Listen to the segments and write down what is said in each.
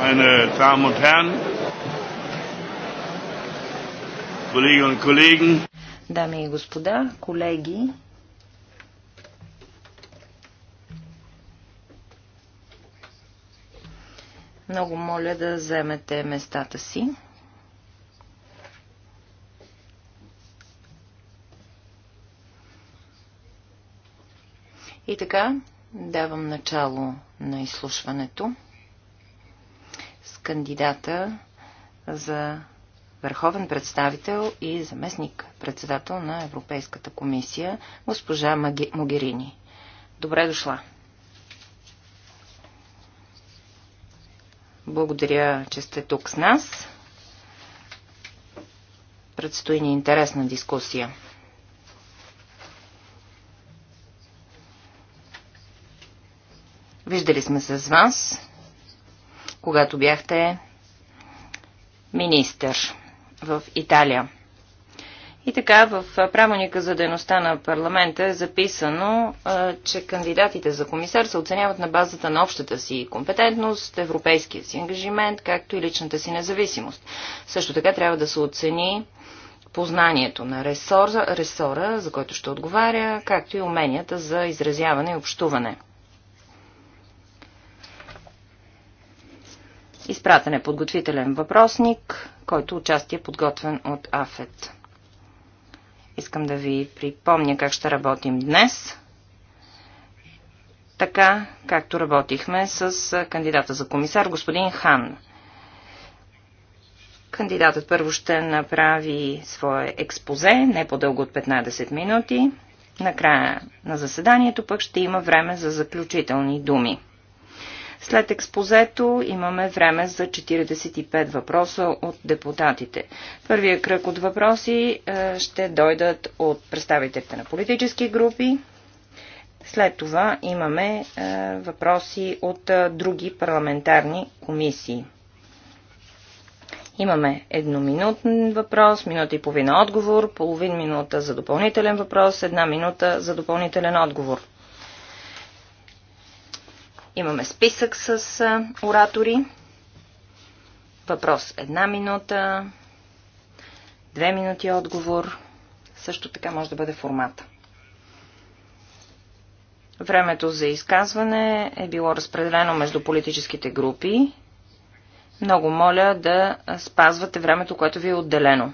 Meine Damen und Herren, Kolleginnen und Kollegen, Dame и господа, колеги, много моля да вземете местата си. И така, давам начало на изслушването кандидата за върховен представител и заместник председател на Европейската комисия, госпожа Могерини. Добре дошла! Благодаря, че сте тук с нас. Предстои ни интересна дискусия. Виждали сме се с вас когато бяхте министър в Италия. И така, в правилника за дейността на парламента е записано, че кандидатите за комисар се оценяват на базата на общата си компетентност, европейския си ангажимент, както и личната си независимост. Също така трябва да се оцени познанието на ресора, ресора за който ще отговаря, както и уменията за изразяване и общуване. Изпратен е подготвителен въпросник, който участие е подготвен от АФЕТ. Искам да ви припомня как ще работим днес. Така, както работихме с кандидата за комисар, господин Хан. Кандидатът първо ще направи свое експозе, не по-дълго от 15 минути. Накрая на заседанието пък ще има време за заключителни думи. След експозето имаме време за 45 въпроса от депутатите. Първия кръг от въпроси е, ще дойдат от представителите на политически групи. След това имаме е, въпроси от е, други парламентарни комисии. Имаме едноминутен въпрос, минута и половина отговор, половин минута за допълнителен въпрос, една минута за допълнителен отговор. Имаме списък с оратори. Въпрос една минута, две минути отговор. Също така може да бъде формата. Времето за изказване е било разпределено между политическите групи. Много моля да спазвате времето, което ви е отделено.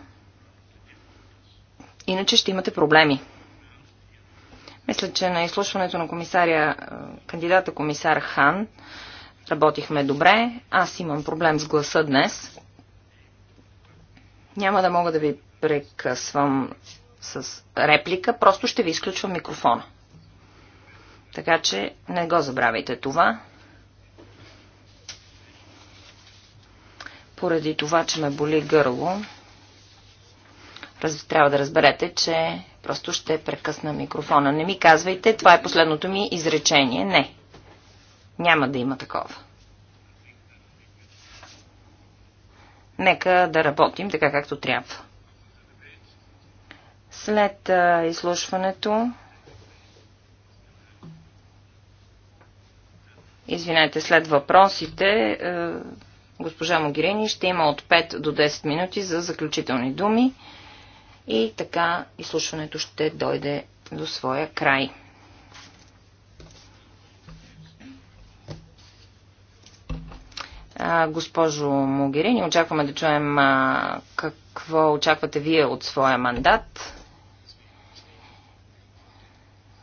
Иначе ще имате проблеми. Мисля, че на изслушването на комисаря, е, кандидата комисар Хан работихме добре. Аз имам проблем с гласа днес. Няма да мога да ви прекъсвам с реплика, просто ще ви изключвам микрофона. Така че не го забравяйте това. Поради това, че ме боли гърло, Раз, трябва да разберете, че просто ще прекъсна микрофона. Не ми казвайте, това е последното ми изречение. Не. Няма да има такова. Нека да работим така както трябва. След а, изслушването. Извинете, след въпросите, госпожа Могирени ще има от 5 до 10 минути за заключителни думи и така изслушването ще дойде до своя край. Госпожо Могерини, очакваме да чуем какво очаквате вие от своя мандат.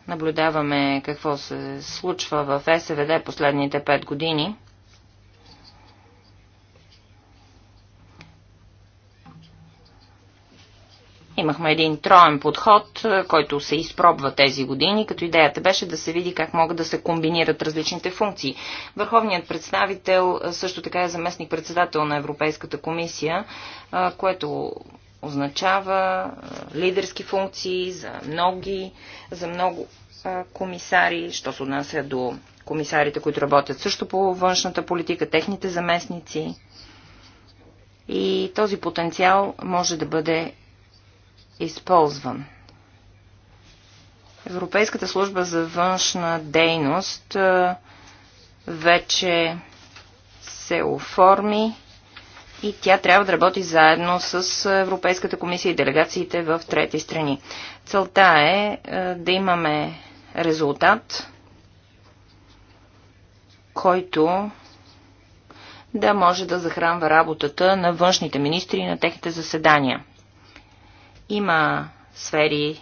Наблюдаваме какво се случва в СВД последните пет години – Имахме един троен подход, е, който се изпробва тези години, като идеята беше да се види как могат да се комбинират различните функции. Върховният представител е, също така е заместник-председател на Европейската комисия, е, което означава лидерски функции за многи, за много комисари, що се отнася до комисарите, които работят също по външната политика, техните заместници. И този потенциал може да бъде използван. Европейската служба за външна дейност вече се оформи и тя трябва да работи заедно с Европейската комисия и делегациите в трети страни. Целта е да имаме резултат, който да може да захранва работата на външните министри и на техните заседания. Има сфери,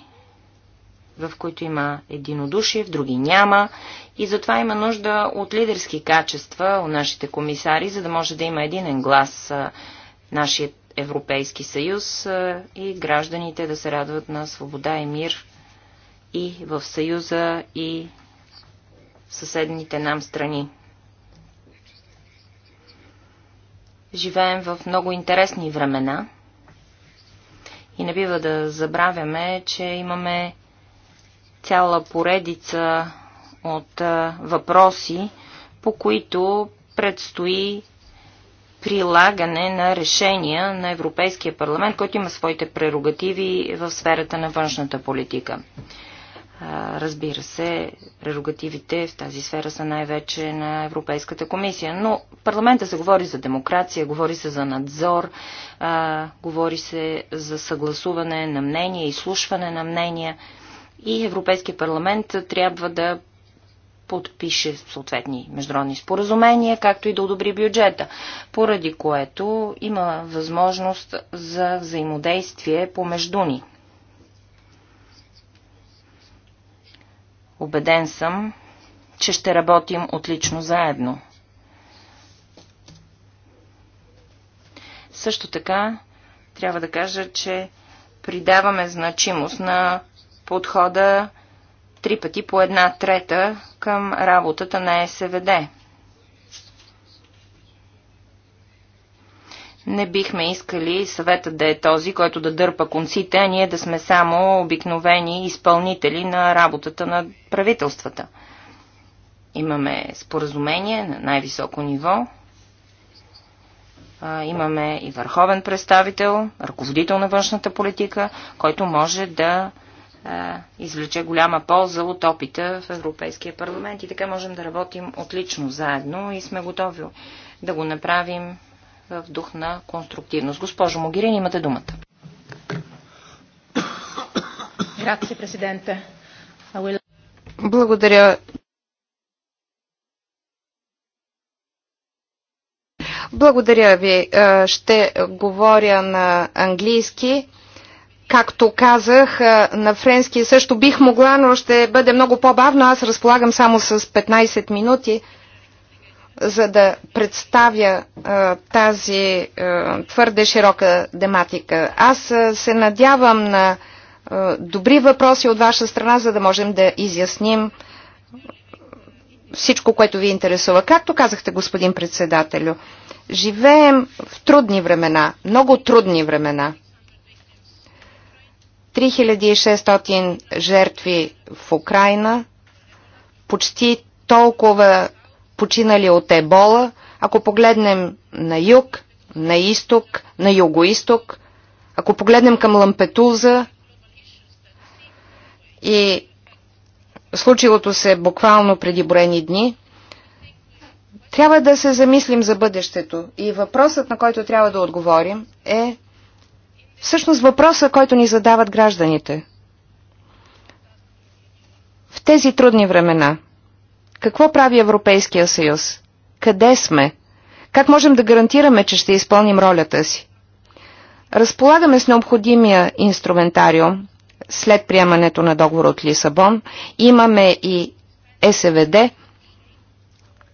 в които има единодушие, в други няма. И затова има нужда от лидерски качества у нашите комисари, за да може да има единен глас нашият Европейски съюз и гражданите да се радват на свобода и мир и в съюза, и в съседните нам страни. Живеем в много интересни времена – и не бива да забравяме, че имаме цяла поредица от въпроси, по които предстои прилагане на решения на Европейския парламент, който има своите прерогативи в сферата на външната политика. Разбира се, прерогативите в тази сфера са най-вече на Европейската комисия. Но парламента се говори за демокрация, говори се за надзор, а, говори се за съгласуване на мнения, изслушване на мнения. И Европейския парламент трябва да подпише съответни международни споразумения, както и да одобри бюджета, поради което има възможност за взаимодействие помежду ни Обеден съм, че ще работим отлично заедно. Също така, трябва да кажа, че придаваме значимост на подхода три пъти по една трета към работата на СВД. Не бихме искали съветът да е този, който да дърпа конците, а ние да сме само обикновени изпълнители на работата на правителствата. Имаме споразумение на най-високо ниво, имаме и върховен представител, ръководител на външната политика, който може да извлече голяма полза от опита в Европейския парламент и така можем да работим отлично заедно и сме готови да го направим в дух на конструктивност. Госпожо Могирин, имате думата. Благодаря. Благодаря ви. Ще говоря на английски. Както казах, на френски също бих могла, но ще бъде много по-бавно. Аз разполагам само с 15 минути за да представя а, тази а, твърде широка тематика. Аз а, се надявам на а, добри въпроси от ваша страна, за да можем да изясним всичко, което ви интересува. Както казахте, господин председателю, живеем в трудни времена, много трудни времена. 3600 жертви в Украина, почти толкова починали от ебола. Ако погледнем на юг, на изток, на югоисток, ако погледнем към Лампетуза и случилото се буквално преди броени дни, трябва да се замислим за бъдещето. И въпросът, на който трябва да отговорим, е всъщност въпроса, който ни задават гражданите. В тези трудни времена – какво прави Европейския съюз? Къде сме? Как можем да гарантираме, че ще изпълним ролята си? Разполагаме с необходимия инструментариум след приемането на договор от Лисабон. Имаме и СВД.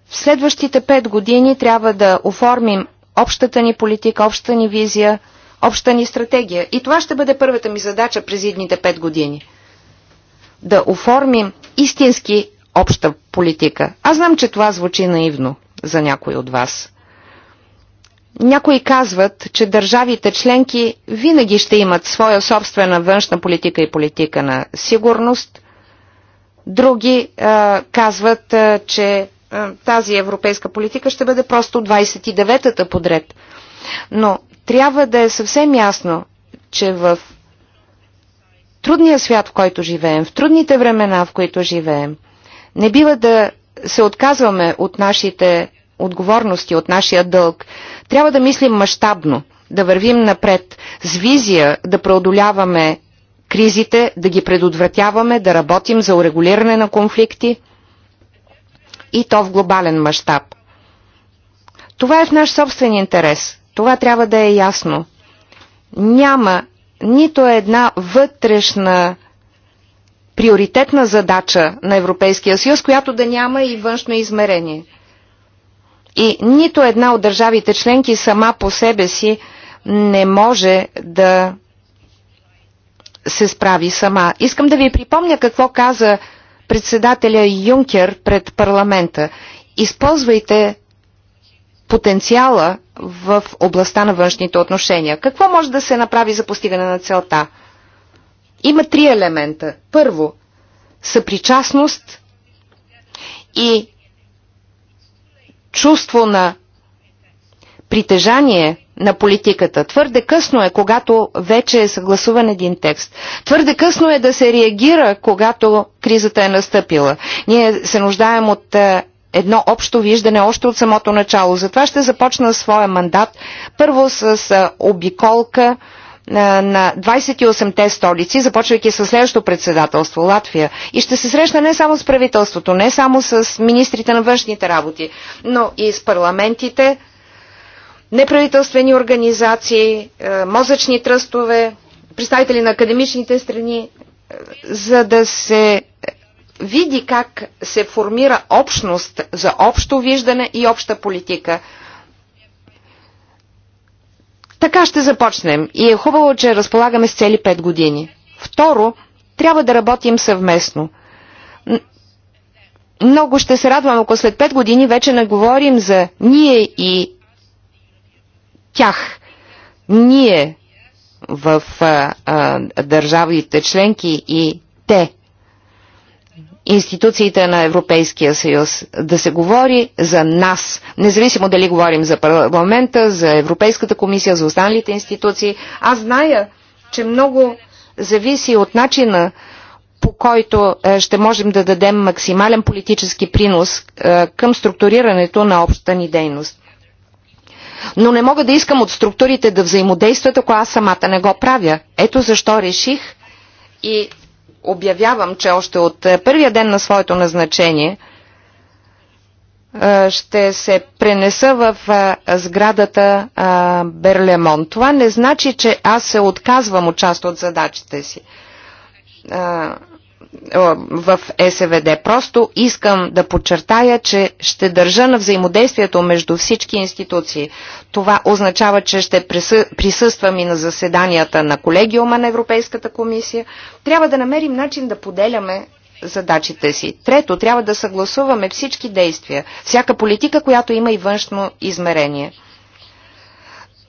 В следващите пет години трябва да оформим общата ни политика, общата ни визия, обща ни стратегия. И това ще бъде първата ми задача през едните пет години. Да оформим истински обща политика. Аз знам, че това звучи наивно за някой от вас. Някои казват, че държавите членки винаги ще имат своя собствена външна политика и политика на сигурност. Други а, казват, а, че а, тази европейска политика ще бъде просто 29-та подред. Но трябва да е съвсем ясно, че в трудния свят, в който живеем, в трудните времена, в които живеем, не бива да се отказваме от нашите отговорности, от нашия дълг. Трябва да мислим мащабно, да вървим напред, с визия да преодоляваме кризите, да ги предотвратяваме, да работим за урегулиране на конфликти и то в глобален мащаб. Това е в наш собствен интерес. Това трябва да е ясно. Няма нито една вътрешна приоритетна задача на Европейския съюз, която да няма и външно измерение. И нито една от държавите членки сама по себе си не може да се справи сама. Искам да ви припомня какво каза председателя Юнкер пред парламента. Използвайте потенциала в областта на външните отношения. Какво може да се направи за постигане на целта? Има три елемента. Първо, съпричастност и чувство на притежание на политиката. Твърде късно е, когато вече е съгласуван един текст. Твърде късно е да се реагира, когато кризата е настъпила. Ние се нуждаем от е, едно общо виждане още от самото начало. Затова ще започна своя мандат първо с е, обиколка на 28-те столици, започвайки с следващото председателство Латвия. И ще се срещна не само с правителството, не само с министрите на външните работи, но и с парламентите, неправителствени организации, е, мозъчни тръстове, представители на академичните страни, е, за да се види как се формира общност за общо виждане и обща политика – така ще започнем и е хубаво, че разполагаме с цели 5 години. Второ, трябва да работим съвместно. Много ще се радвам, ако след 5 години вече не говорим за ние и тях. Ние в а, а, държавите членки и те институциите на Европейския съюз, да се говори за нас, независимо дали говорим за парламента, за Европейската комисия, за останалите институции. Аз зная, че много зависи от начина по който е, ще можем да дадем максимален политически принос е, към структурирането на общата ни дейност. Но не мога да искам от структурите да взаимодействат, ако аз самата не го правя. Ето защо реших и обявявам, че още от е, първия ден на своето назначение е, ще се пренеса в е, сградата Берлемон. Това не значи, че аз се отказвам от част от задачите си. Е, в СВД. Просто искам да подчертая, че ще държа на взаимодействието между всички институции. Това означава, че ще присъствам и на заседанията на колегиума на Европейската комисия. Трябва да намерим начин да поделяме задачите си. Трето, трябва да съгласуваме всички действия, всяка политика, която има и външно измерение –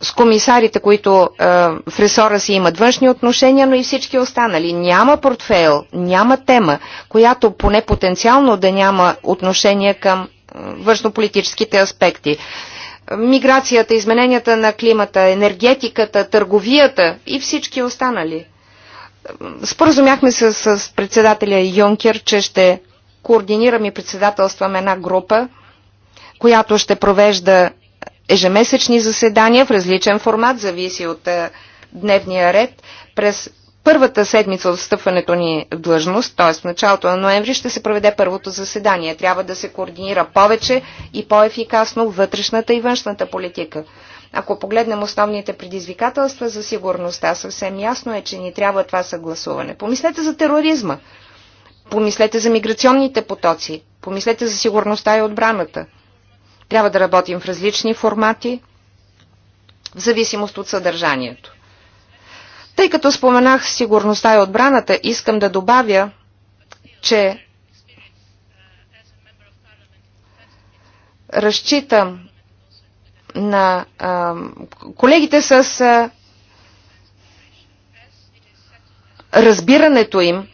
с комисарите, които е, в ресора си имат външни отношения, но и всички останали. Няма портфейл, няма тема, която поне потенциално да няма отношение към е, външнополитическите аспекти. Миграцията, измененията на климата, енергетиката, търговията и всички останали. Споразумяхме се с, с председателя Юнкер, че ще координирам и председателствам една група, която ще провежда ежемесечни заседания в различен формат, зависи от е, дневния ред. През първата седмица от встъпването ни в длъжност, т.е. в началото на ноември, ще се проведе първото заседание. Трябва да се координира повече и по-ефикасно вътрешната и външната политика. Ако погледнем основните предизвикателства за сигурността, съвсем ясно е, че ни трябва това съгласуване. Помислете за тероризма, помислете за миграционните потоци, помислете за сигурността и отбраната. Трябва да работим в различни формати, в зависимост от съдържанието. Тъй като споменах сигурността и отбраната, искам да добавя, че разчитам на а, колегите с а, разбирането им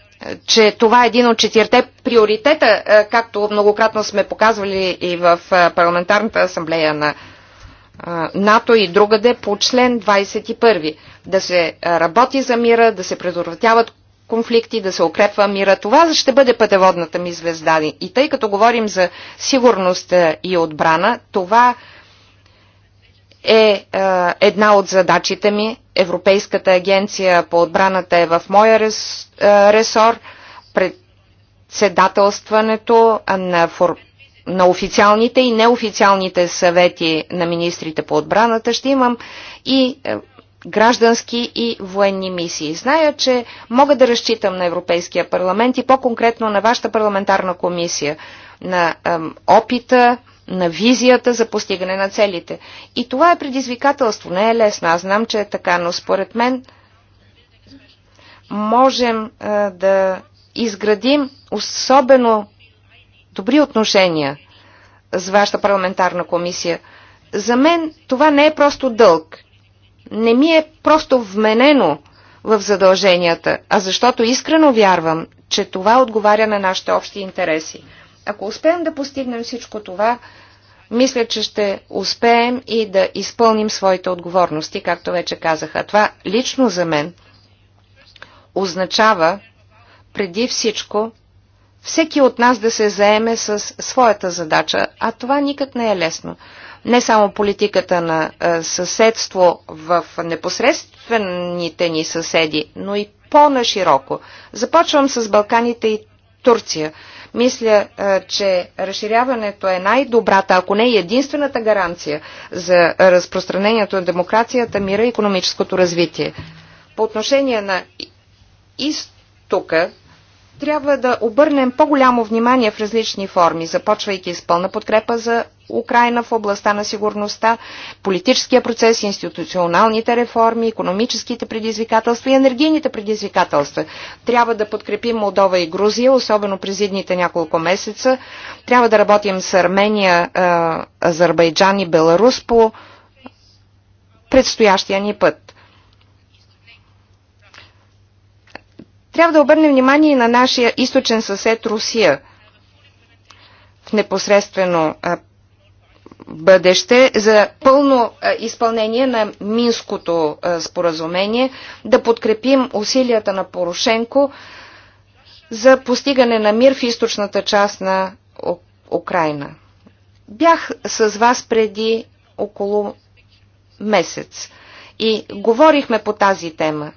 че това е един от четирите приоритета, е, както многократно сме показвали и в е, парламентарната асамблея на е, НАТО и другаде по член 21. Да се работи за мира, да се предотвратяват конфликти, да се укрепва мира. Това ще бъде пътеводната ми звезда. И тъй като говорим за сигурност и отбрана, това е, е една от задачите ми. Европейската агенция по отбраната е в моя е, ресор. Председателстването на, фор... на официалните и неофициалните съвети на министрите по отбраната ще имам и е, граждански и военни мисии. Зная, че мога да разчитам на Европейския парламент и по-конкретно на вашата парламентарна комисия, на опита, на визията за постигане на целите. И това е предизвикателство. Не е лесно. Аз знам, че е така, но според мен можем а, да изградим особено добри отношения с вашата парламентарна комисия. За мен това не е просто дълг. Не ми е просто вменено в задълженията, а защото искрено вярвам, че това отговаря на нашите общи интереси. Ако успеем да постигнем всичко това, мисля, че ще успеем и да изпълним своите отговорности, както вече казаха. Това лично за мен означава преди всичко всеки от нас да се заеме с своята задача, а това никак не е лесно. Не само политиката на е, съседство в непосредствените ни съседи, но и по-нашироко. Започвам с Балканите и Турция. Мисля, че разширяването е най-добрата, ако не и единствената гаранция за разпространението на демокрацията, мира и економическото развитие. По отношение на изтока, трябва да обърнем по-голямо внимание в различни форми, започвайки с пълна подкрепа за Украина в областта на сигурността, политическия процес, институционалните реформи, економическите предизвикателства и енергийните предизвикателства. Трябва да подкрепим Молдова и Грузия, особено през едните няколко месеца. Трябва да работим с Армения, Азербайджан и Беларус по предстоящия ни път. Трябва да обърнем внимание и на нашия източен съсед Русия. В непосредствено бъдеще за пълно е, изпълнение на Минското е, споразумение, да подкрепим усилията на Порошенко за постигане на мир в източната част на Украина. Бях с вас преди около месец и говорихме по тази тема.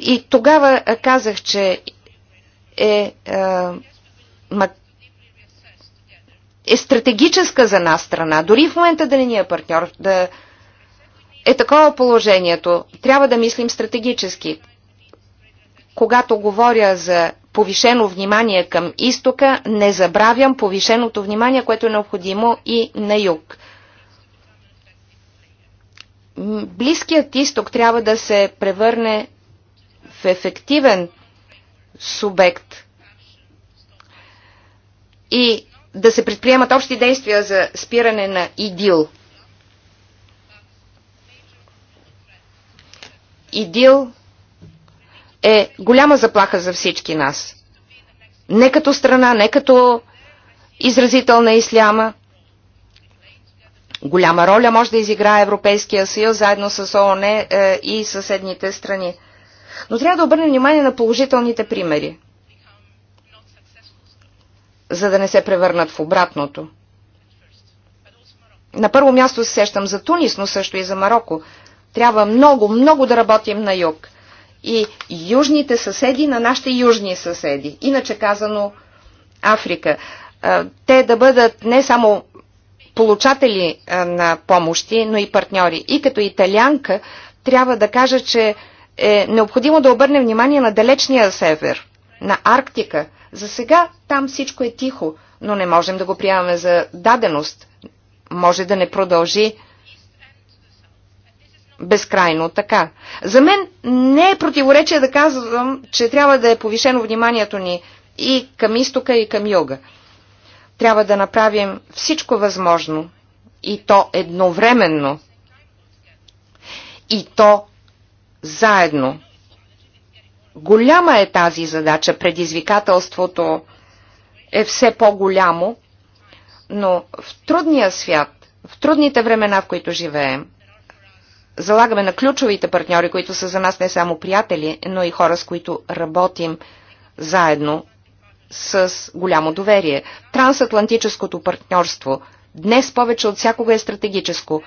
И тогава казах, че е, е е стратегическа за нас страна, дори в момента да не ни е партньор, да е такова положението. Трябва да мислим стратегически. Когато говоря за повишено внимание към изтока, не забравям повишеното внимание, което е необходимо и на юг. Близкият изток трябва да се превърне в ефективен субект и да се предприемат общи действия за спиране на ИДИЛ. ИДИЛ е голяма заплаха за всички нас. Не като страна, не като изразител на исляма. Голяма роля може да изиграе Европейския съюз заедно с ООН е, и съседните страни. Но трябва да обърнем внимание на положителните примери за да не се превърнат в обратното. На първо място се сещам за Тунис, но също и за Марокко. Трябва много, много да работим на юг. И южните съседи на нашите южни съседи. Иначе казано Африка. Те да бъдат не само получатели на помощи, но и партньори. И като италианка трябва да кажа, че е необходимо да обърнем внимание на далечния север, на Арктика, за сега там всичко е тихо, но не можем да го приемаме за даденост. Може да не продължи безкрайно така. За мен не е противоречие да казвам, че трябва да е повишено вниманието ни и към изтока, и към юга. Трябва да направим всичко възможно и то едновременно и то заедно. Голяма е тази задача, предизвикателството е все по-голямо, но в трудния свят, в трудните времена, в които живеем, залагаме на ключовите партньори, които са за нас не само приятели, но и хора, с които работим заедно с голямо доверие. Трансатлантическото партньорство днес повече от всякога е стратегическо.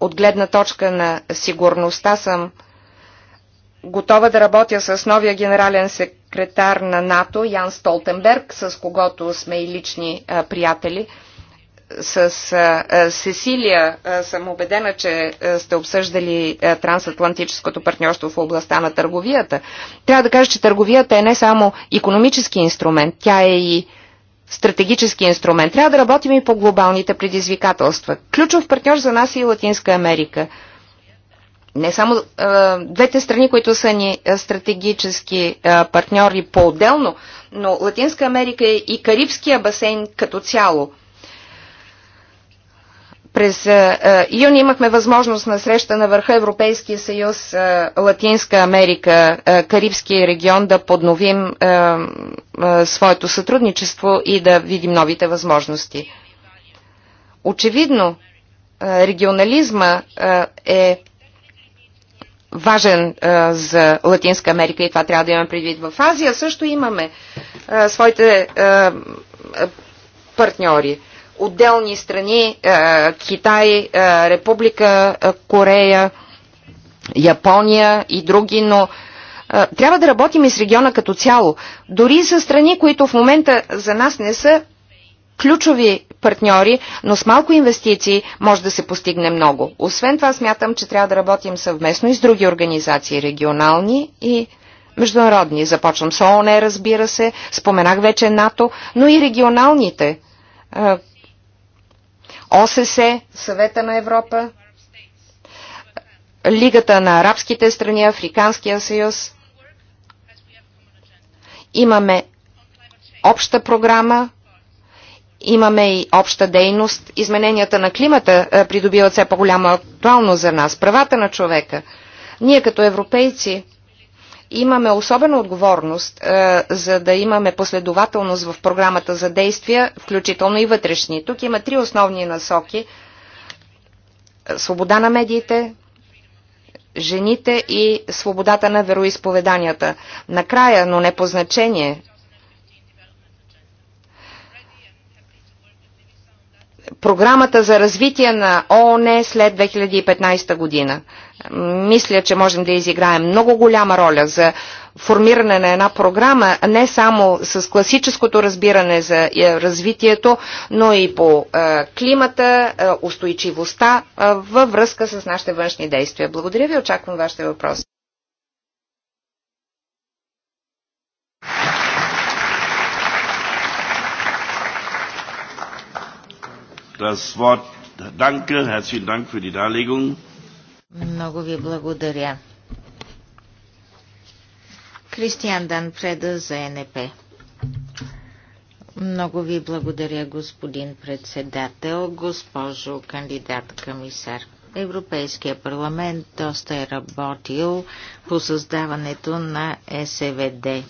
От гледна точка на сигурността съм готова да работя с новия генерален секретар на НАТО Ян Столтенберг, с когото сме и лични а, приятели. С а, Сесилия а, съм убедена, че а, сте обсъждали а, трансатлантическото партньорство в областта на търговията. Трябва да кажа, че търговията е не само економически инструмент, тя е и стратегически инструмент. Трябва да работим и по глобалните предизвикателства. Ключов партньор за нас е и Латинска Америка – не само а, двете страни, които са ни стратегически а, партньори по-отделно, но Латинска Америка и Карибския басейн като цяло. През а, юни имахме възможност на среща на върха Европейския съюз, а, Латинска Америка, а, Карибския регион да подновим а, а, своето сътрудничество и да видим новите възможности. Очевидно, регионализма е важен а, за Латинска Америка и това трябва да имаме предвид. В Азия също имаме а, своите а, партньори. Отделни страни, а, Китай, а, Република а, Корея, Япония и други, но а, трябва да работим и с региона като цяло. Дори с страни, които в момента за нас не са ключови партньори, но с малко инвестиции може да се постигне много. Освен това смятам, че трябва да работим съвместно и с други организации, регионални и международни. Започвам с ООН, разбира се, споменах вече НАТО, но и регионалните. ОССЕ, Съвета на Европа, Лигата на арабските страни, Африканския съюз. Имаме обща програма Имаме и обща дейност. Измененията на климата е, придобиват все по-голяма актуалност за нас. Правата на човека. Ние като европейци имаме особена отговорност, е, за да имаме последователност в програмата за действия, включително и вътрешни. Тук има три основни насоки. Свобода на медиите, жените и свободата на вероисповеданията. Накрая, но не по значение, програмата за развитие на ООН след 2015 година. Мисля, че можем да изиграем много голяма роля за формиране на една програма, не само с класическото разбиране за е, развитието, но и по е, климата, е, устойчивостта във връзка с нашите външни действия. Благодаря ви, очаквам вашите въпроси. das Wort. Danke, herzlichen Dank für die Darlegung. Много ви благодаря. Кристиан Дан за НП. Много ви благодаря, господин председател, госпожо кандидат комисар. Европейския парламент доста е работил по създаването на СВД е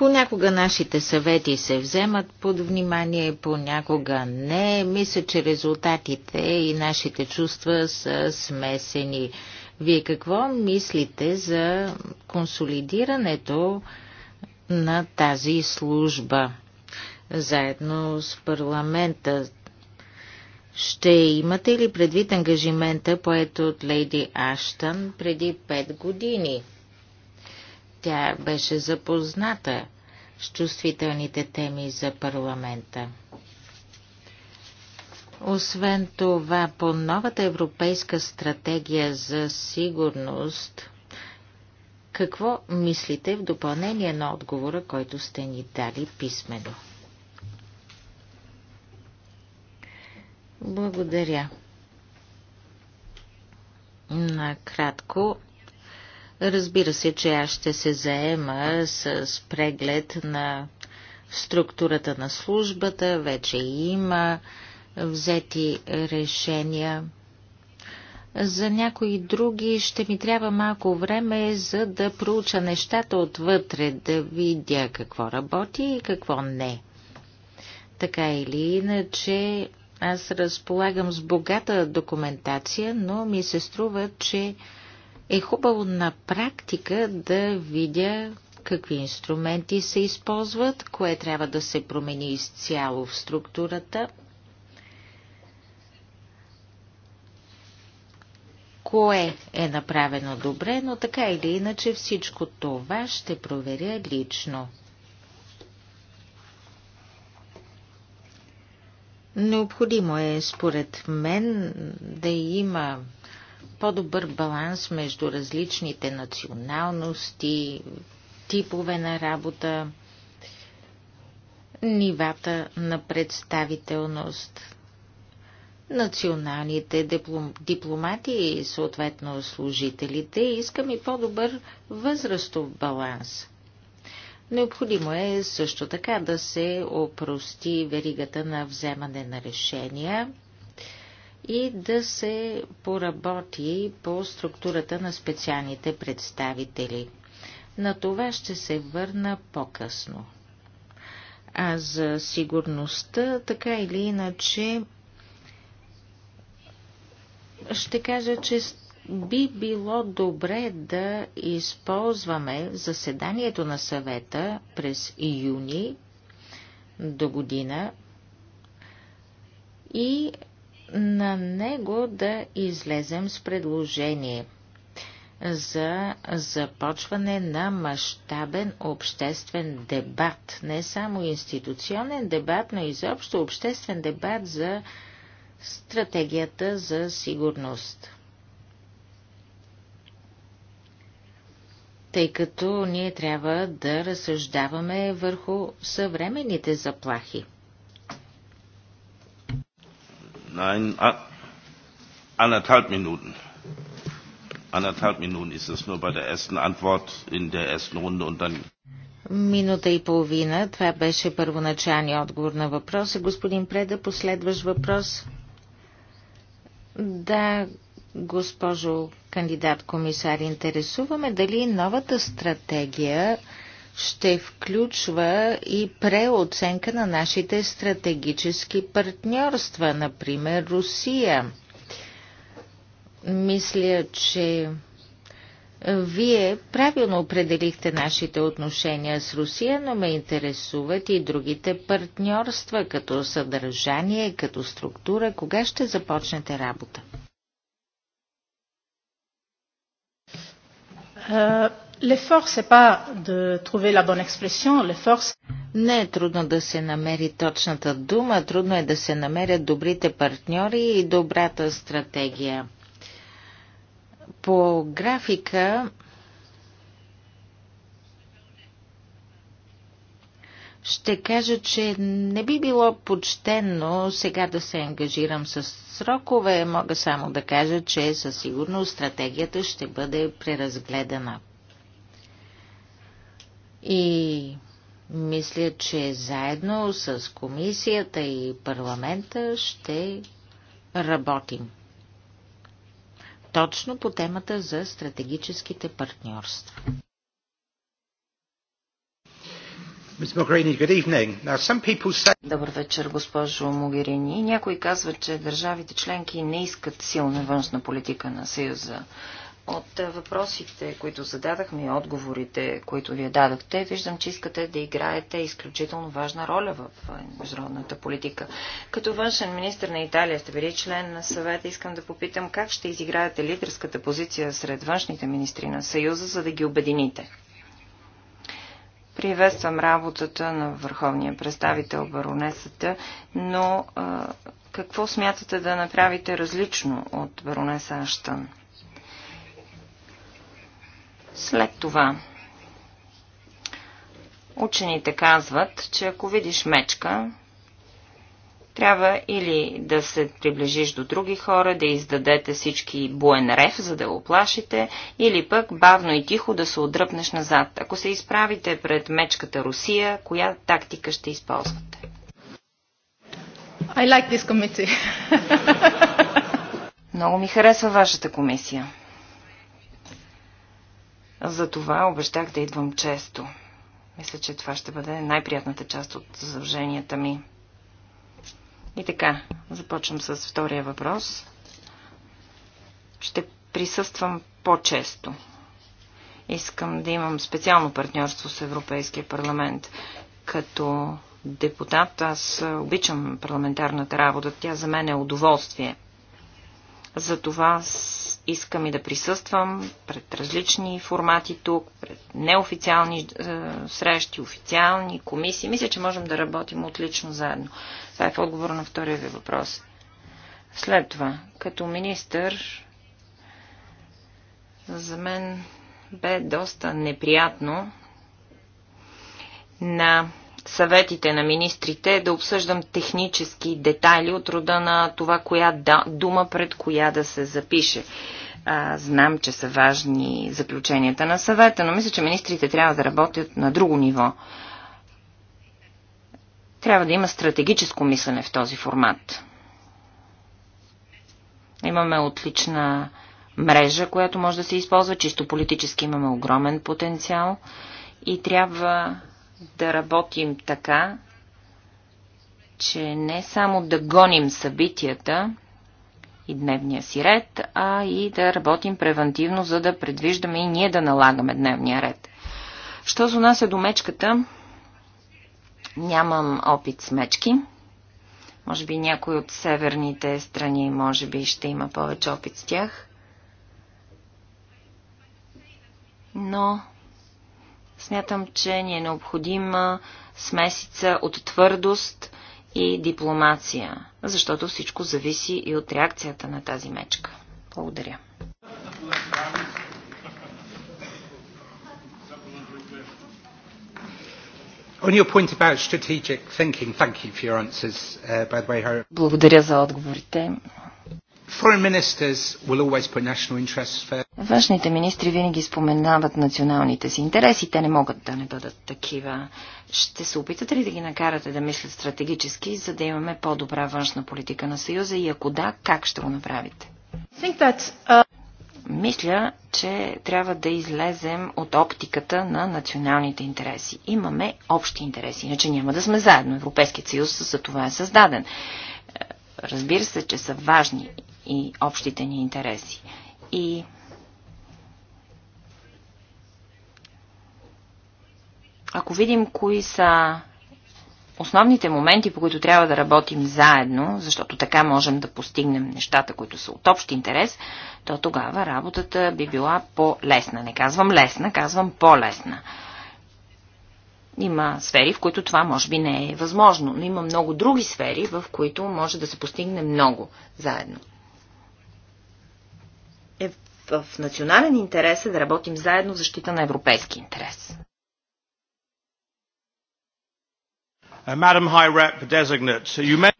Понякога нашите съвети се вземат под внимание, понякога не. Мисля, че резултатите и нашите чувства са смесени. Вие какво мислите за консолидирането на тази служба? Заедно с парламента ще имате ли предвид ангажимента, поето от Лейди Аштън преди 5 години? Тя беше запозната с чувствителните теми за парламента. Освен това, по новата европейска стратегия за сигурност, какво мислите в допълнение на отговора, който сте ни дали писменно? Благодаря. Накратко Разбира се, че аз ще се заема с преглед на структурата на службата. Вече има взети решения. За някои други ще ми трябва малко време, за да проуча нещата отвътре, да видя какво работи и какво не. Така или иначе, аз разполагам с богата документация, но ми се струва, че е хубаво на практика да видя какви инструменти се използват, кое трябва да се промени изцяло в структурата, кое е направено добре, но така или иначе всичко това ще проверя лично. Необходимо е, според мен, да има по-добър баланс между различните националности, типове на работа, нивата на представителност. Националните диплом, дипломати и съответно служителите искам и по-добър възрастов баланс. Необходимо е също така да се опрости веригата на вземане на решения – и да се поработи по структурата на специалните представители. На това ще се върна по-късно. А за сигурността, така или иначе, ще кажа, че би било добре да използваме заседанието на съвета през юни до година и на него да излезем с предложение за започване на мащабен обществен дебат. Не само институционен дебат, но изобщо обществен дебат за стратегията за сигурност. Тъй като ние трябва да разсъждаваме върху съвременните заплахи – Nein, anderthalb Minuten. Anderthalb Minuten ist es nur bei der ersten Antwort in der ersten Runde und dann. Минута и половина. Това беше първоначалния отговор на въпроса. Господин Преда, последваш въпрос. Да, госпожо кандидат комисар, интересуваме дали новата стратегия ще включва и преоценка на нашите стратегически партньорства, например Русия. Мисля, че вие правилно определихте нашите отношения с Русия, но ме интересуват и другите партньорства, като съдържание, като структура. Кога ще започнете работа? Е, L'effort, n'est pas de trouver la bonne expression, l'effort... Не е трудно да се намери точната дума, трудно е да се намерят добрите партньори и добрата стратегия. По графика ще кажа, че не би било почтенно сега да се ангажирам с срокове. Мога само да кажа, че със сигурност стратегията ще бъде преразгледана. И мисля, че заедно с комисията и парламента ще работим. Точно по темата за стратегическите партньорства. Добър вечер, госпожо Могерини. Някой казва, че държавите членки не искат силна външна политика на Съюза. От въпросите, които зададахме и отговорите, които вие дадахте, виждам, че искате да играете изключително важна роля в международната политика. Като външен министр на Италия сте били член на съвета, искам да попитам как ще изиграете лидерската позиция сред външните министри на Съюза, за да ги обедините. Приветствам работата на върховния представител баронесата, но а, какво смятате да направите различно от баронеса Аштън? След това учените казват, че ако видиш мечка, трябва или да се приближиш до други хора, да издадете всички буен рев, за да оплашите, или пък бавно и тихо да се отдръпнеш назад. Ако се изправите пред мечката Русия, коя тактика ще използвате? I like this committee. Много ми харесва вашата комисия. Затова обещах да идвам често. Мисля, че това ще бъде най-приятната част от задълженията ми. И така, започвам с втория въпрос. Ще присъствам по-често. Искам да имам специално партньорство с Европейския парламент. Като депутат аз обичам парламентарната работа. Тя за мен е удоволствие. Затова Искам и да присъствам пред различни формати тук, пред неофициални е, срещи, официални комисии. Мисля, че можем да работим отлично заедно. Това е в отговор на втория ви въпрос. След това, като министър, за мен бе доста неприятно на съветите на министрите да обсъждам технически детайли от рода на това, коя да, дума пред коя да се запише. А, знам, че са важни заключенията на съвета, но мисля, че министрите трябва да работят на друго ниво. Трябва да има стратегическо мислене в този формат. Имаме отлична мрежа, която може да се използва. Чисто политически имаме огромен потенциал и трябва да работим така, че не само да гоним събитията и дневния си ред, а и да работим превентивно, за да предвиждаме и ние да налагаме дневния ред. Що за нас е до мечката, нямам опит с мечки. Може би някой от северните страни, може би ще има повече опит с тях. Но Смятам, че ни е необходима смесица от твърдост и дипломация, защото всичко зависи и от реакцията на тази мечка. Благодаря. Uh, Благодаря за отговорите. Външните министри винаги споменават националните си интереси. Те не могат да не бъдат такива. Ще се опитате ли да ги накарате да мислят стратегически, за да имаме по-добра външна политика на Съюза и ако да, как ще го направите? Uh, Мисля, че трябва да излезем от оптиката на националните интереси. Имаме общи интереси, иначе няма да сме заедно. Европейският съюз за това е създаден. Разбира се, че са важни и общите ни интереси. И ако видим кои са основните моменти, по които трябва да работим заедно, защото така можем да постигнем нещата, които са от общ интерес, то тогава работата би била по-лесна. Не казвам лесна, казвам по-лесна. Има сфери, в които това може би не е възможно, но има много други сфери, в които може да се постигне много заедно в национален интерес е да работим заедно в защита на европейски интерес. Uh,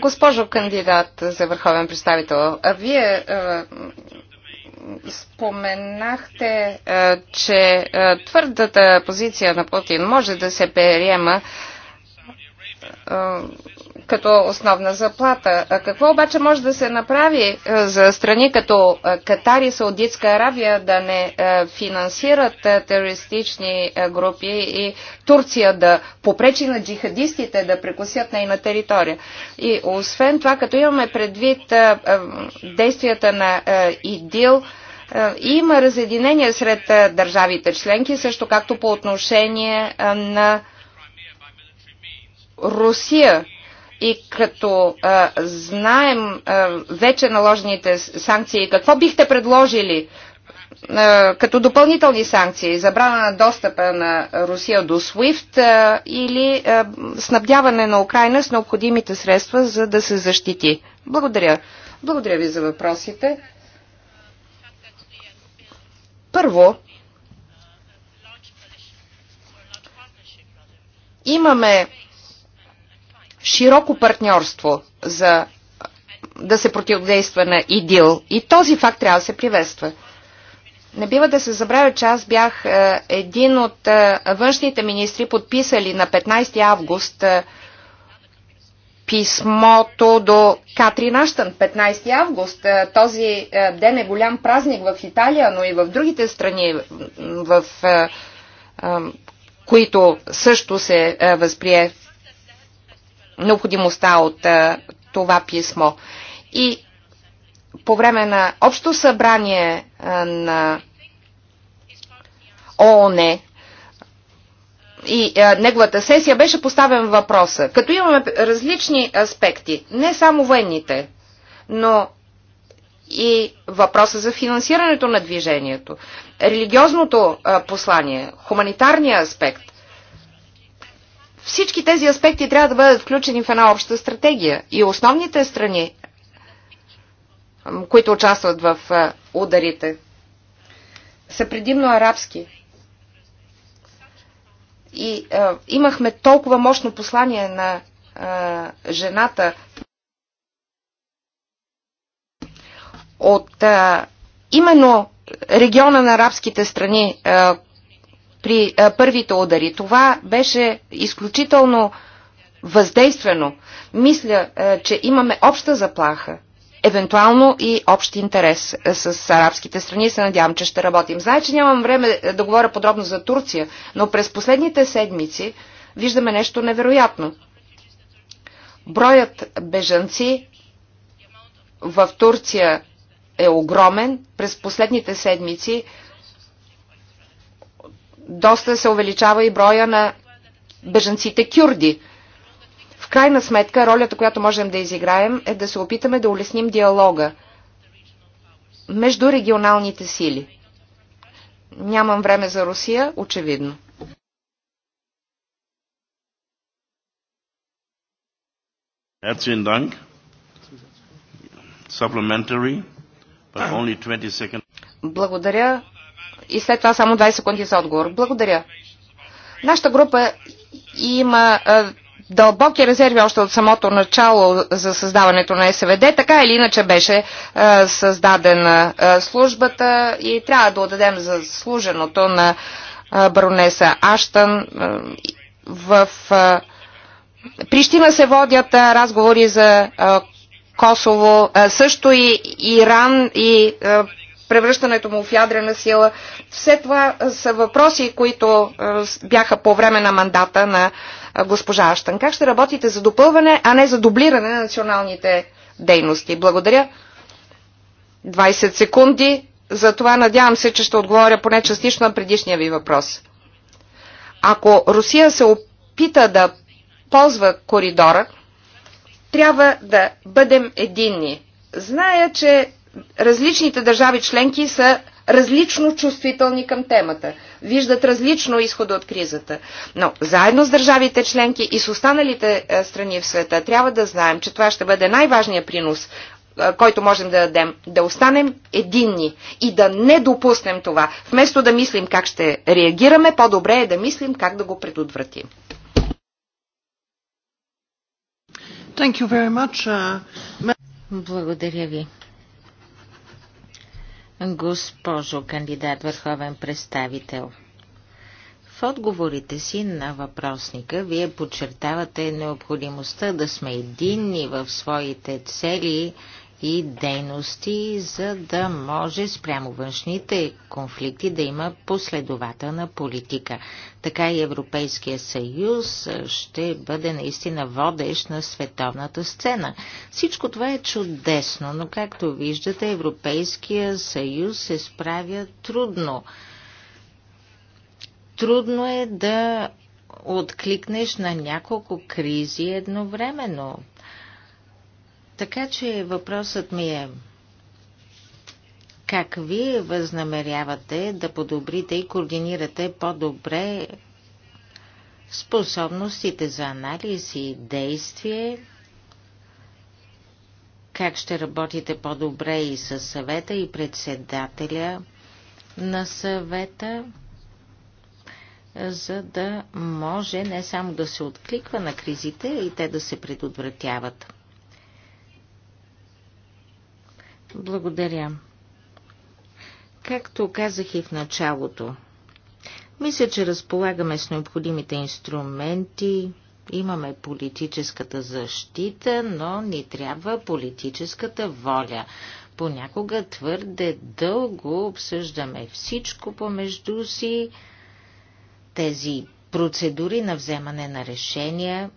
Госпожо кандидат за върховен представител, вие е, споменахте, е, че е, твърдата позиция на Путин може да се приема като основна заплата. А какво обаче може да се направи е, за страни като е, Катар и Саудитска Аравия да не е, финансират терористични групи и Турция да попречи на джихадистите да прекусят нейна територия? И освен това, като имаме предвид действията на ИДИЛ, има разединение сред държавите членки, също както по отношение на Русия и като а, знаем а, вече наложените санкции, какво бихте предложили а, като допълнителни санкции? Забрана на достъпа на Русия до SWIFT а, или а, снабдяване на Украина с необходимите средства, за да се защити? Благодаря. Благодаря ви за въпросите. Първо, имаме широко партньорство за да се противодейства на ИДИЛ. И този факт трябва да се приветства. Не бива да се забравя, че аз бях един от външните министри, подписали на 15 август писмото до Катрин Аштън, 15 август. Този ден е голям празник в Италия, но и в другите страни, в които също се възприе необходимостта от това писмо. И по време на общо събрание на ООН и а, неговата сесия беше поставен въпроса, като имаме различни аспекти, не само военните, но и въпроса за финансирането на движението, религиозното а, послание, хуманитарния аспект, всички тези аспекти трябва да бъдат включени в една обща стратегия. И основните страни, които участват в ударите, са предимно арабски. И е, имахме толкова мощно послание на е, жената от е, именно региона на арабските страни, е, при а, първите удари. Това беше изключително въздействено. Мисля, а, че имаме обща заплаха, евентуално и общ интерес с арабските страни. Се надявам, че ще работим. Знае, че нямам време да говоря подробно за Турция, но през последните седмици виждаме нещо невероятно. Броят бежанци в Турция е огромен. През последните седмици доста се увеличава и броя на беженците кюрди. В крайна сметка, ролята, която можем да изиграем, е да се опитаме да улесним диалога между регионалните сили. Нямам време за Русия, очевидно. Herzlichen Dank. Supplementary, but only 20 seconds. Благодаря и след това само 20 секунди за отговор. Благодаря. Нашата група има а, дълбоки резерви още от самото начало за създаването на СВД. Така или иначе беше а, създадена а, службата и трябва да отдадем за служеното на а, баронеса Аштън а, в. А, Прищина се водят а, разговори за а, Косово, а, също и Иран и превръщането му в ядрена сила. Все това са въпроси, които е, бяха по време на мандата на е, госпожа Аштан. Как ще работите за допълване, а не за дублиране на националните дейности? Благодаря. 20 секунди. За това надявам се, че ще отговоря поне частично на предишния ви въпрос. Ако Русия се опита да ползва коридора, трябва да бъдем единни. Зная, че различните държави членки са различно чувствителни към темата, виждат различно изхода от кризата. Но заедно с държавите членки и с останалите е, страни в света трябва да знаем, че това ще бъде най-важният принос, е, който можем да дадем, да останем единни и да не допуснем това. Вместо да мислим как ще реагираме, по-добре е да мислим как да го предотвратим. Uh, Благодаря ви. Госпожо кандидат върховен представител, в отговорите си на въпросника вие подчертавате необходимостта да сме единни в своите цели и дейности, за да може спрямо външните конфликти да има последователна политика. Така и Европейския съюз ще бъде наистина водещ на световната сцена. Всичко това е чудесно, но както виждате, Европейския съюз се справя трудно. Трудно е да откликнеш на няколко кризи едновременно. Така че въпросът ми е как вие възнамерявате да подобрите и координирате по-добре способностите за анализ и действие, как ще работите по-добре и с съвета и председателя на съвета, за да може не само да се откликва на кризите и те да се предотвратяват. Благодаря. Както казах и в началото, мисля, че разполагаме с необходимите инструменти, имаме политическата защита, но ни трябва политическата воля. Понякога твърде дълго обсъждаме всичко помежду си, тези процедури на вземане на решения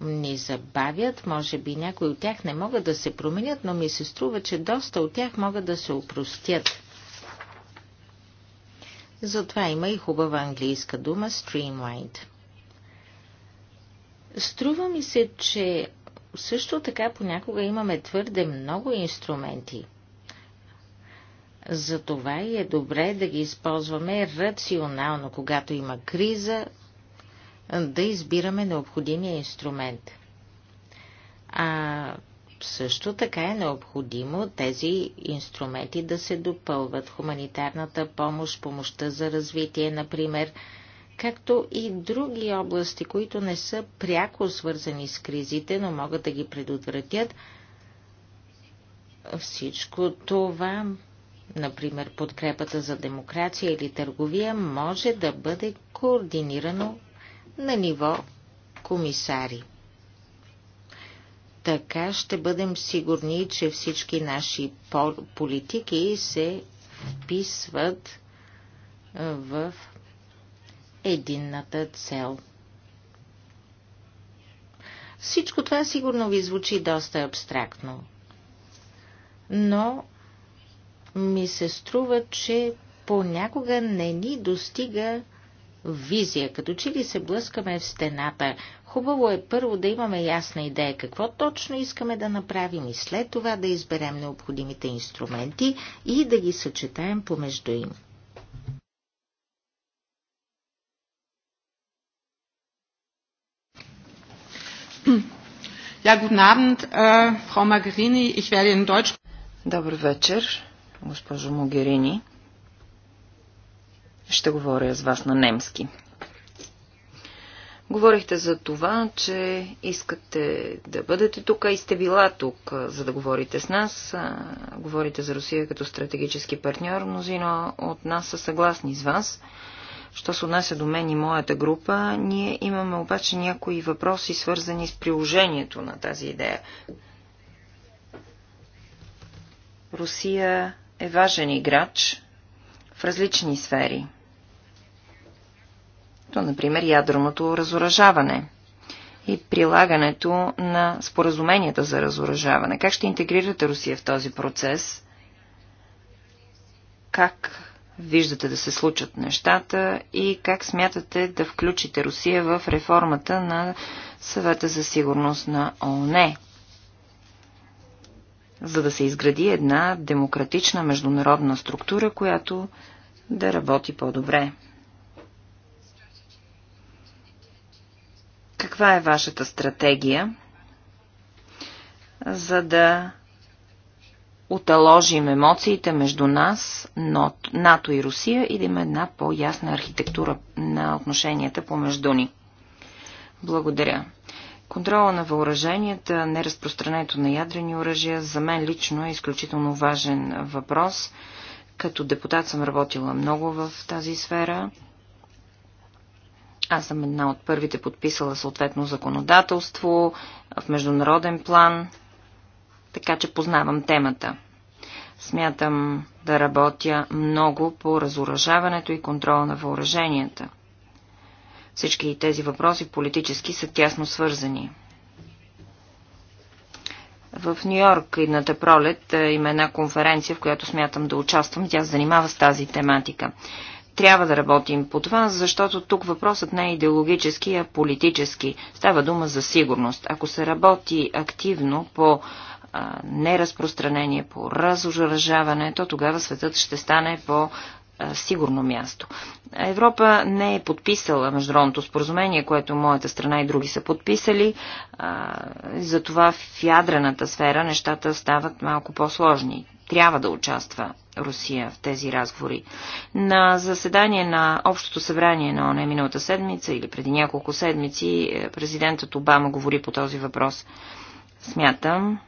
ни забавят, може би някои от тях не могат да се променят, но ми се струва, че доста от тях могат да се опростят. Затова има и хубава английска дума streamlined. Струва ми се, че също така понякога имаме твърде много инструменти. Затова и е добре да ги използваме рационално, когато има криза, да избираме необходимия инструмент. А също така е необходимо тези инструменти да се допълват. Хуманитарната помощ, помощта за развитие, например, както и други области, които не са пряко свързани с кризите, но могат да ги предотвратят. Всичко това, например подкрепата за демокрация или търговия, може да бъде координирано на ниво комисари. Така ще бъдем сигурни, че всички наши политики се вписват в единната цел. Всичко това сигурно ви звучи доста абстрактно, но ми се струва, че понякога не ни достига визия, като че ли се блъскаме в стената. Хубаво е първо да имаме ясна идея какво точно искаме да направим и след това да изберем необходимите инструменти и да ги съчетаем помежду им. Ja, guten Abend, äh, Frau Magherini. Ich werde in Deutsch. Добър вечер, госпожо Могерини. Ще говоря с вас на немски. Говорихте за това, че искате да бъдете тук и сте била тук, за да говорите с нас. Говорите за Русия като стратегически партньор. Мнозина от нас са съгласни с вас. Що се отнася до мен и моята група, ние имаме обаче някои въпроси, свързани с приложението на тази идея. Русия е важен играч в различни сфери – като например ядреното разоръжаване и прилагането на споразуменията за разоръжаване. Как ще интегрирате Русия в този процес? Как виждате да се случат нещата и как смятате да включите Русия в реформата на съвета за сигурност на ООН? За да се изгради една демократична международна структура, която да работи по-добре. каква е вашата стратегия, за да оталожим емоциите между нас, НАТО и Русия и да има една по-ясна архитектура на отношенията помежду ни. Благодаря. Контрола на въоръженията, неразпространението на ядрени оръжия, за мен лично е изключително важен въпрос. Като депутат съм работила много в тази сфера аз съм една от първите подписала съответно законодателство в международен план, така че познавам темата. Смятам да работя много по разоръжаването и контрола на въоръженията. Всички тези въпроси политически са тясно свързани. В Нью Йорк едната пролет е, има една конференция, в която смятам да участвам. Тя се занимава с тази тематика. Трябва да работим по това, защото тук въпросът не е идеологически, а политически. Става дума за сигурност. Ако се работи активно по неразпространение, по разоръжаване, то тогава светът ще стане по сигурно място. Европа не е подписала международното споразумение, което моята страна и други са подписали. Затова в ядрената сфера нещата стават малко по-сложни. Трябва да участва Русия в тези разговори. На заседание на Общото събрание на ОНЕ миналата седмица или преди няколко седмици е, президентът Обама говори по този въпрос. Смятам,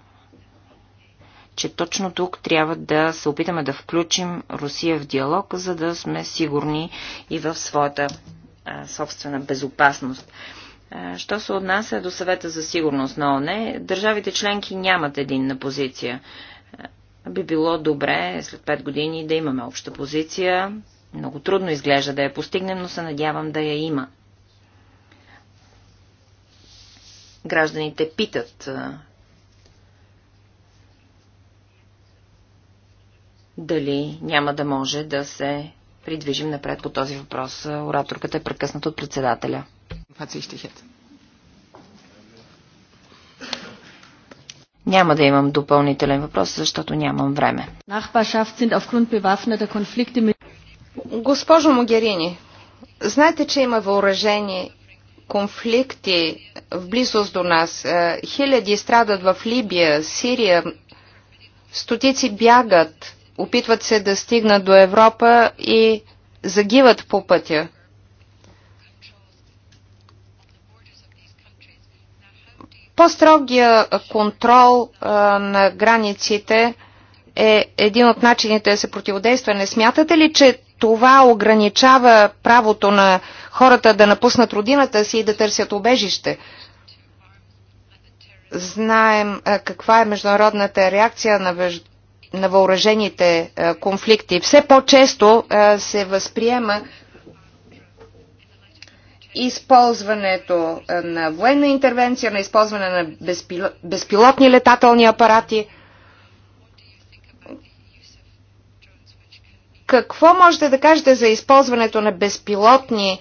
че точно тук трябва да се опитаме да включим Русия в диалог, за да сме сигурни и в своята а, собствена безопасност. що се отнася до съвета за сигурност на ОНЕ, държавите членки нямат единна позиция. би било добре след 5 години да имаме обща позиция. Много трудно изглежда да я постигнем, но се надявам да я има. Гражданите питат дали няма да може да се придвижим напред по този въпрос. Ораторката е прекъсната от председателя. Няма да имам допълнителен въпрос, защото нямам време. Госпожо Могерини, знаете, че има въоръжени конфликти в близост до нас. Е, хиляди страдат в Либия, Сирия, стотици бягат опитват се да стигнат до Европа и загиват по пътя. По-строгия контрол а, на границите е един от начините да се противодейства. Не смятате ли, че това ограничава правото на хората да напуснат родината си и да търсят обежище? Знаем а, каква е международната реакция на на въоръжените е, конфликти. Все по-често е, се възприема използването е, на военна интервенция, на използване на безпилотни летателни апарати. Какво можете да кажете за използването на безпилотни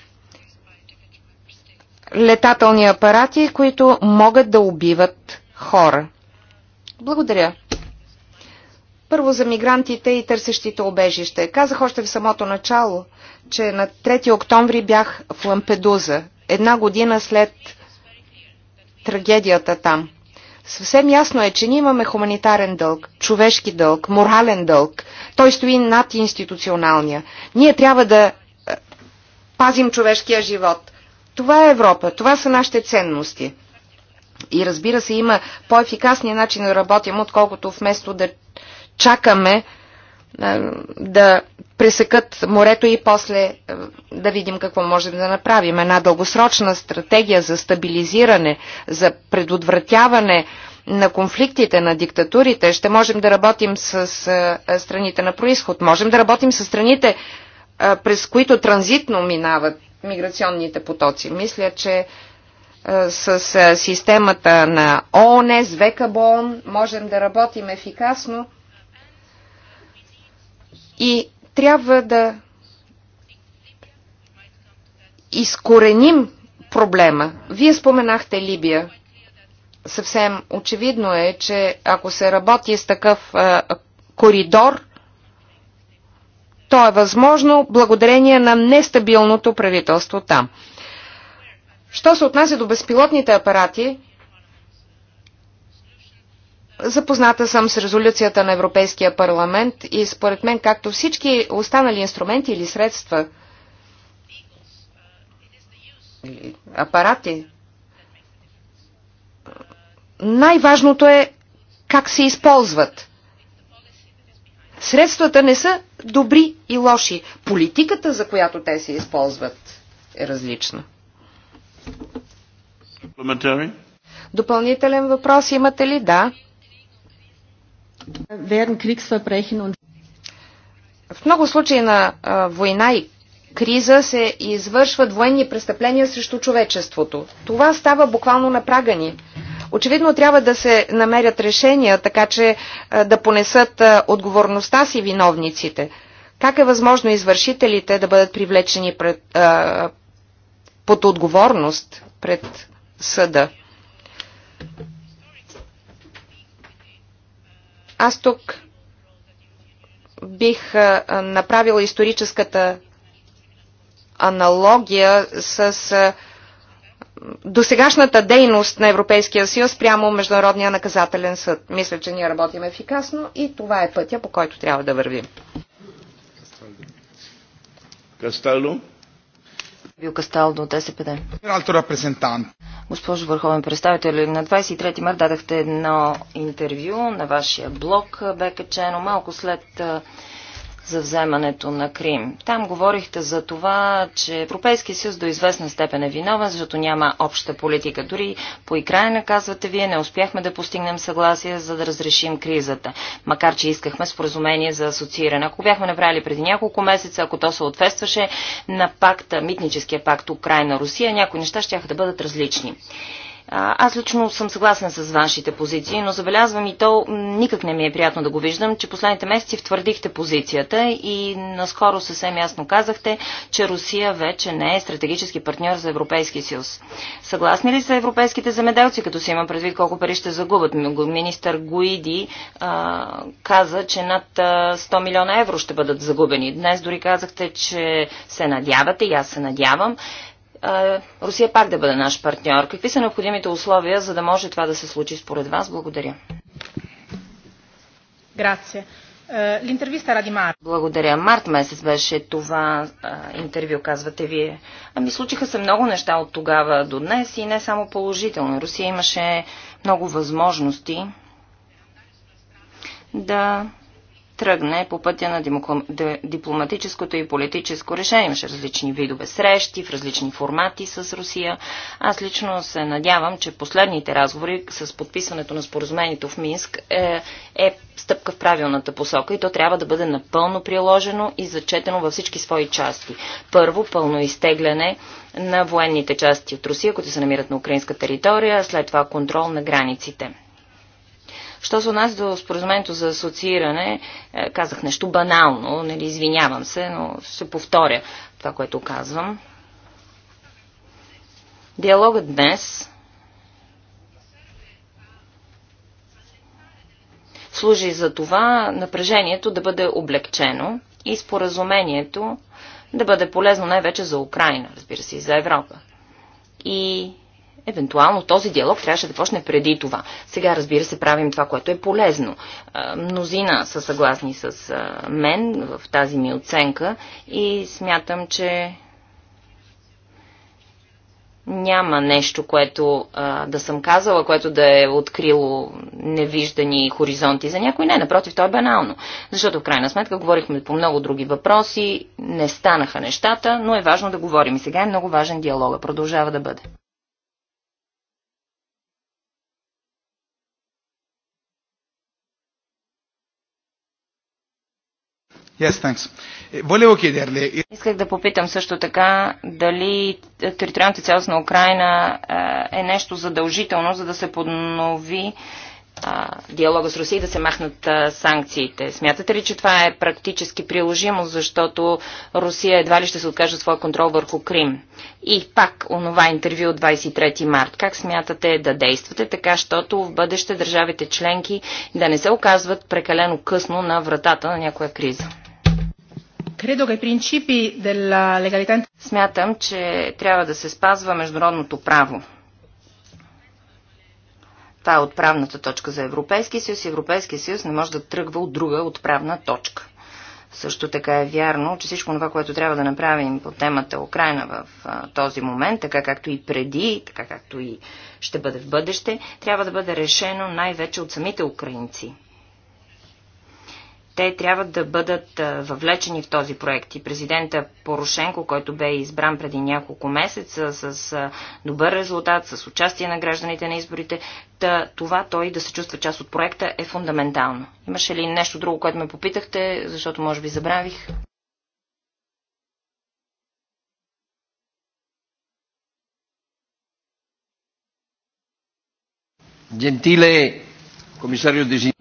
летателни апарати, които могат да убиват хора? Благодаря. Първо за мигрантите и търсещите обежище. Казах още в самото начало, че на 3 октомври бях в Лампедуза, една година след трагедията там. Съвсем ясно е, че ние имаме хуманитарен дълг, човешки дълг, морален дълг. Той стои над институционалния. Ние трябва да е, пазим човешкия живот. Това е Европа, това са нашите ценности. И разбира се, има по-ефикасния начин да работим, отколкото вместо да чакаме е, да пресекат морето и после е, да видим какво можем да направим. Една дългосрочна стратегия за стабилизиране, за предотвратяване на конфликтите, на диктатурите, ще можем да работим с е, страните на происход. Можем да работим с страните, през които транзитно минават миграционните потоци. Мисля, че с системата на ООН, с ВКБОН можем да работим ефикасно и трябва да изкореним проблема. Вие споменахте Либия. Съвсем очевидно е, че ако се работи с такъв а, коридор, то е възможно благодарение на нестабилното правителство там. Що се отнася до безпилотните апарати, Запозната съм с резолюцията на Европейския парламент и според мен, както всички останали инструменти или средства, или апарати, най-важното е как се използват. Средствата не са добри и лоши. Политиката, за която те се използват, е различна. Допълнителен въпрос имате ли? Да. В много случаи на война и криза се извършват военни престъпления срещу човечеството. Това става буквално на прага ни. Очевидно трябва да се намерят решения, така че да понесат отговорността си виновниците. Как е възможно извършителите да бъдат привлечени пред, а, под отговорност пред съда? Аз тук бих направила историческата аналогия с досегашната дейност на Европейския съюз прямо Международния наказателен съд. Мисля, че ние работим ефикасно и това е пътя, по който трябва да вървим. Кастало? Бил Касталдо от СПД. Госпожо Върховен представител, на 23 марта дадахте едно интервю на вашия блог, бе качено малко след за вземането на Крим. Там говорихте за това, че Европейския съюз до известна степен е виновен, защото няма обща политика. Дори по и на казвате вие, не успяхме да постигнем съгласие, за да разрешим кризата. Макар, че искахме споразумение за асоцииране. Ако бяхме направили преди няколко месеца, ако то съответстваше на пакта, митническия пакт Украина-Русия, някои неща ще да бъдат различни. Аз лично съм съгласна с вашите позиции, но забелязвам и то никак не ми е приятно да го виждам, че последните месеци втвърдихте позицията и наскоро съвсем ясно казахте, че Русия вече не е стратегически партньор за Европейския съюз. Съгласни ли са европейските земеделци, като си има предвид колко пари ще загубят? Министър Гуиди а, каза, че над 100 милиона евро ще бъдат загубени. Днес дори казахте, че се надявате и аз се надявам Русия пак да бъде наш партньор. Какви са необходимите условия, за да може това да се случи според вас? Благодаря. Грация. март. Е, Благодаря. Март месец беше това а, интервю, казвате вие. Ами случиха се много неща от тогава до днес и не само положително. Русия имаше много възможности да тръгне по пътя на дипломатическото и политическо решение. Имаше различни видове срещи, в различни формати с Русия. Аз лично се надявам, че последните разговори с подписването на споразумението в Минск е, е стъпка в правилната посока и то трябва да бъде напълно приложено и зачетено във всички свои части. Първо, пълно изтегляне на военните части от Русия, които се намират на украинска територия, след това контрол на границите. Що се отнася до споразумението за асоцииране, е, казах нещо банално, нали, извинявам се, но ще повторя това, което казвам. Диалогът днес служи за това напрежението да бъде облегчено и споразумението да бъде полезно най-вече за Украина, разбира се, и за Европа. И Евентуално този диалог трябваше да почне преди това. Сега, разбира се, правим това, което е полезно. Мнозина са съгласни с мен в тази ми оценка и смятам, че няма нещо, което да съм казала, което да е открило невиждани хоризонти за някой. Не, напротив, то е банално. Защото в крайна сметка говорихме по много други въпроси, не станаха нещата, но е важно да говорим. И сега е много важен диалога. Продължава да бъде. Yes, thanks. Volevo е, chiederle... Исках да попитам също така дали териториалната цялост на Украина е, е нещо задължително, за да се поднови диалога с Русия и да се махнат санкциите. Смятате ли, че това е практически приложимо, защото Русия едва ли ще се откаже своя контрол върху Крим? И пак онова интервю от 23 март. Как смятате да действате така, защото в бъдеще държавите членки да не се оказват прекалено късно на вратата на някоя криза? Смятам, че трябва да се спазва международното право. Това е отправната точка за Европейския съюз. Европейския съюз не може да тръгва от друга отправна точка. Също така е вярно, че всичко това, което трябва да направим по темата Украина в а, този момент, така както и преди, така както и ще бъде в бъдеще, трябва да бъде решено най-вече от самите украинци те трябва да бъдат въвлечени в този проект. И президента Порошенко, който бе избран преди няколко месеца с добър резултат, с участие на гражданите на изборите, това той да се чувства част от проекта е фундаментално. Имаше ли нещо друго, което ме попитахте, защото може би забравих? Gentile комисарио Дезиньо.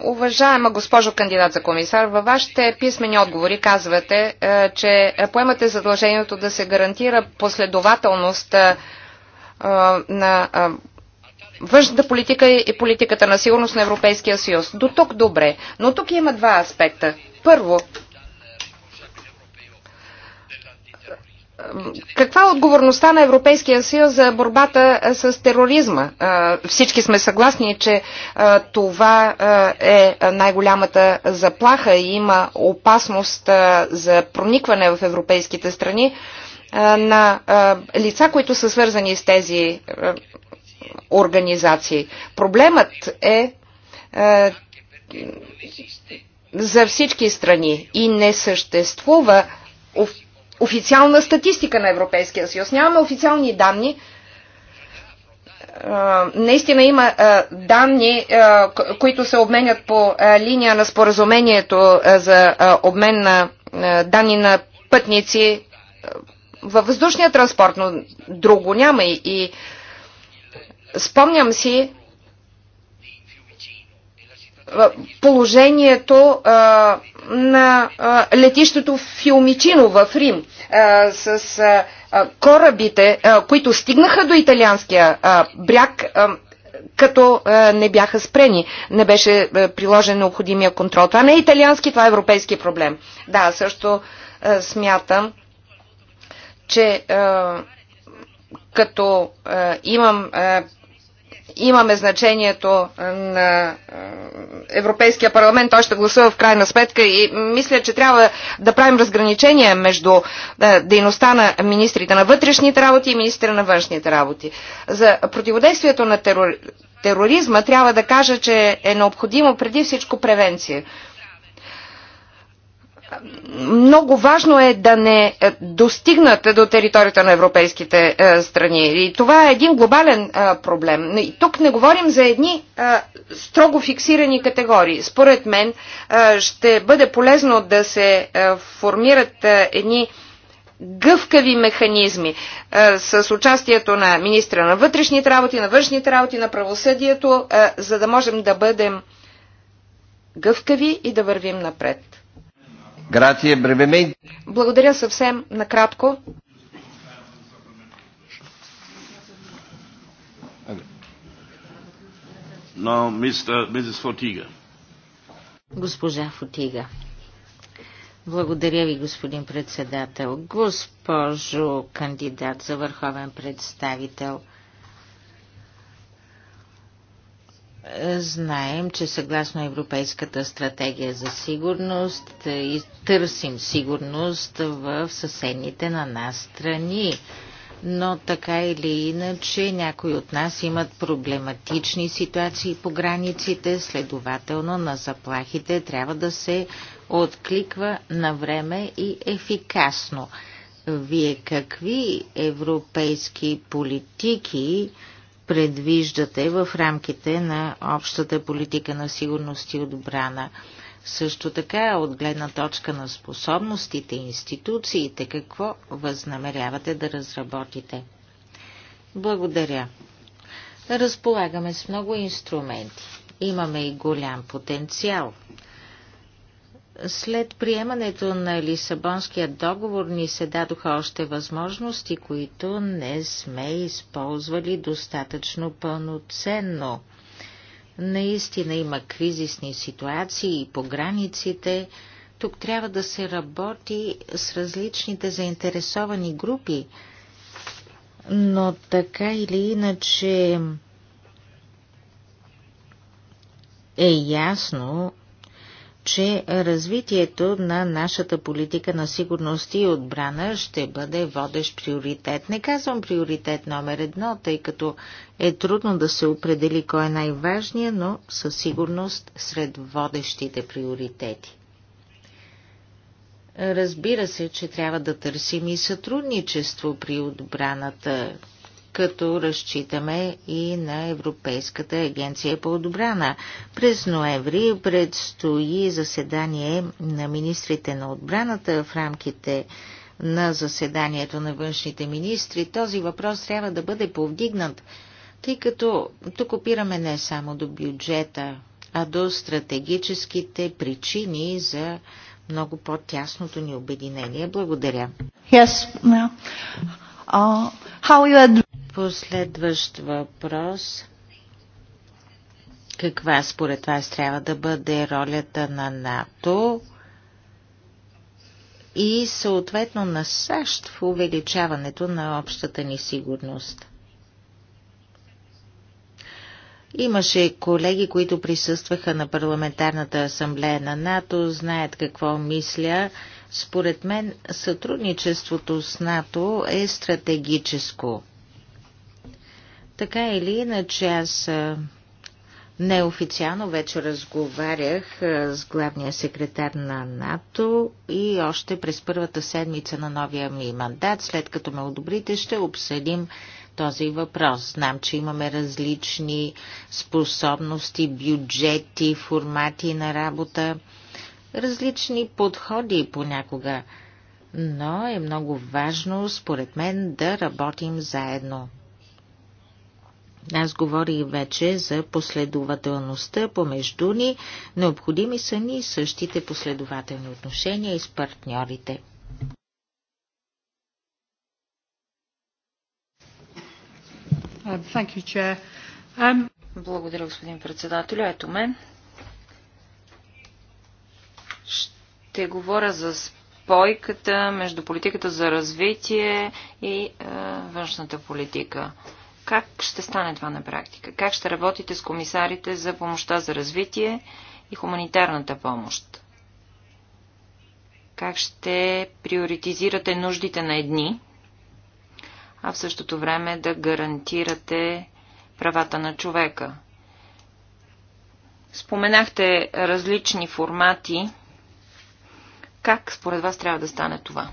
Уважаема госпожо кандидат за комисар, във вашите писмени отговори казвате, е, че поемате задължението да се гарантира последователност е, е, на външната политика и политиката на сигурност на Европейския съюз. До тук добре, но тук има два аспекта. Първо, каква е отговорността на Европейския съюз за борбата с тероризма? Всички сме съгласни, че това е най-голямата заплаха и има опасност за проникване в европейските страни на лица, които са свързани с тези организации. Проблемът е за всички страни и не съществува официална статистика на Европейския съюз. Нямаме официални данни. Наистина има данни, които се обменят по линия на споразумението за обмен на данни на пътници във въздушния транспорт, но друго няма и спомням си положението а, на а, летището Филмичино в Рим а, с а, корабите, а, които стигнаха до италианския а, бряг, а, като а, не бяха спрени. Не беше а, приложен необходимия контрол. Това не е италиански, това е европейски проблем. Да, също а, смятам, че а, като а, имам а, имаме значението на е, Европейския парламент, той ще гласува в крайна сметка и мисля, че трябва да правим разграничение между е, дейността на министрите на вътрешните работи и министра на външните работи. За противодействието на тероризма трябва да кажа, че е необходимо преди всичко превенция много важно е да не е, достигнат до територията на европейските е, страни. И това е един глобален е, проблем. И тук не говорим за едни строго фиксирани категории. Според мен ще бъде полезно да се формират едни гъвкави механизми с участието на министра на вътрешните работи, на външните работи, на правосъдието, за да можем да бъдем гъвкави и да вървим напред. Благодаря съвсем накратко. Now, Mr. Mrs. Fortiga. Госпожа Фотига. Благодаря ви, господин председател. Госпожо кандидат за върховен представител – Знаем, че съгласно Европейската стратегия за сигурност е, и търсим сигурност в съседните на нас страни. Но така или иначе някои от нас имат проблематични ситуации по границите, следователно на заплахите трябва да се откликва на време и ефикасно. Вие какви европейски политики предвиждате в рамките на общата политика на сигурност и отбрана? Също така, от гледна точка на способностите и институциите, какво възнамерявате да разработите? Благодаря. Разполагаме с много инструменти. Имаме и голям потенциал след приемането на Лисабонския договор ни се дадоха още възможности, които не сме използвали достатъчно пълноценно. Наистина има кризисни ситуации и по границите. Тук трябва да се работи с различните заинтересовани групи, но така или иначе е ясно, че развитието на нашата политика на сигурност и отбрана ще бъде водещ приоритет. Не казвам приоритет номер едно, тъй като е трудно да се определи кой е най-важният, но със сигурност сред водещите приоритети. Разбира се, че трябва да търсим и сътрудничество при отбраната като разчитаме и на Европейската агенция по отбрана. През ноември предстои заседание на министрите на отбраната в рамките на заседанието на външните министри. Този въпрос трябва да бъде повдигнат, тъй като тук опираме не само до бюджета, а до стратегическите причини за много по-тясното ни обединение. Благодаря. Yes. Uh, how you ad... Последващ въпрос. Каква според вас трябва да бъде ролята на НАТО и съответно на САЩ в увеличаването на общата ни сигурност? Имаше колеги, които присъстваха на парламентарната асамблея на НАТО, знаят какво мисля според мен сътрудничеството с НАТО е стратегическо. Така или иначе аз неофициално вече разговарях с главния секретар на НАТО и още през първата седмица на новия ми мандат, след като ме одобрите, ще обсъдим този въпрос. Знам, че имаме различни способности, бюджети, формати на работа различни подходи понякога, но е много важно, според мен, да работим заедно. Аз говори вече за последователността помежду ни. Необходими са ни същите последователни отношения и с партньорите. Uh, um, Благодаря, господин председател. Ето мен. Ще говоря за спойката между политиката за развитие и е, външната политика. Как ще стане това на практика? Как ще работите с комисарите за помощта за развитие и хуманитарната помощ? Как ще приоритизирате нуждите на едни, а в същото време да гарантирате правата на човека? Споменахте различни формати как според вас трябва да стане това?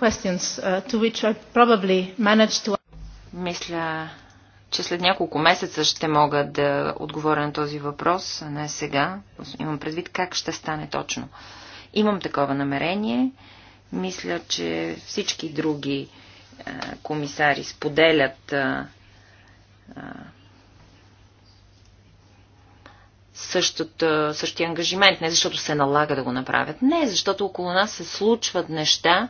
Uh, Мисля, че след няколко месеца ще мога да отговоря на този въпрос, а не сега. Имам предвид как ще стане точно. Имам такова намерение. Мисля, че всички други комисари споделят същата, същия ангажимент. Не защото се налага да го направят. Не, защото около нас се случват неща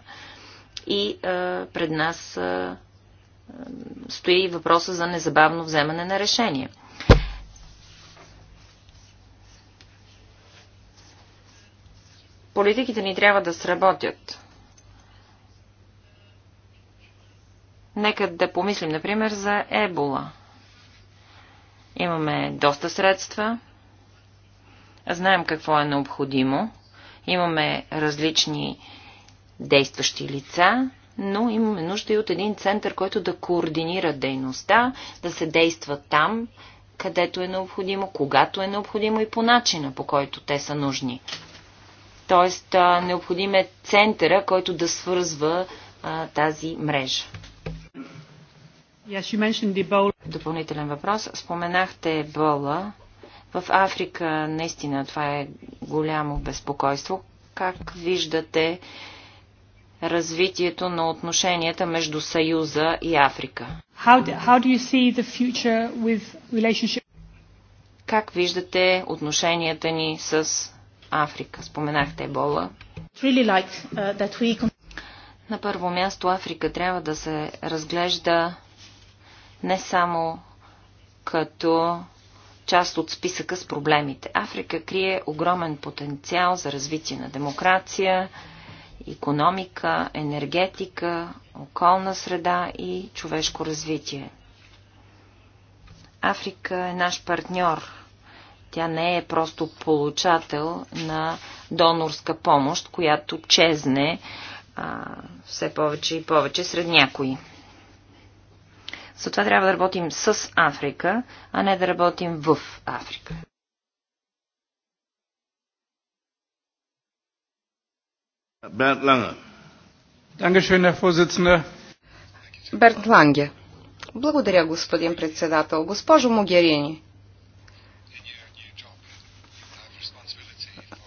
и а, е, пред нас а, е, е, стои и въпроса за незабавно вземане на решение. Политиките ни трябва да сработят. Нека да помислим, например, за ебола. Имаме доста средства, Знаем какво е необходимо. Имаме различни действащи лица, но имаме нужда и от един център, който да координира дейността, да се действа там, където е необходимо, когато е необходимо и по начина, по който те са нужни. Тоест, необходим е центъра, който да свързва а, тази мрежа. Yes, Допълнителен въпрос. Споменахте ебола. В Африка наистина това е голямо безпокойство. Как виждате развитието на отношенията между Съюза и Африка? How do, how do Как виждате отношенията ни с Африка? Споменахте Ебола. Really like, uh, we... На първо място Африка трябва да се разглежда не само като част от списъка с проблемите. Африка крие огромен потенциал за развитие на демокрация, економика, енергетика, околна среда и човешко развитие. Африка е наш партньор. Тя не е просто получател на донорска помощ, която чезне а, все повече и повече сред някои. Затова трябва да работим с Африка, а не да работим в Африка. Берт Ланге. Берт Ланге. Благодаря, господин председател. Госпожо Могерини,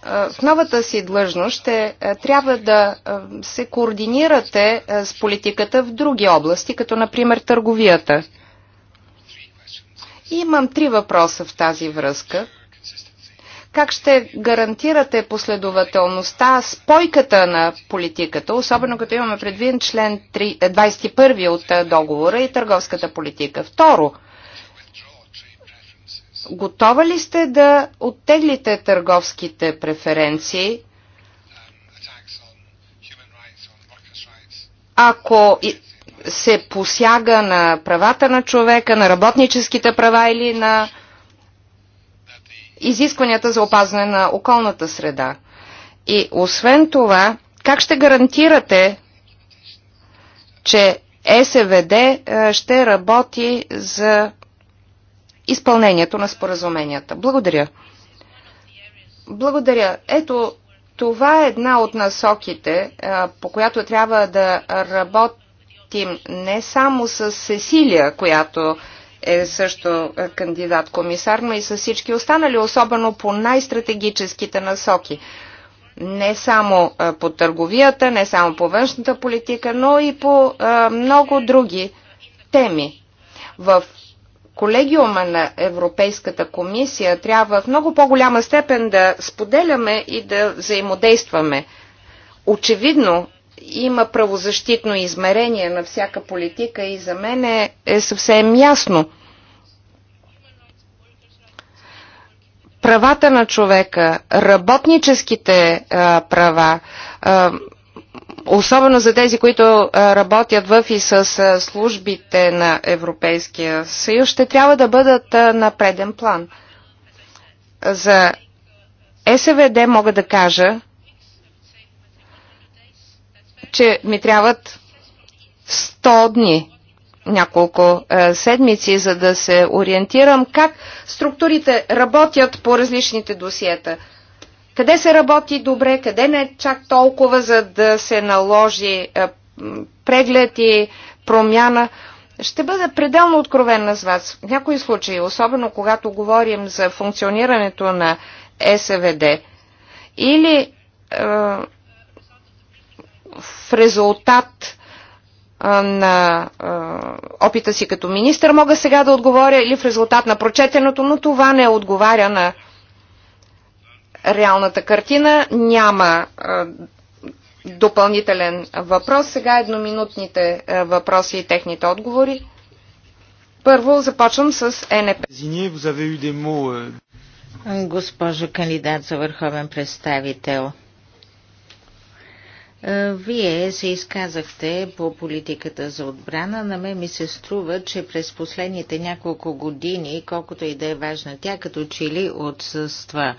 в новата си длъжност ще трябва да се координирате с политиката в други области, като например търговията. Имам три въпроса в тази връзка. Как ще гарантирате последователността, спойката на политиката, особено като имаме предвид член 3, 21 от договора и търговската политика? Второ, Готова ли сте да оттеглите търговските преференции, ако се посяга на правата на човека, на работническите права или на изискванията за опазване на околната среда? И освен това, как ще гарантирате, че СВД е, ще работи за изпълнението на споразуменията. Благодаря. Благодаря. Ето, това е една от насоките, по която трябва да работим не само с Сесилия, която е също кандидат комисар, но и с всички останали, особено по най-стратегическите насоки. Не само по търговията, не само по външната политика, но и по много други теми. В колегиума на Европейската комисия трябва в много по-голяма степен да споделяме и да взаимодействаме. Очевидно има правозащитно измерение на всяка политика и за мен е, е съвсем ясно. правата на човека, работническите а, права, а, особено за тези, които работят в и с службите на Европейския съюз, ще трябва да бъдат на преден план. За СВД мога да кажа, че ми трябват 100 дни, няколко седмици, за да се ориентирам как структурите работят по различните досиета – къде се работи добре, къде не е чак толкова, за да се наложи е, преглед и промяна. Ще бъда пределно откровенна с вас. В някои случаи, особено когато говорим за функционирането на СВД, или е, в резултат е, на е, опита си като министр мога сега да отговоря или в резултат на прочетеното, но това не отговаря на реалната картина. Няма допълнителен въпрос. Сега едноминутните въпроси и техните отговори. Първо започвам с НП. Euh. Госпожо кандидат за върховен представител, вие се изказахте по политиката за отбрана. На мен ми се струва, че през последните няколко години, колкото и да е важна тя, като чили отсъства.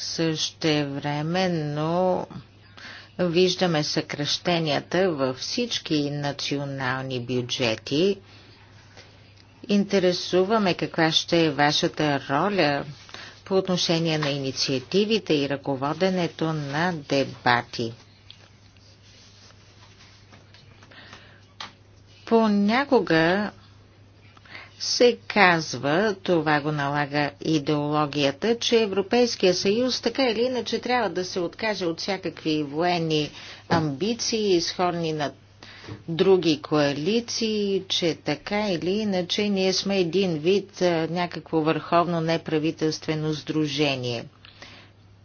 Същевременно виждаме съкръщенията във всички национални бюджети. Интересуваме каква ще е вашата роля по отношение на инициативите и ръководенето на дебати. Понякога се казва, това го налага идеологията, че Европейския съюз така или иначе трябва да се откаже от всякакви военни амбиции, изходни на други коалиции, че така или иначе ние сме един вид някакво върховно неправителствено сдружение.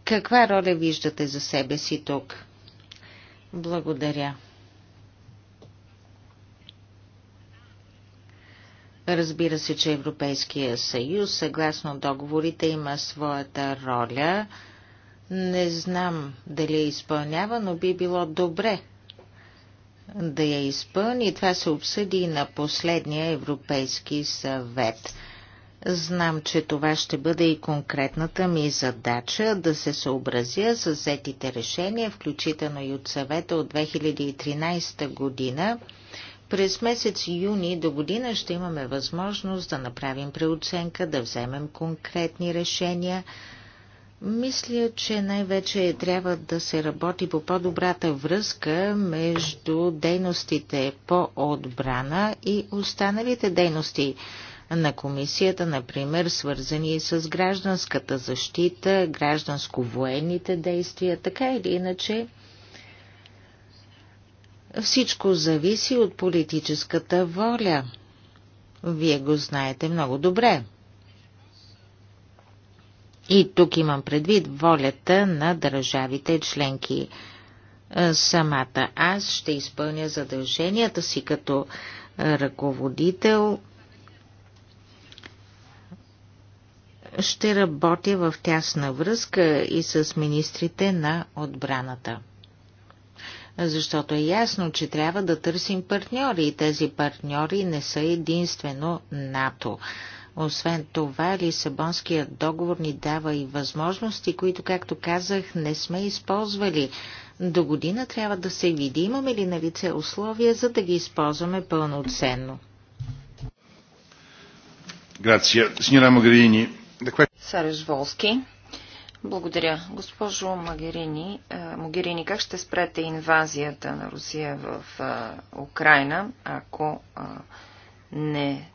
Каква роля виждате за себе си тук? Благодаря. Разбира се, че Европейския съюз, съгласно договорите, има своята роля. Не знам дали я изпълнява, но би било добре да я изпълни. Това се обсъди и на последния Европейски съвет. Знам, че това ще бъде и конкретната ми задача да се съобразя с взетите решения, включително и от съвета от 2013 година през месец юни до година ще имаме възможност да направим преоценка, да вземем конкретни решения. Мисля, че най-вече трябва да се работи по по-добрата връзка между дейностите по отбрана и останалите дейности на комисията, например, свързани с гражданската защита, гражданско-военните действия, така или иначе. Всичко зависи от политическата воля. Вие го знаете много добре. И тук имам предвид волята на държавите членки. Е, самата аз ще изпълня задълженията си като ръководител. Ще работя в тясна връзка и с министрите на отбраната защото е ясно, че трябва да търсим партньори и тези партньори не са единствено НАТО. Освен това, Лисабонският договор ни дава и възможности, които, както казах, не сме използвали. До година трябва да се види, имаме ли на лице условия, за да ги използваме пълноценно. Грация. Синьора Могерини. Сареш Волски. Благодаря. Госпожо Магерини, е, Могерини, как ще спрете инвазията на Русия в е, Украина, ако е, не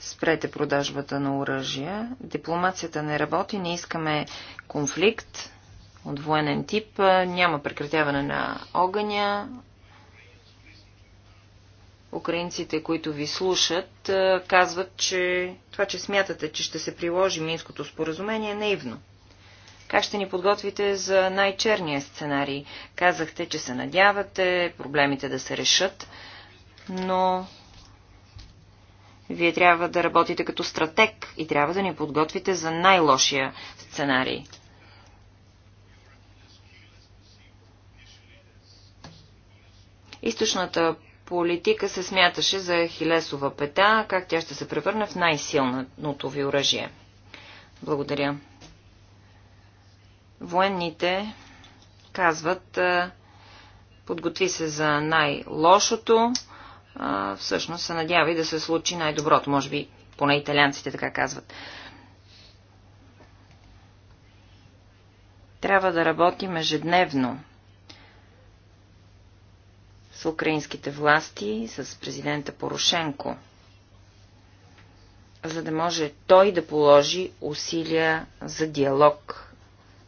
спрете продажбата на оръжия? Дипломацията не работи, не искаме конфликт от военен тип, няма прекратяване на огъня. Украинците, които ви слушат, казват, че това, че смятате, че ще се приложи Минското споразумение, е наивно. Как ще ни подготвите за най-черния сценарий? Казахте, че се надявате проблемите да се решат, но вие трябва да работите като стратег и трябва да ни подготвите за най-лошия сценарий. Източната политика се смяташе за хилесова пета, как тя ще се превърне в най-силното ви оръжие. Благодаря военните казват подготви се за най-лошото, всъщност се надява и да се случи най-доброто. Може би поне италианците така казват. Трябва да работим ежедневно с украинските власти, с президента Порошенко, за да може той да положи усилия за диалог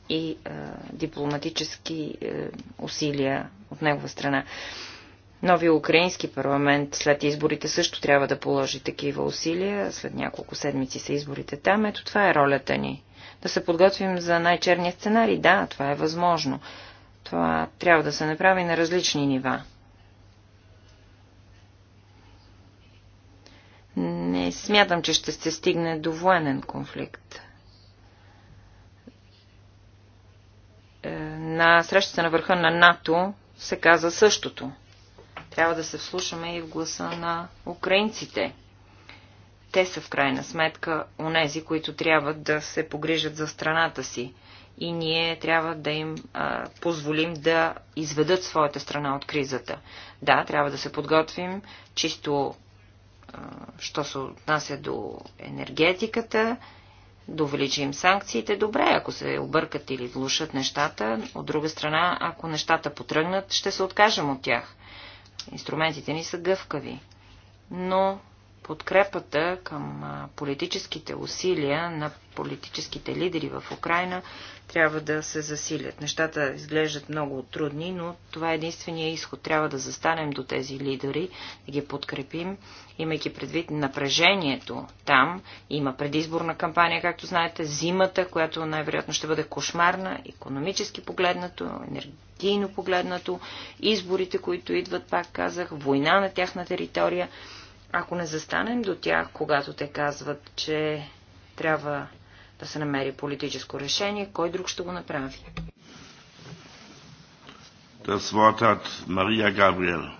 и е, дипломатически е, усилия от негова страна. Новия украински парламент след изборите също трябва да положи такива усилия. След няколко седмици са изборите там. Ето това е ролята ни. Да се подготвим за най-черния сценарий. Да, това е възможно. Това трябва да се направи на различни нива. Не смятам, че ще се стигне до военен конфликт. на срещата на върха на НАТО се каза същото. Трябва да се вслушаме и в гласа на украинците. Те са в крайна сметка онези, които трябва да се погрижат за страната си. И ние трябва да им а, позволим да изведат своята страна от кризата. Да, трябва да се подготвим чисто що се отнася до енергетиката, да увеличим санкциите, добре, ако се объркат или влушат нещата. От друга страна, ако нещата потръгнат, ще се откажем от тях. Инструментите ни са гъвкави. Но подкрепата към политическите усилия на политическите лидери в Украина трябва да се засилят. Нещата изглеждат много трудни, но това е единствения изход. Трябва да застанем до тези лидери, да ги подкрепим, имайки предвид напрежението там. Има предизборна кампания, както знаете, зимата, която най-вероятно ще бъде кошмарна, економически погледнато, енергийно погледнато, изборите, които идват, пак казах, война на тяхна територия – ако не застанем до тях, когато те казват, че трябва да се намери политическо решение, кой друг ще го направи? Das Wort hat Maria Gabriel.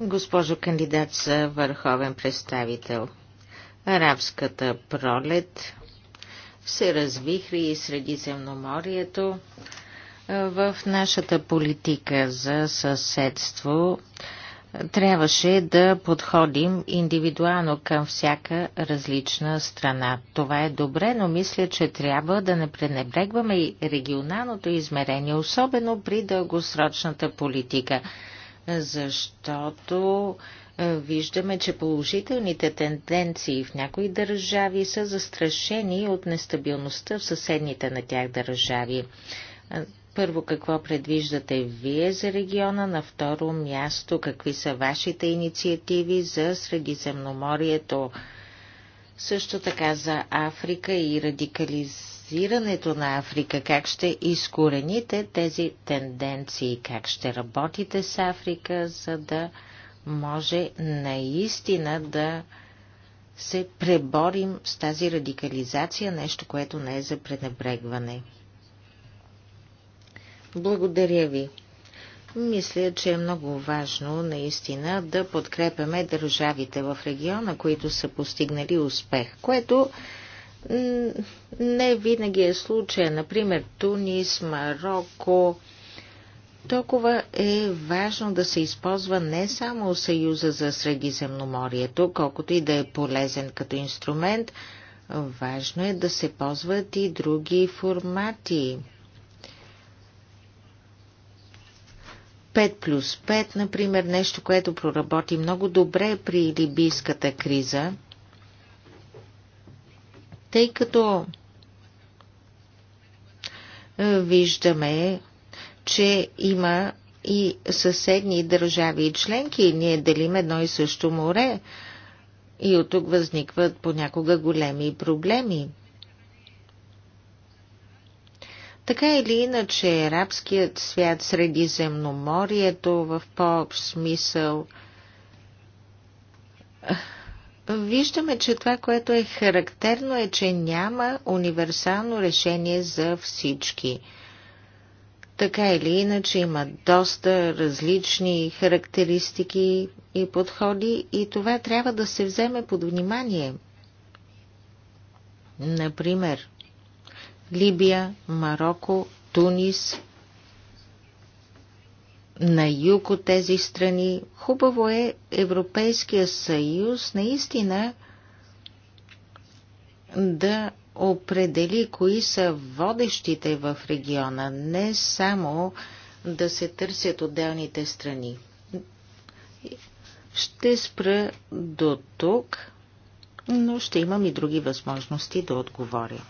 Госпожо кандидат за върховен представител. Арабската пролет се развихри и Средиземноморието. В нашата политика за съседство трябваше да подходим индивидуално към всяка различна страна. Това е добре, но мисля, че трябва да не пренебрегваме и регионалното измерение, особено при дългосрочната политика, защото е, виждаме, че положителните тенденции в някои държави са застрашени от нестабилността в съседните на тях държави. Е, първо, какво предвиждате вие за региона? На второ място, какви са вашите инициативи за Средиземноморието? Също така за Африка и радикализирането на Африка. Как ще изкорените тези тенденции? Как ще работите с Африка, за да може наистина да се преборим с тази радикализация, нещо, което не е за пренебрегване? Благодаря ви. Мисля, че е много важно наистина да подкрепяме държавите в региона, които са постигнали успех, което не винаги е случая. Например, Тунис, Марокко. Толкова е важно да се използва не само Съюза за Средиземноморието, колкото и да е полезен като инструмент, важно е да се ползват и други формати 5 плюс 5, например, нещо, което проработи много добре при либийската криза, тъй като е, виждаме, че има и съседни държави и членки. Ние делим едно и също море и от тук възникват понякога големи проблеми. Така или иначе, арабският свят, средиземноморието в по-общ смисъл. Виждаме, че това, което е характерно е, че няма универсално решение за всички. Така или иначе има доста различни характеристики и подходи и това трябва да се вземе под внимание. Например, Либия, Марокко, Тунис, на юг от тези страни. Хубаво е Европейския съюз наистина да определи кои са водещите в региона, не само да се търсят отделните страни. Ще спра до тук, но ще имам и други възможности да отговоря.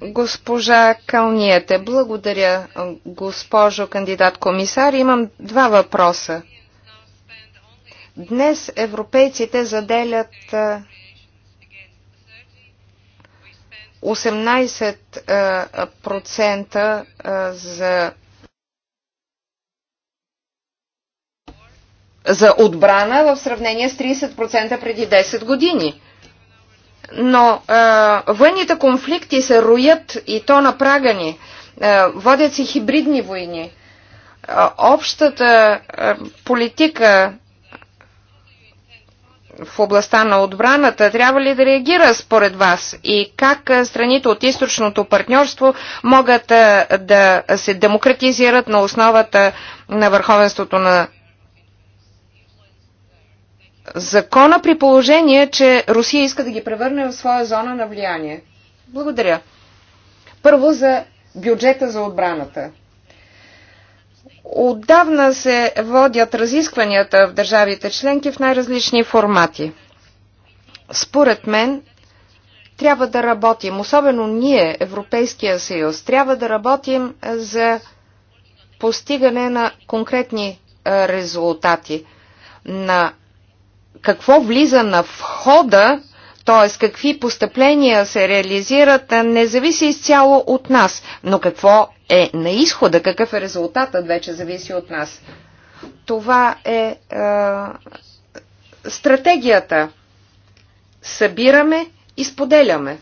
Госпожа Калниете, благодаря, госпожо кандидат комисар. Имам два въпроса. Днес европейците заделят 18% за за отбрана в сравнение с 30% преди 10 години. Но а, военните конфликти се роят и то на прага ни. водят се хибридни войни. А, общата а, политика в областта на отбраната трябва ли да реагира според вас и как страните от източното партньорство могат да се демократизират на основата на върховенството на закона при положение, че Русия иска да ги превърне в своя зона на влияние? Благодаря. Първо за бюджета за отбраната. Отдавна се водят разискванията в държавите членки в най-различни формати. Според мен, трябва да работим, особено ние, Европейския съюз, трябва да работим за постигане на конкретни резултати на какво влиза на входа, т.е. какви постъпления се реализират, не зависи изцяло от нас. Но какво е на изхода, какъв е резултатът, вече зависи от нас. Това е, е стратегията. Събираме и споделяме.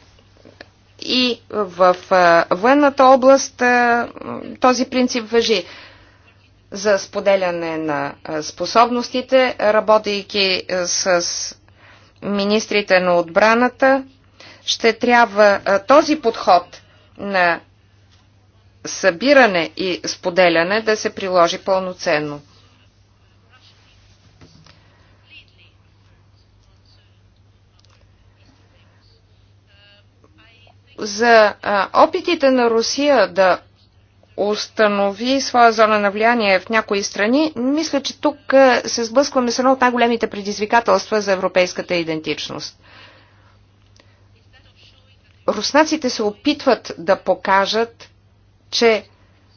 И в е, военната област е, този принцип въжи за споделяне на способностите, работейки с министрите на отбраната, ще трябва този подход на събиране и споделяне да се приложи пълноценно. За опитите на Русия да установи своя зона на влияние в някои страни, мисля, че тук се сблъскваме с едно от най-големите предизвикателства за европейската идентичност. Руснаците се опитват да покажат, че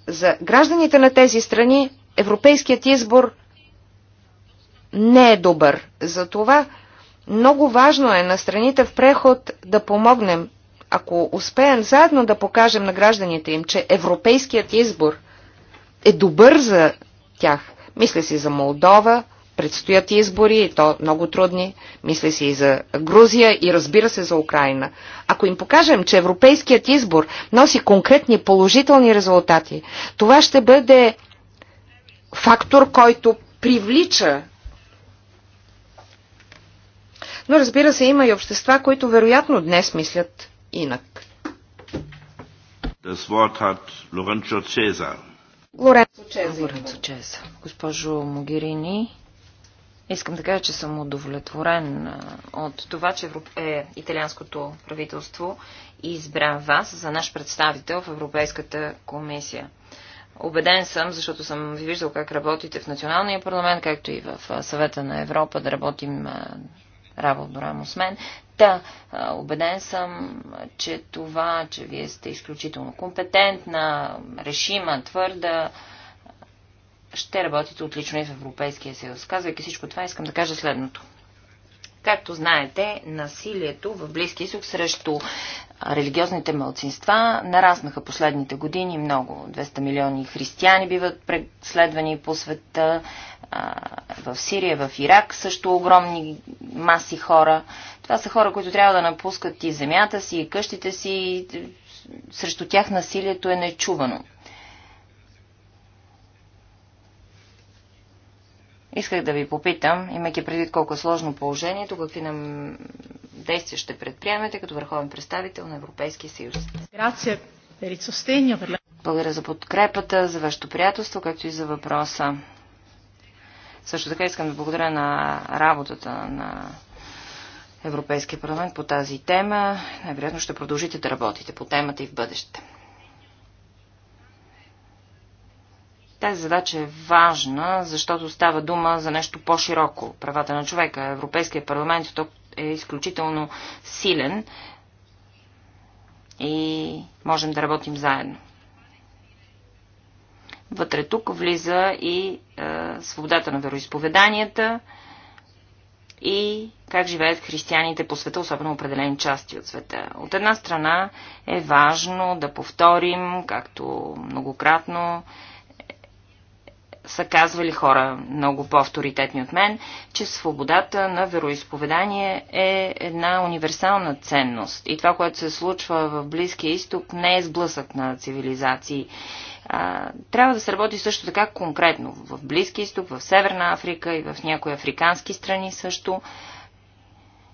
за гражданите на тези страни европейският избор не е добър. Затова много важно е на страните в преход да помогнем ако успеем заедно да покажем на гражданите им, че европейският избор е добър за тях, мисля си за Молдова, предстоят избори и то много трудни, мисля си и за Грузия и разбира се за Украина. Ако им покажем, че европейският избор носи конкретни положителни резултати, това ще бъде фактор, който привлича но разбира се, има и общества, които вероятно днес мислят инак. Das Wort hat Lorenzo Cesar. Лоренцо Чеза. Лоренцо Чеза. Госпожо Могирини, искам да кажа, че съм удовлетворен от това, че е, италианското правителство избра вас за наш представител в Европейската комисия. Обеден съм, защото съм ви виждал как работите в Националния парламент, както и в Съвета на Европа, да работим работо рамо с мен. Та, да, убеден съм, че това, че вие сте изключително компетентна, решима, твърда, ще работите отлично и в Европейския съюз. Казвайки всичко това, искам да кажа следното. Както знаете, насилието в Близки изток срещу религиозните мълцинства нараснаха последните години много. 200 милиони християни биват преследвани по света, в Сирия, в Ирак също огромни маси хора. Това са хора, които трябва да напускат и земята си, и къщите си. Срещу тях насилието е нечувано. Исках да ви попитам, имайки предвид колко е сложно положението, какви нам действия ще предприемете като върховен представител на Европейския съюз. Благодаря за подкрепата, за вашето приятелство, както и за въпроса. Също така искам да благодаря на работата на Европейския парламент по тази тема. Най-вероятно ще продължите да работите по темата и в бъдеще. Тази задача е важна, защото става дума за нещо по-широко. Правата на човека. Европейския парламент е изключително силен и можем да работим заедно. Вътре тук влиза и е, свободата на вероисповеданията и как живеят християните по света, особено определени части от света. От една страна е важно да повторим, както многократно са казвали хора много по-авторитетни от мен, че свободата на вероисповедание е една универсална ценност. И това, което се случва в Близкия изток, не е сблъсък на цивилизации. А, трябва да се работи също така конкретно в Близкия изток, в Северна Африка и в някои африкански страни също.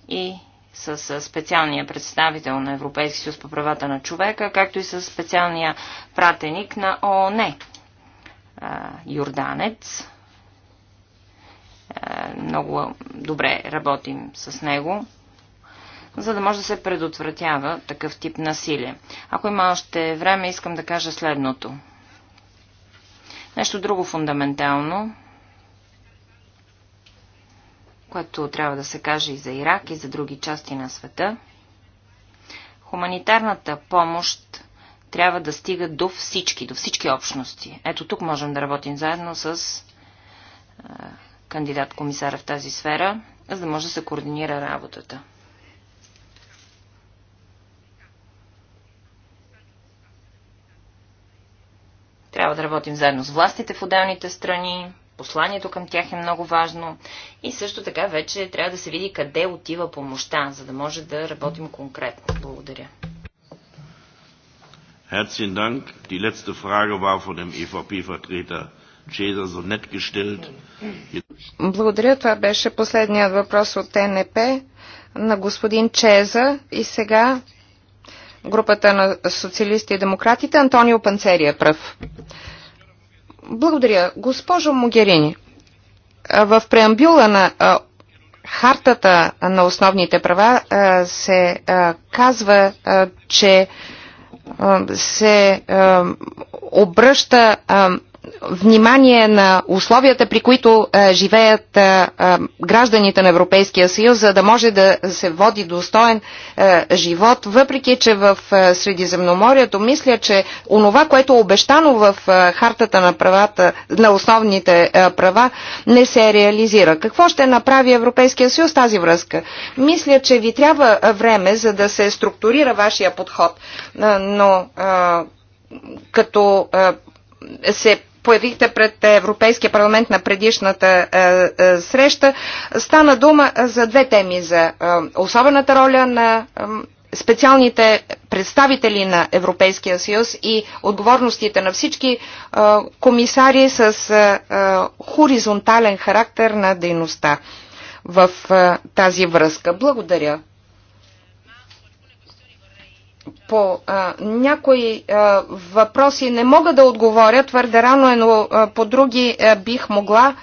И с специалния представител на Европейския съюз по правата на човека, както и с специалния пратеник на ООН юрданец. Йорданец. много добре работим с него, за да може да се предотвратява такъв тип насилие. Ако има още време, искам да кажа следното. Нещо друго фундаментално, което трябва да се каже и за Ирак, и за други части на света. Хуманитарната помощ трябва да стига до всички, до всички общности. Ето тук можем да работим заедно с кандидат-комисара в тази сфера, за да може да се координира работата. Трябва да работим заедно с властите в отделните страни. Посланието към тях е много важно. И също така вече трябва да се види къде отива помощта, за да може да работим конкретно. Благодаря. Herzlichen Dank. Die letzte Frage war von dem EVP-Vertreter Чеза so nett gestellt. Благодаря. Това беше последният въпрос от ТНП на господин Чеза. И сега групата на социалисти и демократите Антонио Панцерия е пръв. Благодаря. Госпожо Могерини, в преамбюла на Хартата на основните права се казва, че се обръща внимание на условията, при които а, е, живеят а, е, е, гражданите на Европейския съюз, за да може да се води достоен а, живот, въпреки че в а, Средиземноморието мисля, че онова, което е обещано в а, хартата на, правата, на основните а, права, не се реализира. Какво ще направи Европейския съюз тази връзка? Мисля, че ви трябва време, за да се структурира вашия подход, а, но а, като а, се появихте пред Европейския парламент на предишната е, е, среща, стана дума е, за две теми. За особената роля на специалните представители на Европейския съюз и отговорностите на всички комисари с хоризонтален характер на дейността в тази връзка. Благодаря по а, някои а, въпроси не мога да отговоря, твърде рано е, но а, по други а, бих могла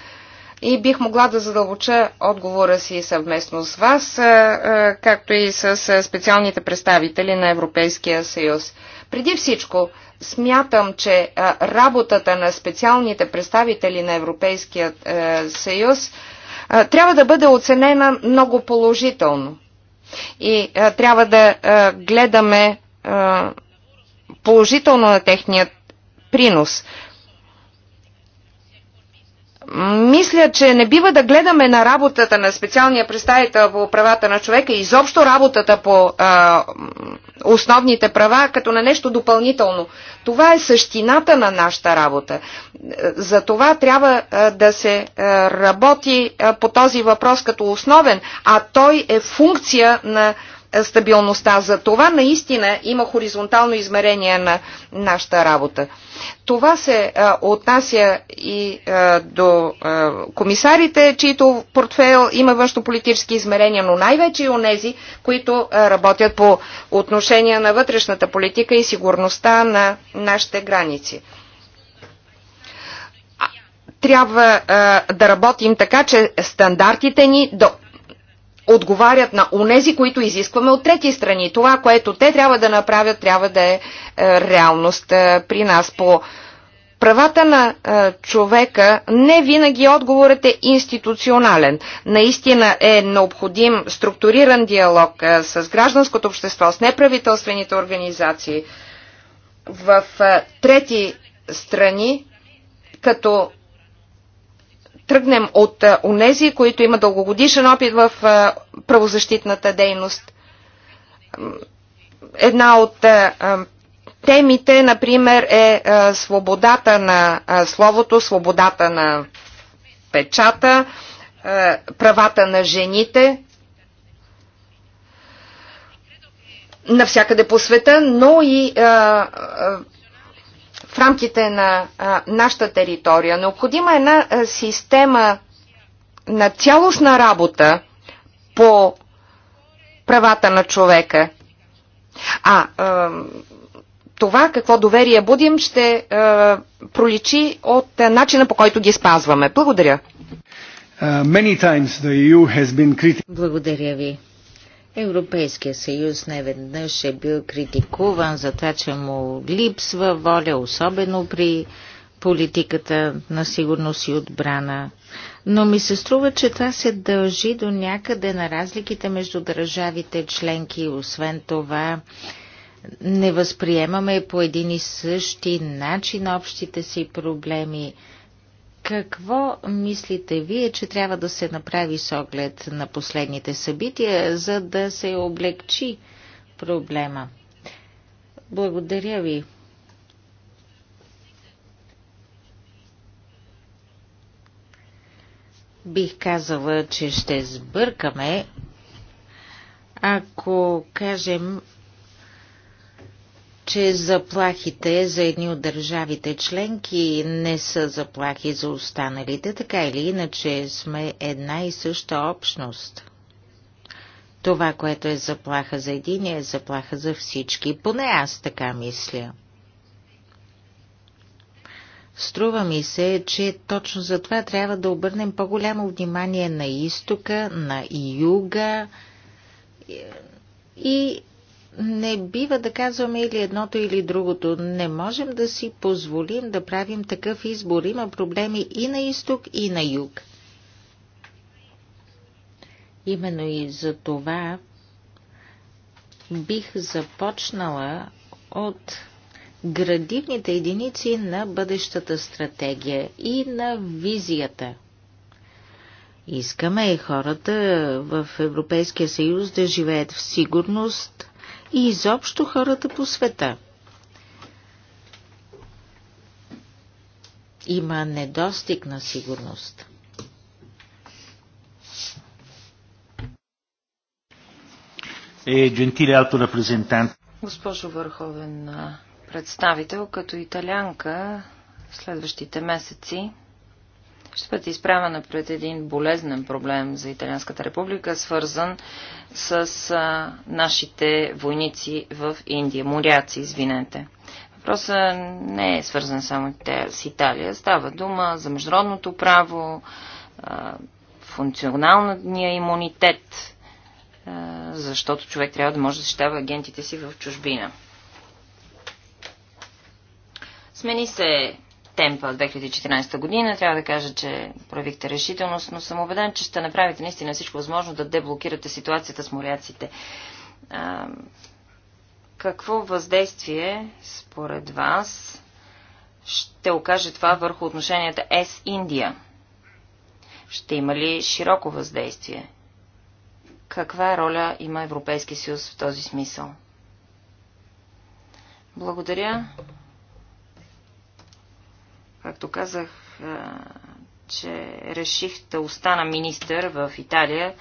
и бих могла да задълбоча отговора си съвместно с вас, а, а, както и с а, специалните представители на Европейския съюз. Преди всичко, смятам, че а, работата на специалните представители на Европейския а, съюз а, трябва да бъде оценена много положително и а, трябва да а, гледаме положително на техният принос. Мисля, че не бива да гледаме на работата на специалния представител по правата на човека и изобщо работата по а, основните права като на нещо допълнително. Това е същината на нашата работа. За това трябва а, да се а, работи а, по този въпрос като основен, а той е функция на а, стабилността. За това наистина има хоризонтално измерение на нашата работа. Това се а, отнася и а, до а, комисарите, чието портфейл има външнополитически измерения, но най-вече и онези, които а, работят по отношение на вътрешната политика и сигурността на нашите граници трябва а, да работим така, че стандартите ни да отговарят на унези, които изискваме от трети страни. Това, което те трябва да направят, трябва да е, е реалност е, при нас. По правата на е, човека не винаги отговорът е институционален. Наистина е необходим структуриран диалог с гражданското общество, с неправителствените организации в трети страни, като тръгнем от онези, които има дългогодишен опит в правозащитната дейност. Една от темите, например, е свободата на словото, свободата на печата, правата на жените, навсякъде по света, но и а, в рамките на а, нашата територия. Необходима е една а, система на цялостна работа по правата на човека. А, а това какво доверие будим ще а, проличи от а, начина по който ги спазваме. Благодаря. Uh, e Благодаря ви. Европейския съюз неведнъж е бил критикуван за това, че му липсва воля, особено при политиката на сигурност и отбрана. Но ми се струва, че това се дължи до някъде на разликите между държавите членки. Освен това, не възприемаме по един и същи начин общите си проблеми. Какво мислите вие, че трябва да се направи с оглед на последните събития, за да се облегчи проблема? Благодаря ви. Бих казала, че ще сбъркаме, ако кажем, че заплахите за едни от държавите членки не са заплахи за останалите, така или иначе сме една и съща общност. Това, което е заплаха за един, е заплаха за всички. Поне аз така мисля. Струва ми се, че точно за това трябва да обърнем по-голямо внимание на изтока, на юга и не бива да казваме или едното или другото. Не можем да си позволим да правим такъв избор. Има проблеми и на изток, и на юг. Именно и за това бих започнала от градивните единици на бъдещата стратегия и на визията. Искаме и хората в Европейския съюз да живеят в сигурност, и изобщо хората по света. Има недостиг на сигурност. Е, джентили алто репрезентант. Госпожо Върховен представител, като италянка, в следващите месеци ще бъде изправена пред един болезнен проблем за Италианската република, свързан с а, нашите войници в Индия. Моряци, извинете. Въпросът не е свързан само с Италия. Става дума за международното право, а, функционалния имунитет, а, защото човек трябва да може да защитава агентите си в чужбина. Смени се темпа 2014 година. Трябва да кажа, че проявихте решителност, но съм убеден, че ще направите наистина всичко възможно да деблокирате ситуацията с моряците. А, какво въздействие според вас ще окаже това върху отношенията с индия Ще има ли широко въздействие? Каква роля има Европейски съюз в този смисъл? Благодаря. Както казах, че реших да остана министър в Италия,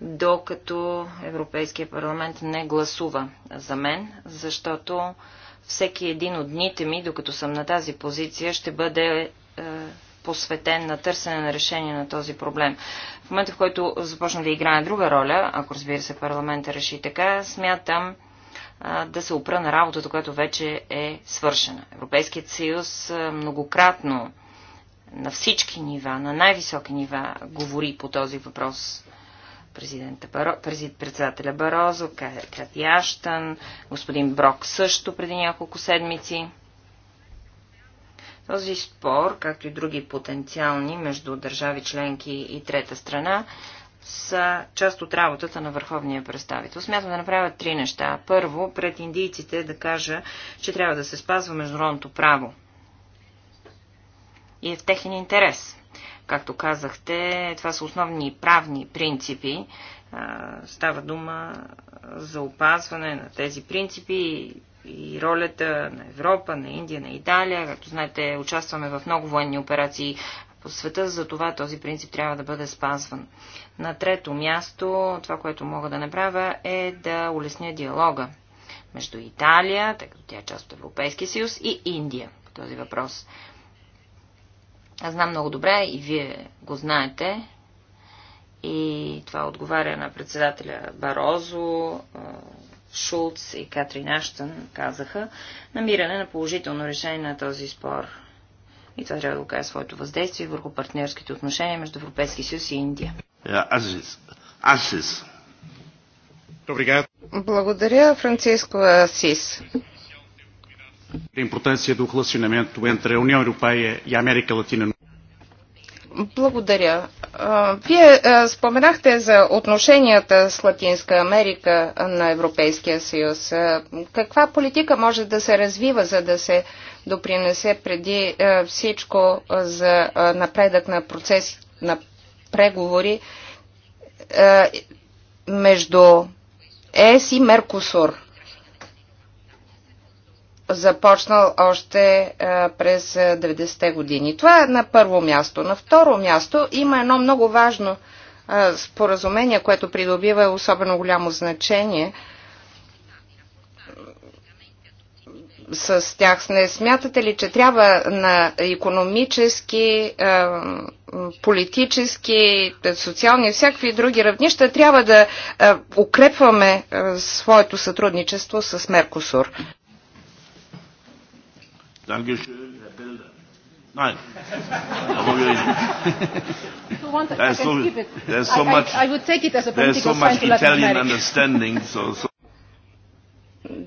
докато Европейския парламент не гласува за мен, защото всеки един от дните ми, докато съм на тази позиция, ще бъде посветен на търсене на решение на този проблем. В момента, в който започна да играе друга роля, ако разбира се парламента реши така, смятам, да се опра на работата, която вече е свършена. Европейският съюз многократно на всички нива, на най-високи нива, говори по този въпрос президента Баро, председателя Барозо, Кати Аштън, господин Брок също преди няколко седмици. Този спор, както и други потенциални между държави членки и трета страна, са част от работата на върховния представител. Смятам да направя три неща. Първо, пред индийците да кажа, че трябва да се спазва международното право. И е в техен интерес. Както казахте, това са основни правни принципи. Става дума за опазване на тези принципи и ролята на Европа, на Индия, на Италия. Както знаете, участваме в много военни операции по света, за това този принцип трябва да бъде спазван. На трето място, това, което мога да направя, е да улесня диалога между Италия, тъй като тя е част от Европейския съюз, и Индия по този въпрос. Аз знам много добре и вие го знаете. И това отговаря на председателя Барозо, Шулц и Катрин Аштън казаха намиране на положително решение на този спор. И това трябва да окаже своето въздействие върху партньорските отношения между Европейския съюз и Индия. Е, Азис. Азис. Благодаря, Франциско Асис. Импортенция е до и Америка Латина. Благодаря. Вие споменахте за отношенията с Латинска Америка на Европейския съюз. Каква политика може да се развива, за да се допринесе преди е, всичко е, за е, напредък на процес на преговори между ЕС и Меркосур, започнал още през 90-те години. Това е на първо място. На второ място има едно много важно споразумение, което придобива особено голямо значение – с тях. Не смятате ли, че трябва на економически, е, политически, социални и всякакви други равнища трябва да е, укрепваме е, своето сътрудничество с Меркосур? Nein.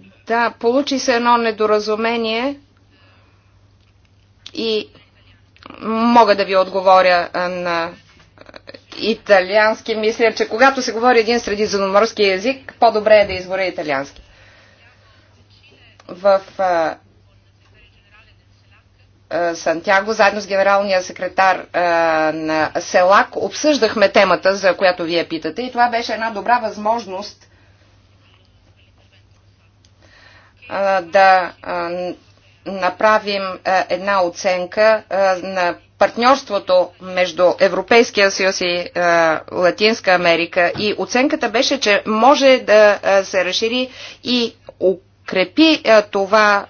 Да, получи се едно недоразумение и мога да ви отговоря на италиански. Мисля, че когато се говори един средиземноморски език, по-добре е да изборя италиански. В а, а, Сантьяго, заедно с генералния секретар а, на СЕЛАК, обсъждахме темата, за която вие питате и това беше една добра възможност да направим една оценка на партньорството между Европейския съюз и Латинска Америка и оценката беше, че може да се разшири и укрепи това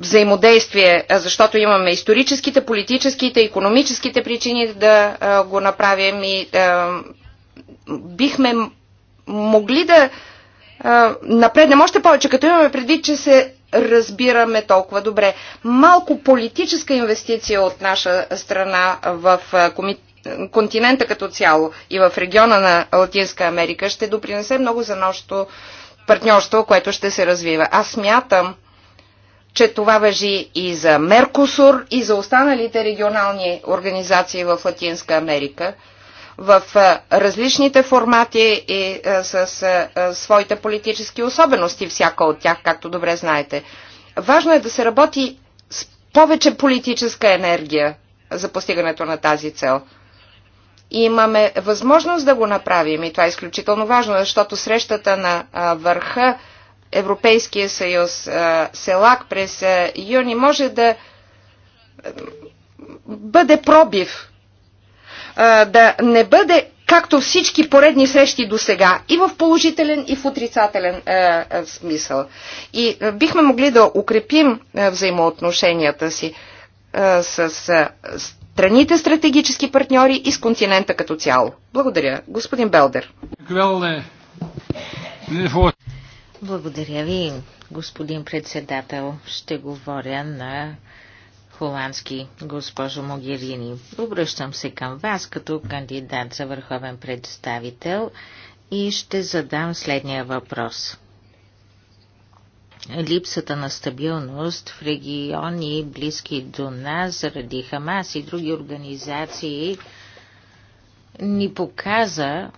взаимодействие, защото имаме историческите, политическите, економическите причини да го направим и бихме могли да напреднем още повече, като имаме предвид, че се разбираме толкова добре. Малко политическа инвестиция от наша страна в континента като цяло и в региона на Латинска Америка ще допринесе много за нашето партньорство, което ще се развива. Аз смятам, че това въжи и за Меркосур, и за останалите регионални организации в Латинска Америка – в различните формати и с своите политически особености, всяка от тях, както добре знаете. Важно е да се работи с повече политическа енергия за постигането на тази цел. И имаме възможност да го направим и това е изключително важно, защото срещата на върха Европейския съюз СЕЛАК през юни може да бъде пробив а, да не бъде както всички поредни срещи до сега, и в положителен, и в отрицателен е, е, смисъл. И е, бихме могли да укрепим е, взаимоотношенията си е, с е, страните стратегически партньори и с континента като цяло. Благодаря. Господин Белдер. Благодаря ви, господин председател. Ще говоря на холандски, госпожо Могерини. Обръщам се към вас като кандидат за върховен представител и ще задам следния въпрос. Липсата на стабилност в региони близки до нас заради Хамас и други организации ни показа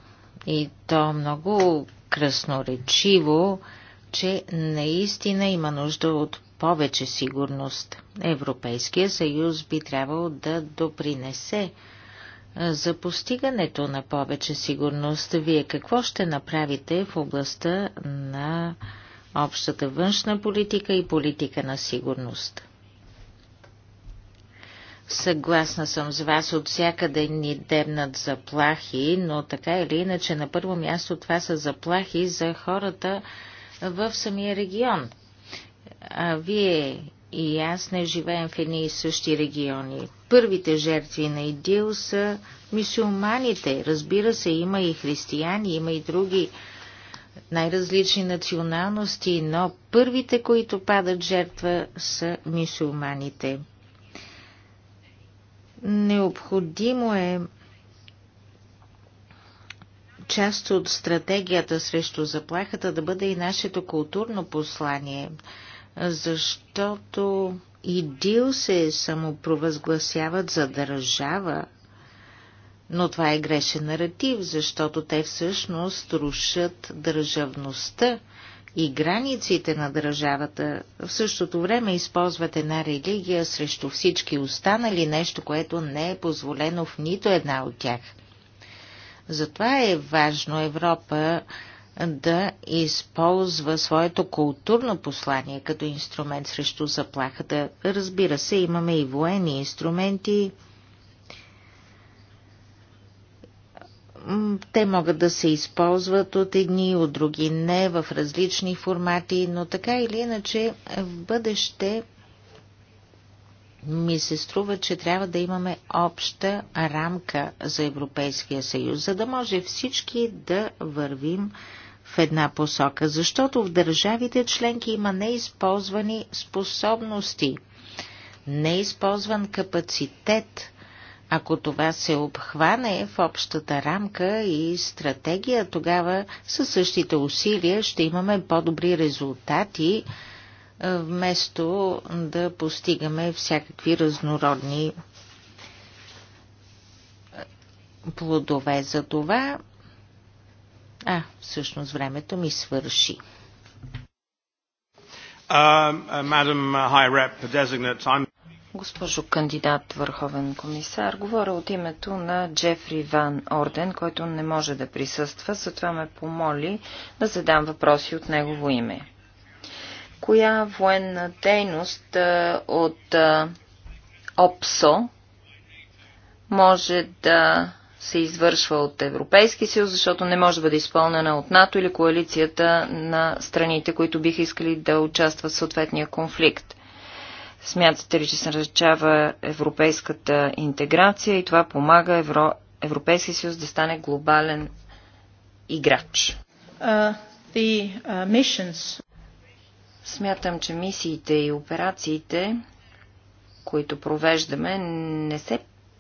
и то много красноречиво, че наистина има нужда от повече сигурност. Европейския съюз би трябвало да допринесе за постигането на повече сигурност. Вие какво ще направите в областта на общата външна политика и политика на сигурност? Съгласна съм с вас, от всякъде ни дебнат заплахи, но така или иначе на първо място това са заплахи за хората в самия регион а вие и аз не живеем в едни и същи региони. Първите жертви на Идил са мисюлманите. Разбира се, има и християни, има и други най-различни националности, но първите, които падат жертва, са мисюлманите. Необходимо е част от стратегията срещу заплахата да бъде и нашето културно послание – защото идил се самопровъзгласяват за държава, но това е грешен наратив, защото те всъщност рушат държавността и границите на държавата. В същото време използват една религия срещу всички останали, нещо, което не е позволено в нито една от тях. Затова е важно Европа да използва своето културно послание като инструмент срещу заплахата. Разбира се, имаме и военни инструменти. Те могат да се използват от едни, от други не, в различни формати, но така или иначе в бъдеще ми се струва, че трябва да имаме обща рамка за Европейския съюз, за да може всички да вървим в една посока, защото в държавите членки има неизползвани способности, неизползван капацитет. Ако това се обхване в общата рамка и стратегия, тогава със същите усилия ще имаме по-добри резултати, е, вместо да постигаме всякакви разнородни плодове. За това а, всъщност времето ми свърши. Uh, uh, uh, Госпожо кандидат върховен комисар, говоря от името на Джефри Ван Орден, който не може да присъства, затова ме помоли да задам въпроси от негово име. Коя военна дейност от ОПСО може да се извършва от Европейски съюз, защото не може да бъде изпълнена от НАТО или коалицията на страните, които биха искали да участват в съответния конфликт. Смятате ли, че се различава европейската интеграция и това помага Евро... Европейския съюз да стане глобален играч? Uh, the, uh, Смятам, че мисиите и операциите, които провеждаме, не се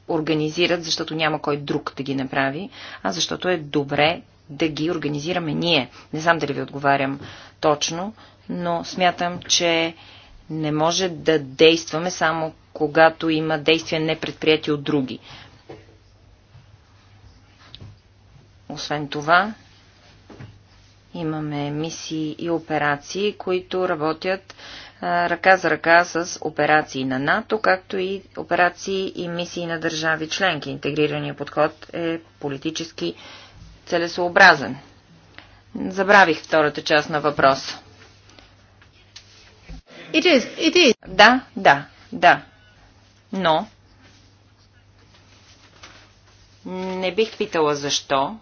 организират, защото няма кой друг да ги направи, а защото е добре да ги организираме ние. Не знам дали ви отговарям точно, но смятам, че не може да действаме само когато има действия непредприяти от други. Освен това, имаме мисии и операции, които работят ръка за ръка с операции на НАТО, както и операции и мисии на държави членки. Интегрираният подход е политически целесообразен. Забравих втората част на въпроса. It is, it is. Да, да, да. Но не бих питала защо.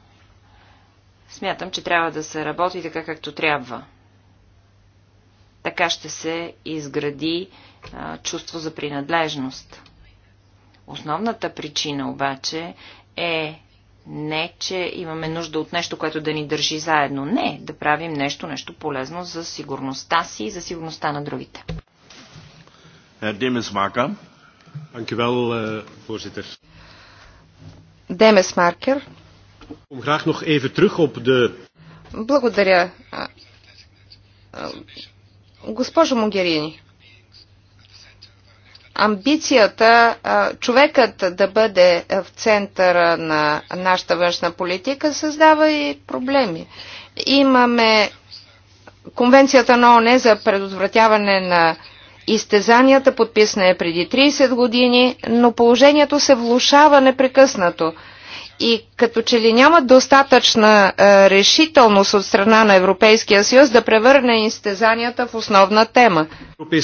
Смятам, че трябва да се работи така, както трябва. Така ще се изгради а, чувство за принадлежност. Основната причина обаче е не, че имаме нужда от нещо, което да ни държи заедно. Не, да правим нещо, нещо полезно за сигурността си и за сигурността на другите. Е, Демес Марка. Eh, Демес Маркер. Благодаря. Госпожо Могерини, амбицията човекът да бъде в центъра на нашата външна политика създава и проблеми. Имаме Конвенцията на ОНЕ за предотвратяване на изтезанията, подписана е преди 30 години, но положението се влушава непрекъснато – и като че ли няма достатъчна е, решителност от страна на Европейския съюз да превърне изтезанията в основна тема. Е,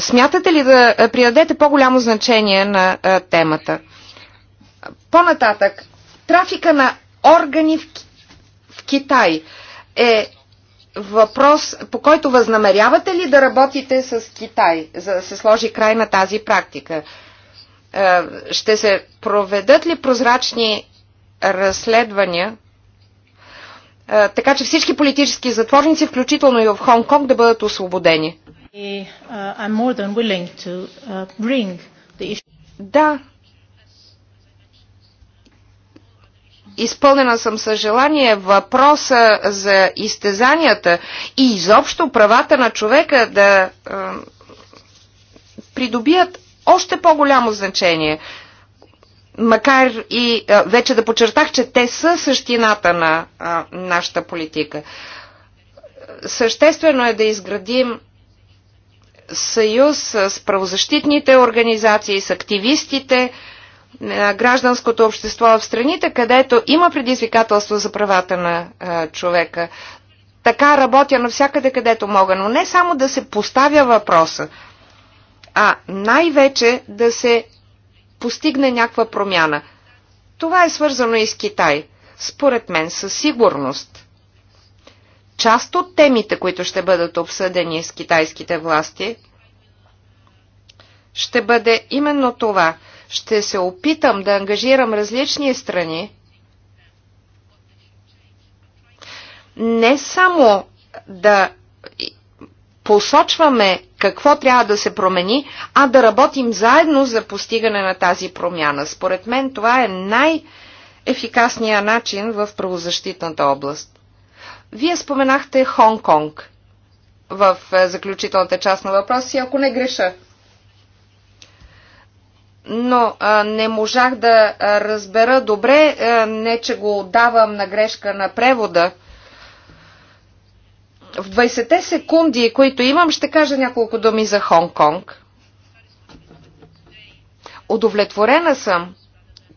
смятате ли да придадете по-голямо значение на е, темата? По-нататък, трафика на органи в, в Китай е въпрос, по който възнамерявате ли да работите с Китай, за да се сложи край на тази практика? Е, ще се проведат ли прозрачни разследвания, е, така че всички политически затворници, включително и в Хонг-Конг, да бъдат освободени? Е, да, изпълнена съм съжелание въпроса за изтезанията и изобщо правата на човека да придобият още по-голямо значение. Макар и вече да подчертах, че те са същината на нашата политика. Съществено е да изградим съюз с правозащитните организации, с активистите на гражданското общество в страните, където има предизвикателство за правата на а, човека. Така работя навсякъде, където мога, но не само да се поставя въпроса, а най-вече да се постигне някаква промяна. Това е свързано и с Китай. Според мен със сигурност. Част от темите, които ще бъдат обсъдени с китайските власти, ще бъде именно това. Ще се опитам да ангажирам различни страни, не само да посочваме какво трябва да се промени, а да работим заедно за постигане на тази промяна. Според мен това е най-ефикасният начин в правозащитната област. Вие споменахте Хонг-Конг в е, заключителната част на въпроси, ако не греша. Но а, не можах да разбера добре, а, не че го давам на грешка на превода, в 20-те секунди, които имам, ще кажа няколко думи за Хонг-Конг. Удовлетворена съм,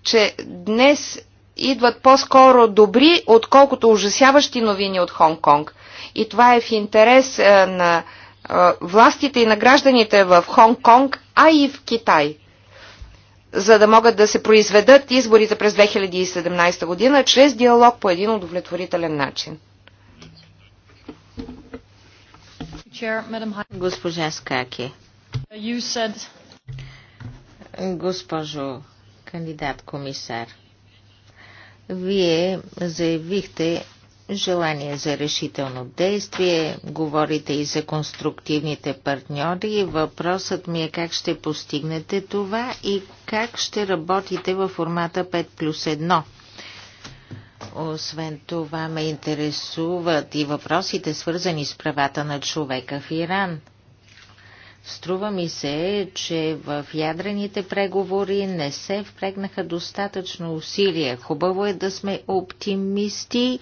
че днес идват по-скоро добри, отколкото ужасяващи новини от Хонг-Конг. И това е в интерес е, на е, властите и на гражданите в Хонг-Конг, а и в Китай. За да могат да се произведат изборите през 2017 година чрез диалог по един удовлетворителен начин. Госпожа Скаки. Госпожо кандидат комисар, вие заявихте желание за решително действие, говорите и за конструктивните партньори. Въпросът ми е как ще постигнете това и как ще работите във формата 5 плюс 1. Освен това ме интересуват и въпросите, свързани с правата на човека в Иран. Струва ми се, че в ядрените преговори не се впрегнаха достатъчно усилия. Хубаво е да сме оптимисти,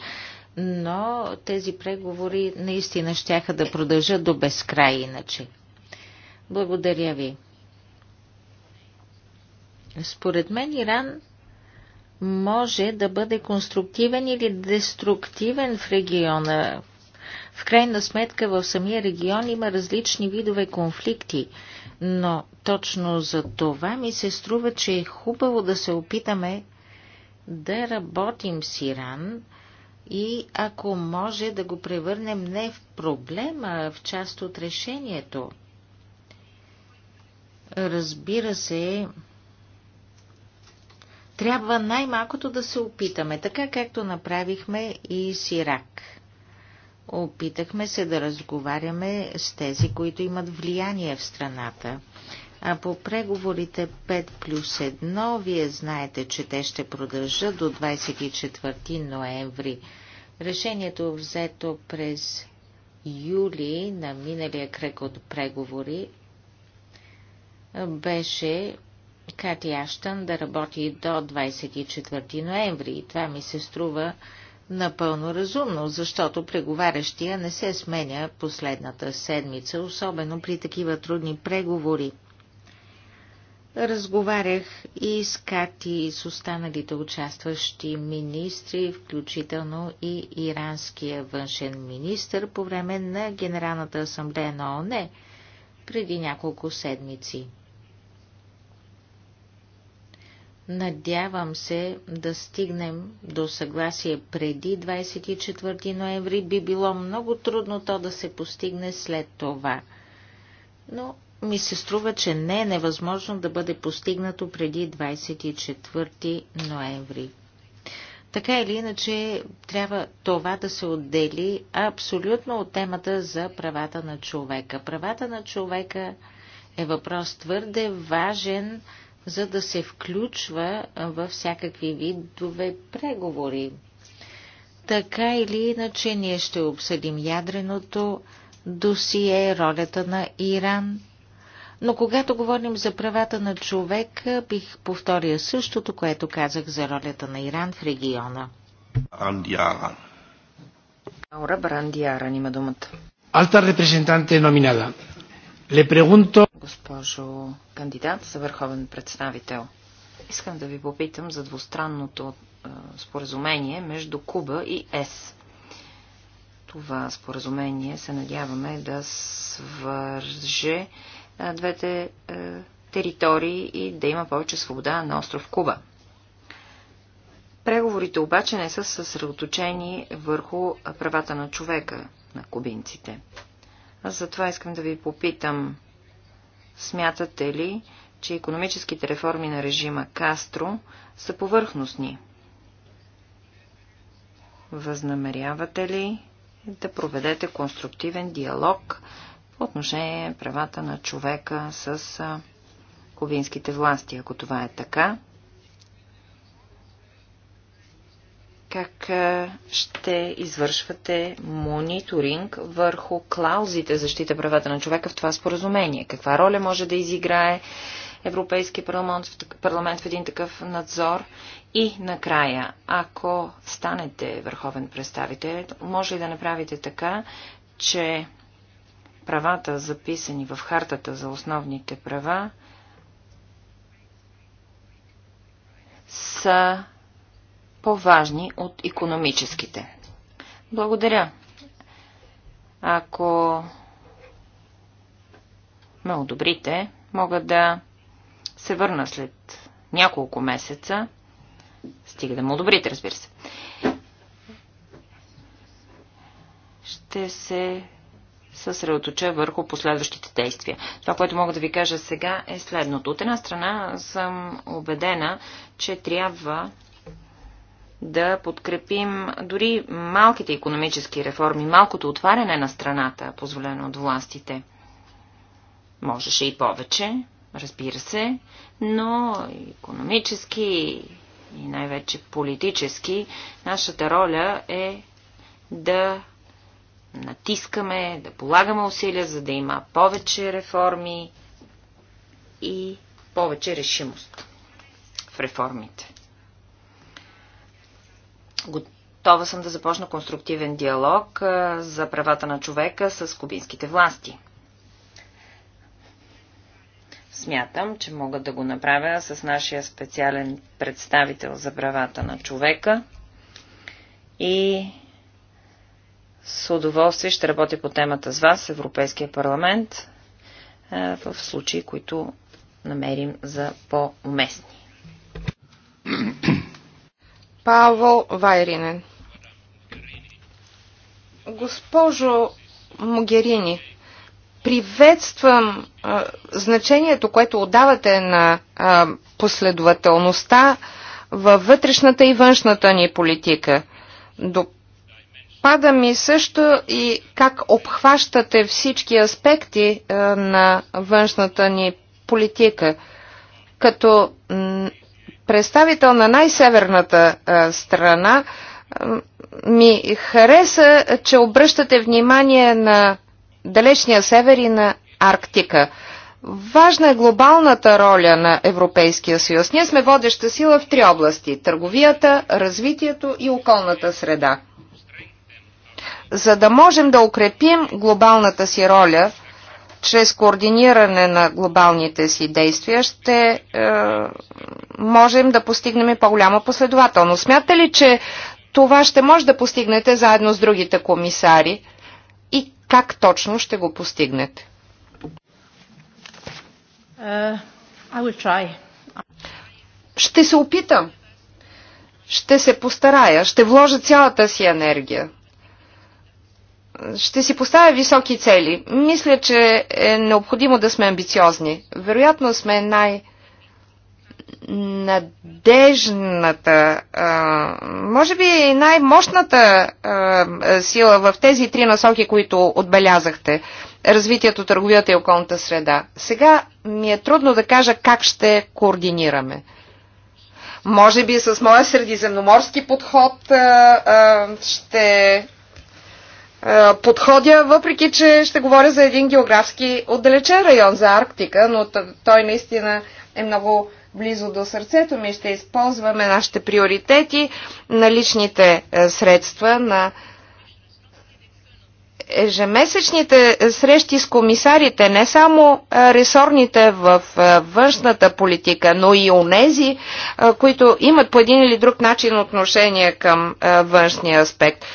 но тези преговори наистина щяха да продължат до безкрай иначе. Благодаря ви. Според мен Иран може да бъде конструктивен или деструктивен в региона. В крайна сметка в самия регион има различни видове конфликти, но точно за това ми се струва, че е хубаво да се опитаме да работим с Иран и ако може да го превърнем не в проблема, а в част от решението. Разбира се, трябва най-малкото да се опитаме, така както направихме и с Ирак. Опитахме се да разговаряме с тези, които имат влияние в страната. А по преговорите 5 плюс 1, вие знаете, че те ще продължат до 24 ноември. Решението взето през юли на миналия кръг от преговори беше Кати Аштън да работи до 24 ноември. И това ми се струва напълно разумно, защото преговарящия не се сменя последната седмица, особено при такива трудни преговори. Разговарях и с Кати, и с останалите участващи министри, включително и иранския външен министр по време на Генералната асамблея на ОНЕ преди няколко седмици. Надявам се да стигнем до съгласие преди 24 ноември. Би било много трудно то да се постигне след това. Но ми се струва, че не е невъзможно да бъде постигнато преди 24 ноември. Така или иначе, трябва това да се отдели абсолютно от темата за правата на човека. Правата на човека е въпрос твърде важен за да се включва във всякакви видове преговори. Така или иначе ние ще обсъдим ядреното досие, ролята на Иран. Но когато говорим за правата на човека, бих повторя същото, което казах за ролята на Иран в региона. Аура Брандиаран има думата. Алта репрезентанте номинада. Ле прегунто госпожо кандидат за върховен представител. Искам да ви попитам за двустранното е, споразумение между Куба и ЕС. Това споразумение се надяваме да свърже е, двете е, територии и да има повече свобода на остров Куба. Преговорите обаче не са съсредоточени върху правата на човека на кубинците. Аз затова искам да ви попитам Смятате ли, че економическите реформи на режима Кастро са повърхностни? Възнамерявате ли да проведете конструктивен диалог по отношение правата на човека с кубинските власти? Ако това е така, как ще извършвате мониторинг върху клаузите защита правата на човека в това споразумение? Каква роля може да изиграе Европейския парламент, парламент в един такъв надзор? И накрая, ако станете върховен представител, може ли да направите така, че правата, записани в Хартата за основните права, са по-важни от економическите. Благодаря. Ако ме одобрите, мога да се върна след няколко месеца. Стига да ме одобрите, разбира се. Ще се съсредоточа върху последващите действия. Това, което мога да ви кажа сега е следното. От една страна съм убедена, че трябва да подкрепим дори малките економически реформи, малкото отваряне на страната, позволено от властите. Можеше и повече, разбира се, но економически и най-вече политически нашата роля е да натискаме, да полагаме усилия, за да има повече реформи и повече решимост в реформите. Готова съм да започна конструктивен диалог за правата на човека с кубинските власти. Смятам, че мога да го направя с нашия специален представител за правата на човека и с удоволствие ще работя по темата с вас, Европейския парламент, в случаи, които намерим за по-уместни. Павел Вайринен. Госпожо Могерини, приветствам а, значението, което отдавате на а, последователността във вътрешната и външната ни политика. Допада ми също и как обхващате всички аспекти а, на външната ни политика, като представител на най-северната е, страна ми хареса, че обръщате внимание на далечния север и на Арктика. Важна е глобалната роля на Европейския съюз. Ние сме водеща сила в три области – търговията, развитието и околната среда. За да можем да укрепим глобалната си роля – чрез координиране на глобалните си действия ще е, можем да постигнем по-голяма последователност. Смята ли, че това ще може да постигнете заедно с другите комисари и как точно ще го постигнете? Uh, I will try. Ще се опитам. Ще се постарая. Ще вложа цялата си енергия ще си поставя високи цели. Мисля, че е необходимо да сме амбициозни. Вероятно сме най- надежната, може би и най-мощната сила в тези три насоки, които отбелязахте. Развитието, търговията и околната среда. Сега ми е трудно да кажа как ще координираме. Може би с моя средиземноморски подход ще е, подходя, въпреки че ще говоря за един географски отдалечен район за Арктика, но той наистина е много близо до сърцето ми. Ще използваме нашите приоритети, на личните е, средства на ежемесечните срещи с комисарите, не само е, ресорните в външната политика, но и онези, които имат по един или друг начин отношение към външния аспект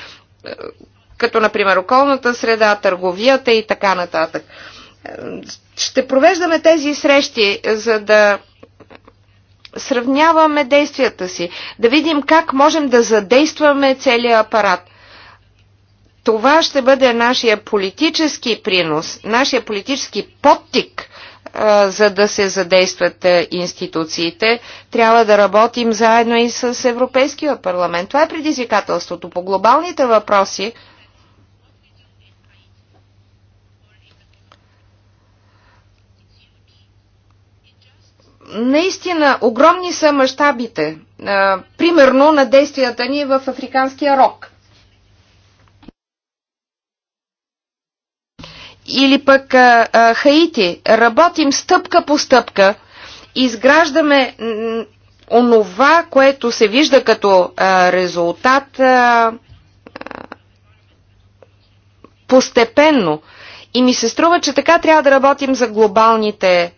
като например околната среда, търговията и така нататък. Ще провеждаме тези срещи, за да сравняваме действията си, да видим как можем да задействаме целият апарат. Това ще бъде нашия политически принос, нашия политически подтик, за да се задействат институциите. Трябва да работим заедно и с Европейския парламент. Това е предизвикателството. По глобалните въпроси наистина огромни са мащабите, примерно на действията ни в Африканския рок. Или пък а, а, Хаити. Работим стъпка по стъпка, изграждаме онова, което се вижда като а, резултат а, постепенно. И ми се струва, че така трябва да работим за глобалните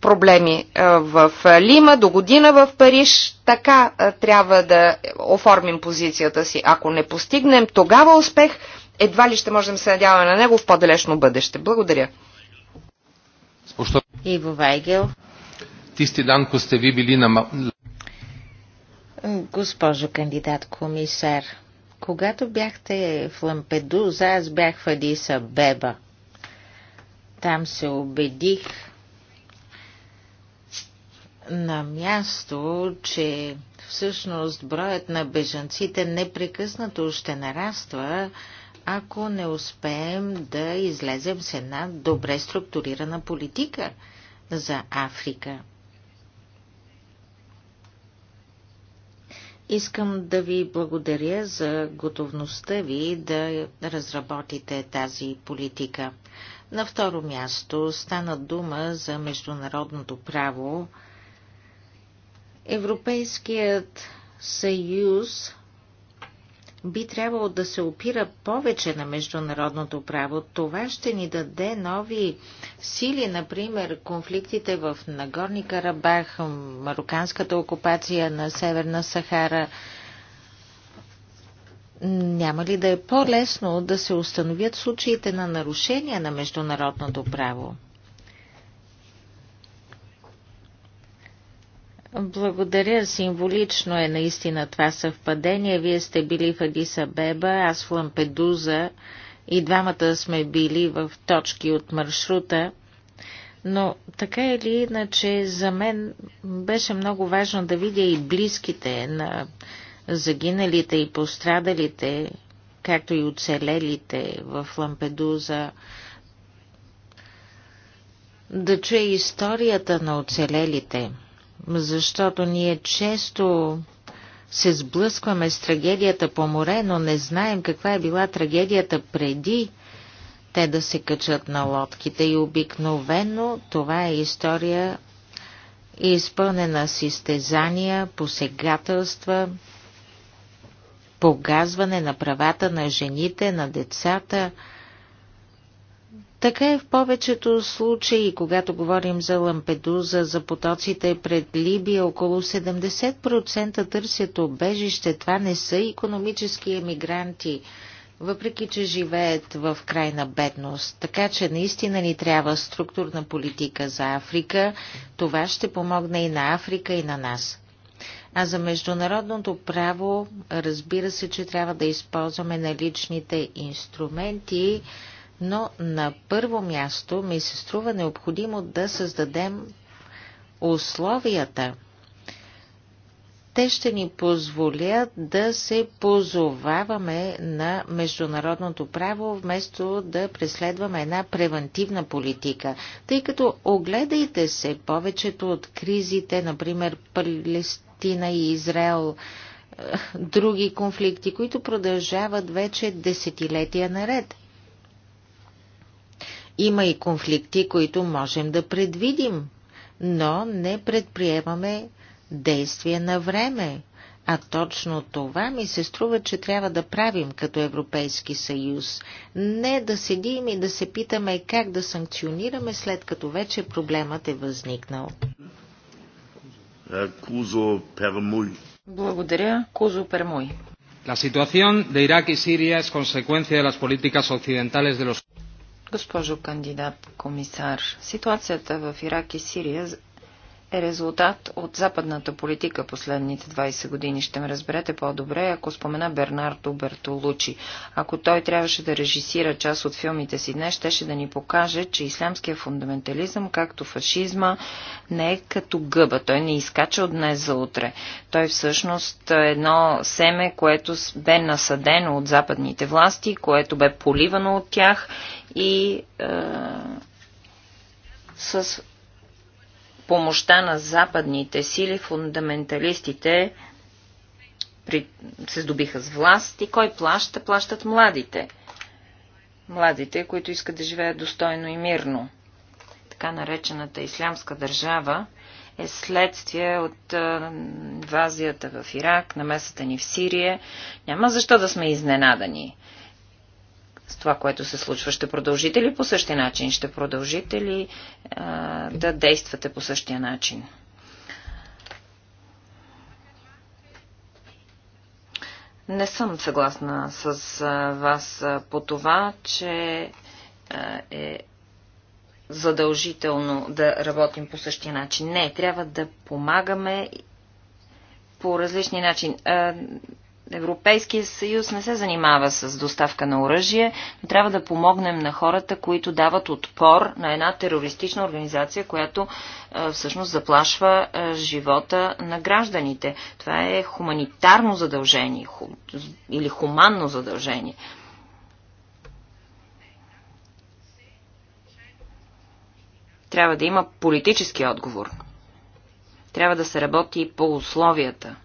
проблеми в Лима, до година в Париж. Така трябва да оформим позицията си. Ако не постигнем тогава успех, едва ли ще можем да се надяваме на него в по-далечно бъдеще. Благодаря. Иво Вайгел. Тисти дан, ко сте ви били на... Госпожо кандидат комисар, когато бяхте в Лампедуза, аз бях в Адиса Беба. Там се убедих, на място, че всъщност броят на бежанците непрекъснато ще нараства, ако не успеем да излезем с една добре структурирана политика за Африка. Искам да ви благодаря за готовността ви да разработите тази политика. На второ място стана дума за международното право, Европейският съюз би трябвало да се опира повече на международното право. Това ще ни даде нови сили, например конфликтите в Нагорни Карабах, мароканската окупация на Северна Сахара. Няма ли да е по-лесно да се установят случаите на нарушения на международното право? Благодаря. Символично е наистина това съвпадение. Вие сте били в Адиса Беба, аз в Лампедуза и двамата сме били в точки от маршрута. Но така или иначе, за мен беше много важно да видя и близките на загиналите и пострадалите, както и оцелелите в Лампедуза да чуя историята на оцелелите защото ние често се сблъскваме с трагедията по море, но не знаем каква е била трагедията преди те да се качат на лодките и обикновено това е история изпълнена с изтезания, посегателства, погазване на правата на жените, на децата – така е в повечето случаи, когато говорим за Лампедуза, за потоците пред Либия, около 70% търсят обежище. Това не са економически емигранти, въпреки че живеят в крайна бедност. Така че наистина ни трябва структурна политика за Африка. Това ще помогне и на Африка, и на нас. А за международното право, разбира се, че трябва да използваме наличните инструменти, но на първо място ми се струва необходимо да създадем условията. Те ще ни позволят да се позоваваме на международното право, вместо да преследваме една превентивна политика. Тъй като огледайте се повечето от кризите, например Палестина и Израел, е, други конфликти, които продължават вече десетилетия наред – има и конфликти, които можем да предвидим, но не предприемаме действие на време. А точно това ми се струва, че трябва да правим като Европейски съюз. Не да седим и да се питаме как да санкционираме след като вече проблемът е възникнал. Кузо Пермуй. Благодаря, Кузо Пермуй. La situación de Irak y Siria es consecuencia de las políticas occidentales de los Госпожо кандидат комисар, ситуацията в Ирак и Сирия е резултат от западната политика последните 20 години. Ще ме разберете по-добре, ако спомена Бернардо Бертолучи. Ако той трябваше да режисира част от филмите си днес, щеше да ни покаже, че ислямския фундаментализъм, както фашизма, не е като гъба. Той не изкача от днес за утре. Той всъщност е едно семе, което бе насадено от западните власти, което бе поливано от тях и е, с помощта на западните сили, фундаменталистите при... се здобиха с власт и кой плаща? Плащат младите. Младите, които искат да живеят достойно и мирно. Така наречената ислямска държава е следствие от инвазията в Ирак, намесата ни в Сирия. Няма защо да сме изненадани с това, което се случва? Ще продължите ли по същия начин? Ще продължите ли а, да действате по същия начин? Не съм съгласна с вас по това, че е задължително да работим по същия начин. Не, трябва да помагаме по различни начин. Европейския съюз не се занимава с доставка на оръжие, но трябва да помогнем на хората, които дават отпор на една терористична организация, която всъщност заплашва живота на гражданите. Това е хуманитарно задължение или хуманно задължение. Трябва да има политически отговор. Трябва да се работи по условията,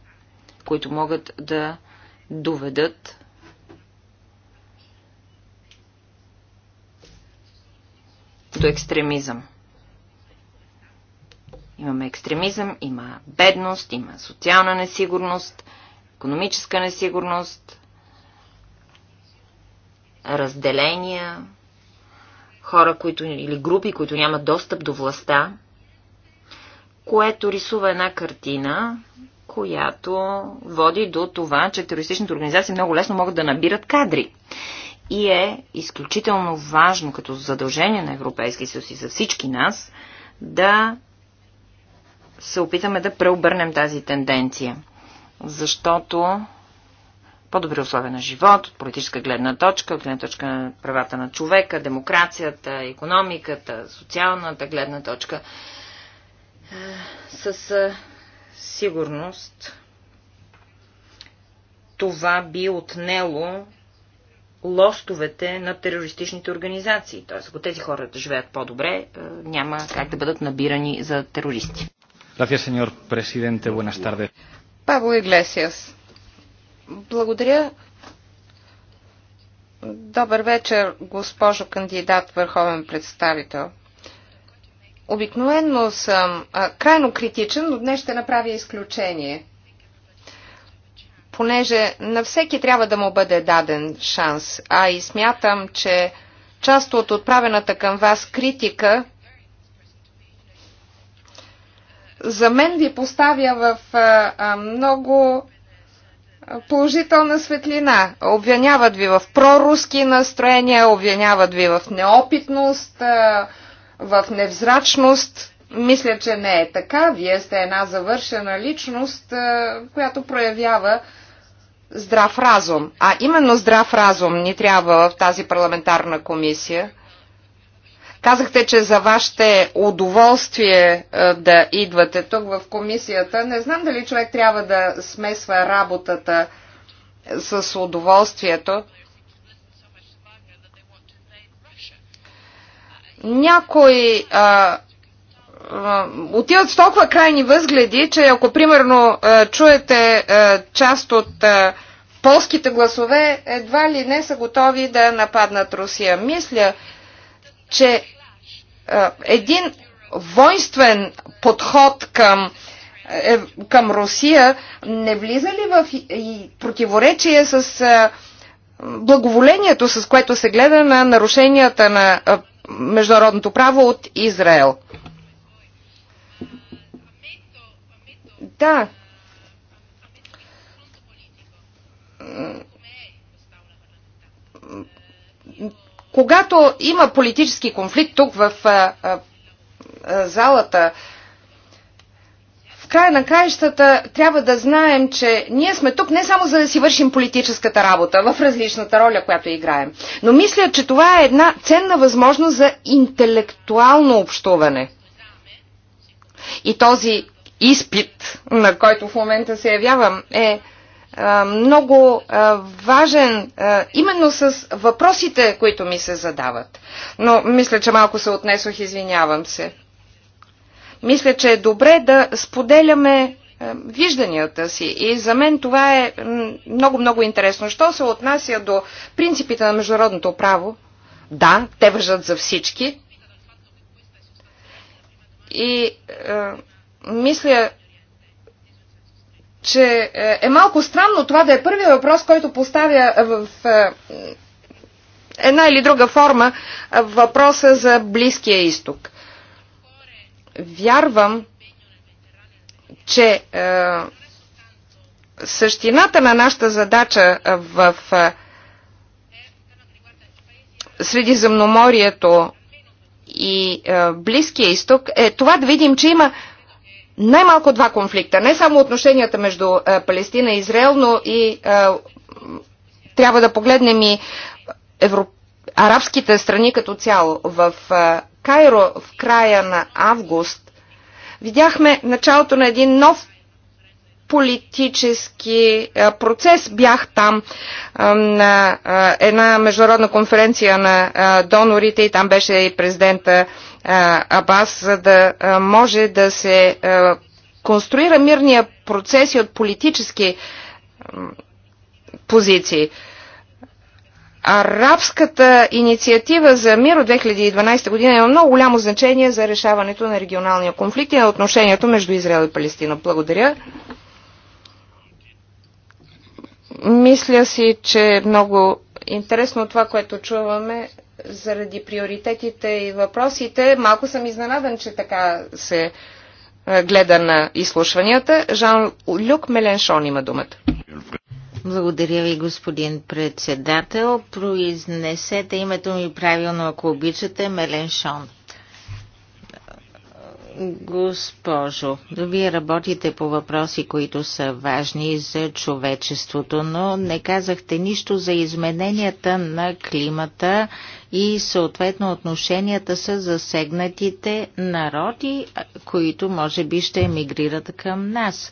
които могат да доведат до екстремизъм. Имаме екстремизъм, има бедност, има социална несигурност, економическа несигурност, разделения, хора които, или групи, които нямат достъп до властта, което рисува една картина, която води до това, че терористичните организации много лесно могат да набират кадри. И е изключително важно като задължение на Европейския съюз и за всички нас да се опитаме да преобърнем тази тенденция. Защото по-добри условия на живот, от политическа гледна точка, от гледна точка на правата на човека, демокрацията, економиката, социалната гледна точка, с сигурност това би отнело лостовете на терористичните организации. Т.е. ако тези хора да живеят по-добре, е, няма как да бъдат набирани за терористи. Павло Иглесиас. Благодаря. Добър вечер, госпожо кандидат, върховен представител. Обикновенно съм а, крайно критичен, но днес ще направя изключение. Понеже на всеки трябва да му бъде даден шанс, а и смятам, че част от отправената към вас критика за мен ви поставя в а, а, много положителна светлина. Обвиняват ви в проруски настроения, обвиняват ви в неопитност. А, в невзрачност, мисля, че не е така. Вие сте една завършена личност, която проявява здрав разум. А именно здрав разум ни трябва в тази парламентарна комисия. Казахте, че за вас ще е удоволствие да идвате тук в комисията. Не знам дали човек трябва да смесва работата с удоволствието. Някои а, отиват с толкова крайни възгледи, че ако примерно чуете част от полските гласове, едва ли не са готови да нападнат Русия. Мисля, че един воинствен подход към, е, към Русия не влиза ли в противоречие с благоволението, с което се гледа на нарушенията на международното право от Израел. Да. Когато има политически конфликт тук в залата, края на краищата трябва да знаем, че ние сме тук не само за да си вършим политическата работа в различната роля, която играем, но мисля, че това е една ценна възможност за интелектуално общуване. И този изпит, на който в момента се явявам, е, е много е, важен е, именно с въпросите, които ми се задават. Но мисля, че малко се отнесох, извинявам се. Мисля, че е добре да споделяме е, вижданията си. И за мен това е много-много интересно. Що се отнася до принципите на международното право? Да, те въжат за всички. И е, мисля, че е, е малко странно това да е първият въпрос, който поставя в е, една или друга форма е, въпроса за Близкия изток. Вярвам, че е, същината на нашата задача в е, Средиземноморието и е, Близкия изток е това да видим, че има най-малко два конфликта. Не само отношенията между е, Палестина и Израел, но и е, трябва да погледнем и европейските арабските страни като цяло. В е, Кайро в края на август, видяхме началото на един нов политически процес. Бях там на една международна конференция на донорите и там беше и президента Абас, за да може да се конструира мирния процес и от политически позиции. Арабската инициатива за мир от 2012 година има много голямо значение за решаването на регионалния конфликт и на отношението между Израел и Палестина. Благодаря. Мисля си, че е много интересно това, което чуваме заради приоритетите и въпросите. Малко съм изненадан, че така се е, гледа на изслушванията. Жан Люк Меленшон има думата. Благодаря ви, господин председател. Произнесете името ми правилно, ако обичате, Меленшон. Госпожо, вие работите по въпроси, които са важни за човечеството, но не казахте нищо за измененията на климата и съответно отношенията са засегнатите народи, които може би ще емигрират към нас.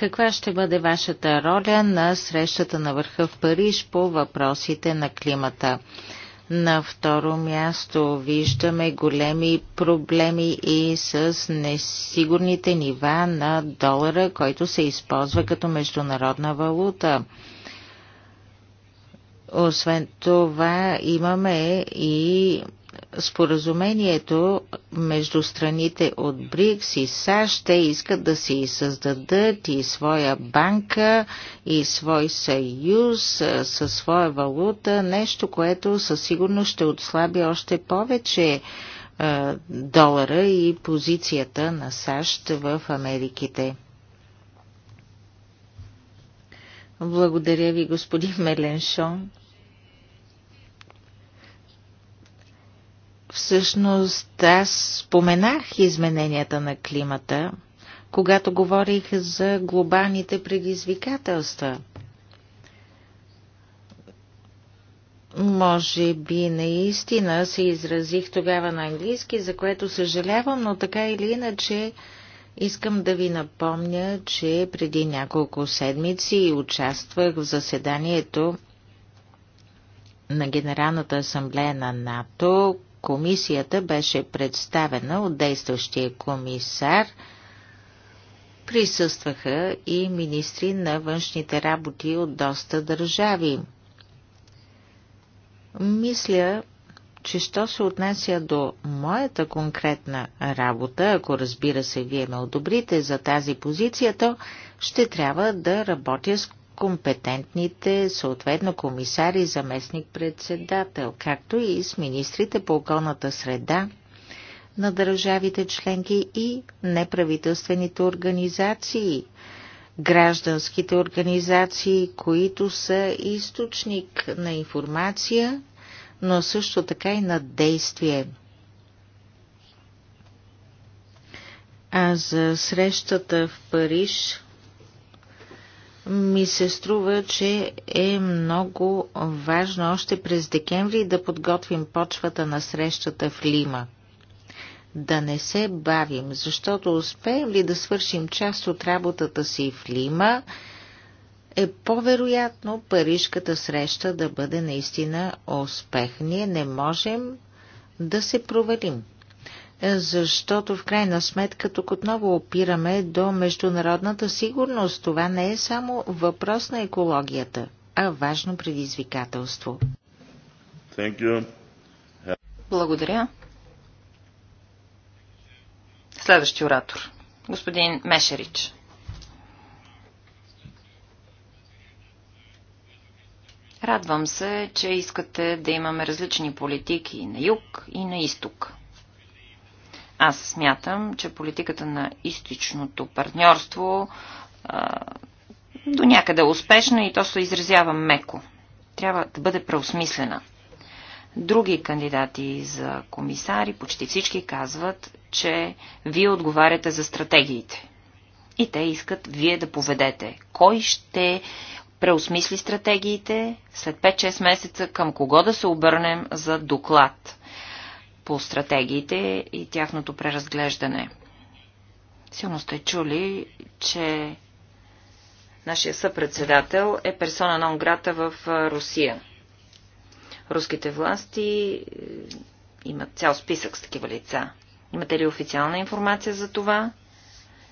Каква ще бъде вашата роля на срещата на върха в Париж по въпросите на климата? На второ място виждаме големи проблеми и с несигурните нива на долара, който се използва като международна валута. Освен това имаме и Споразумението между страните от БРИКС и САЩ те искат да си създадат и своя банка, и свой съюз със своя валута, нещо, което със сигурност ще отслаби още повече долара и позицията на САЩ в Америките. Благодаря ви, господин Меленшон. Всъщност аз споменах измененията на климата, когато говорих за глобалните предизвикателства. Може би наистина се изразих тогава на английски, за което съжалявам, но така или иначе искам да ви напомня, че преди няколко седмици участвах в заседанието на Генералната асамблея на НАТО, комисията беше представена от действащия комисар. Присъстваха и министри на външните работи от доста държави. Мисля, че що се отнася до моята конкретна работа, ако разбира се вие ме одобрите за тази позиция, то ще трябва да работя с компетентните, съответно комисар и заместник-председател, както и с министрите по околната среда на държавите членки и неправителствените организации, гражданските организации, които са източник на информация, но също така и на действие. А за срещата в Париж ми се струва, че е много важно още през декември да подготвим почвата на срещата в Лима. Да не се бавим, защото успеем ли да свършим част от работата си в Лима, е по-вероятно парижката среща да бъде наистина успех. Ние не можем да се провалим защото в крайна сметка тук отново опираме до международната сигурност. Това не е само въпрос на екологията, а важно предизвикателство. Благодаря. Следващи оратор. Господин Мешерич. Радвам се, че искате да имаме различни политики на юг и на изток. Аз смятам, че политиката на източното партньорство а, до някъде е успешна и то се изразява меко. Трябва да бъде преосмислена. Други кандидати за комисари, почти всички казват, че вие отговаряте за стратегиите. И те искат вие да поведете. Кой ще преосмисли стратегиите след 5-6 месеца, към кого да се обърнем за доклад? по стратегиите и тяхното преразглеждане. Силно сте чули, че нашия съпредседател е персона на Онграта в Русия. Руските власти е, имат цял списък с такива лица. Имате ли официална информация за това?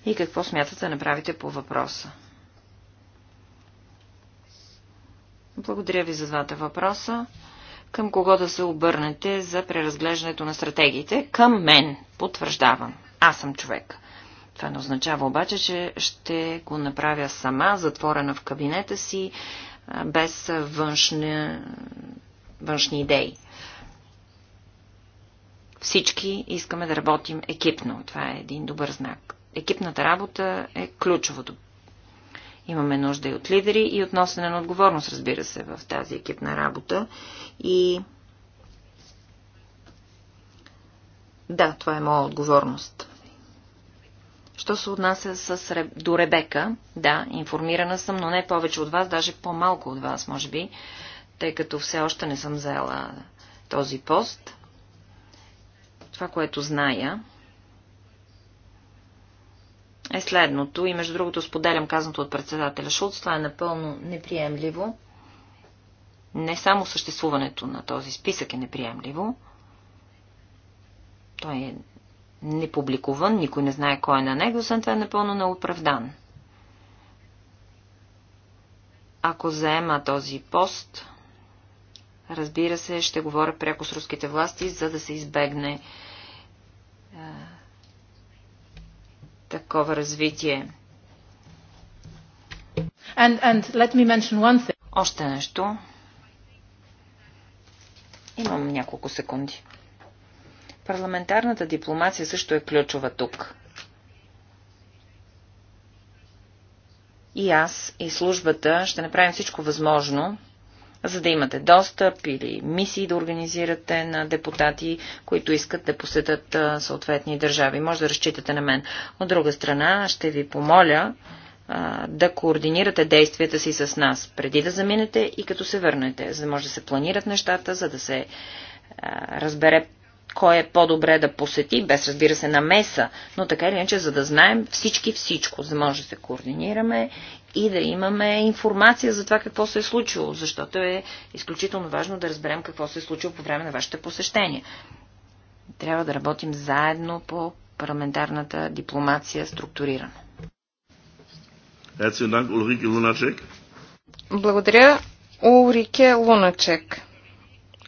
И какво смятате да направите по въпроса? Благодаря ви за двата въпроса към кого да се обърнете за преразглеждането на стратегиите. Към мен, потвърждавам. Аз съм човек. Това не означава обаче, че ще го направя сама, затворена в кабинета си, без външни, външни идеи. Всички искаме да работим екипно. Това е един добър знак. Екипната работа е ключовото Имаме нужда и от лидери, и от носене на отговорност, разбира се, в тази екипна работа. И да, това е моя отговорност. Що се отнася с, до Ребека, да, информирана съм, но не повече от вас, даже по-малко от вас, може би, тъй като все още не съм взела този пост. Това, което зная, е следното. И между другото споделям казаното от председателя Шулц. Това е напълно неприемливо. Не само съществуването на този списък е неприемливо. Той е непубликуван, никой не знае кой е на него, освен това е напълно неоправдан. Ако заема този пост, разбира се, ще говоря пряко с руските власти, за да се избегне такова развитие. And, and let me mention one thing. Още нещо. Имам няколко секунди. Парламентарната дипломация също е ключова тук. И аз, и службата ще направим всичко възможно, за да имате достъп или мисии да организирате на депутати, които искат да посетят съответни държави. Може да разчитате на мен. От друга страна, ще ви помоля да координирате действията си с нас, преди да заминете и като се върнете, за да може да се планират нещата, за да се разбере кой е по-добре да посети, без разбира се намеса, но така или иначе, за да знаем всички всичко, за да може да се координираме и да имаме информация за това какво се е случило, защото е изключително важно да разберем какво се е случило по време на вашите посещения. Трябва да работим заедно по парламентарната дипломация структурирана. Благодаря, Урике Луначек.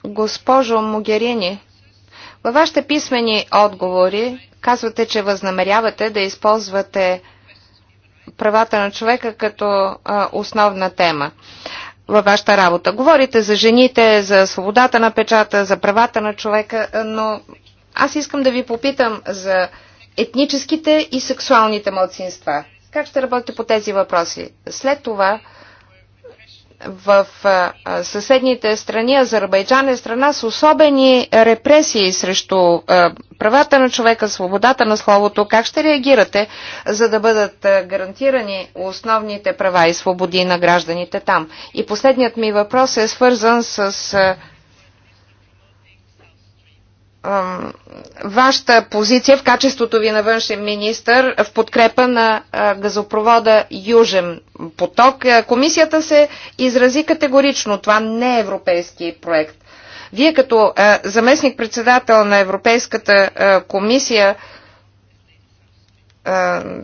Госпожо Могерини, във вашите писмени отговори казвате, че възнамерявате да използвате правата на човека като а, основна тема във вашата работа. Говорите за жените, за свободата на печата, за правата на човека, но аз искам да ви попитам за етническите и сексуалните младсинства. Как ще работите по тези въпроси? След това в съседните страни Азербайджан е страна с особени репресии срещу правата на човека, свободата на словото. Как ще реагирате, за да бъдат гарантирани основните права и свободи на гражданите там? И последният ми въпрос е свързан с вашата позиция в качеството ви на външен министр в подкрепа на газопровода Южен поток. Комисията се изрази категорично. Това не е европейски проект. Вие като заместник-председател на Европейската комисия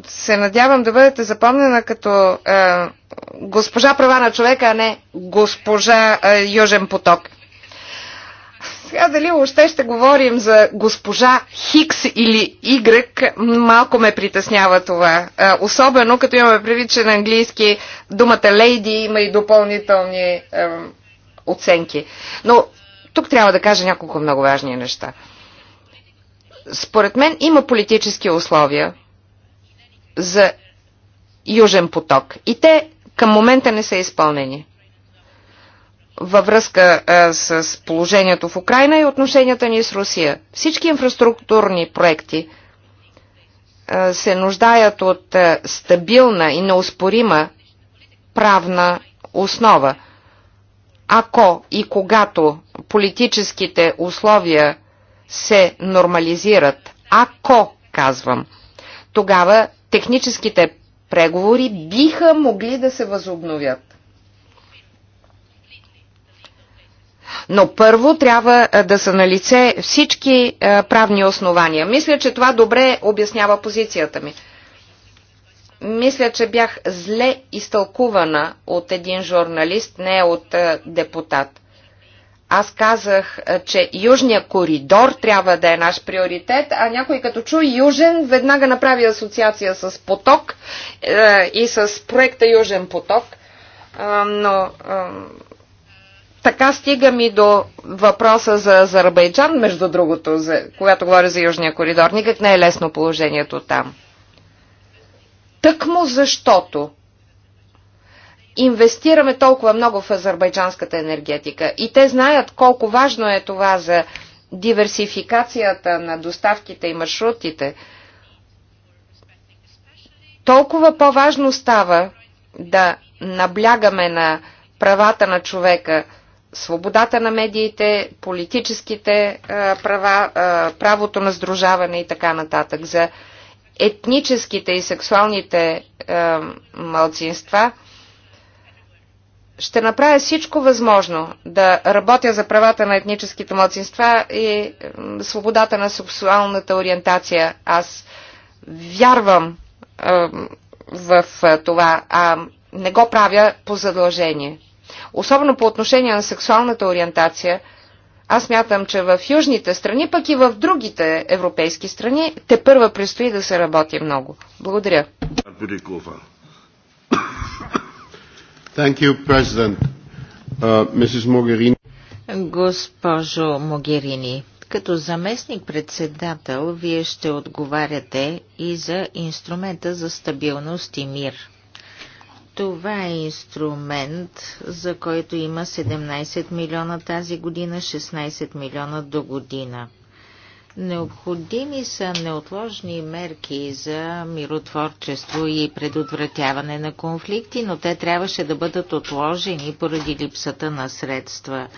се надявам да бъдете запомнена като госпожа права на човека, а не госпожа Южен поток. Сега дали още ще говорим за госпожа Хикс или Y, малко ме притеснява това. Особено като имаме предвид, че на английски думата лейди има и допълнителни е, оценки. Но тук трябва да кажа няколко много важни неща. Според мен има политически условия за Южен поток и те към момента не са изпълнени във връзка а, с положението в Украина и отношенията ни с Русия. Всички инфраструктурни проекти а, се нуждаят от а, стабилна и неоспорима правна основа. Ако и когато политическите условия се нормализират, ако, казвам, тогава техническите преговори биха могли да се възобновят. Но първо трябва да са на лице всички правни основания. Мисля, че това добре обяснява позицията ми. Мисля, че бях зле изтълкувана от един журналист, не от депутат. Аз казах, че Южния коридор трябва да е наш приоритет, а някой като чу Южен, веднага направи асоциация с поток е, и с проекта Южен поток. Е, но е, така стигам и до въпроса за Азербайджан, между другото, за, когато говоря за Южния коридор. Никак не е лесно положението там. Тъкмо защото инвестираме толкова много в азербайджанската енергетика и те знаят колко важно е това за диверсификацията на доставките и маршрутите, толкова по-важно става да наблягаме на правата на човека – свободата на медиите, политическите е, права, е, правото на сдружаване и така нататък. За етническите и сексуалните е, малцинства ще направя всичко възможно да работя за правата на етническите младсинства и свободата на сексуалната ориентация. Аз вярвам в това, а не го правя по задължение особено по отношение на сексуалната ориентация, аз мятам, че в южните страни, пък и в другите европейски страни, те първа предстои да се работи много. Благодаря. Thank you, President. Uh, Госпожо Могерини, като заместник-председател, вие ще отговаряте и за инструмента за стабилност и мир. Това е инструмент, за който има 17 милиона тази година, 16 милиона до година. Необходими са неотложни мерки за миротворчество и предотвратяване на конфликти, но те трябваше да бъдат отложени поради липсата на средства.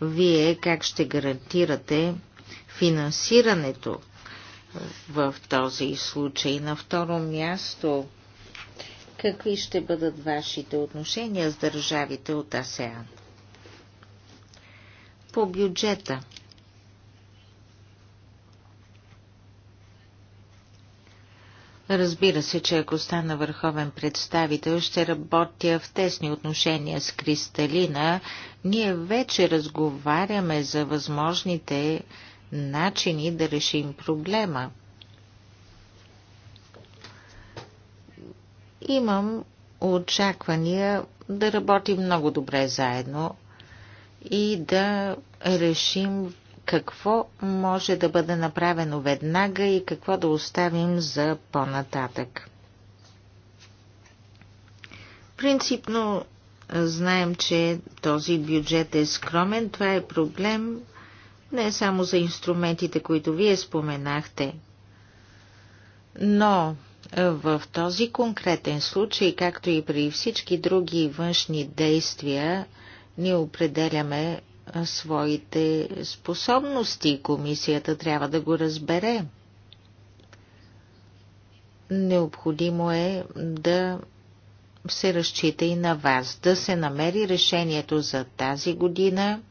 Вие как ще гарантирате финансирането в този случай? На второ място какви ще бъдат вашите отношения с държавите от АСЕАН. По бюджета. Разбира се, че ако стана върховен представител, ще работя в тесни отношения с Кристалина. Ние вече разговаряме за възможните начини да решим проблема. Имам очаквания да работим много добре заедно и да решим какво може да бъде направено веднага и какво да оставим за по-нататък. Принципно знаем, че този бюджет е скромен. Това е проблем не само за инструментите, които вие споменахте, но в този конкретен случай, както и при всички други външни действия, ние определяме своите способности. Комисията трябва да го разбере. Необходимо е да се разчита и на вас, да се намери решението за тази година –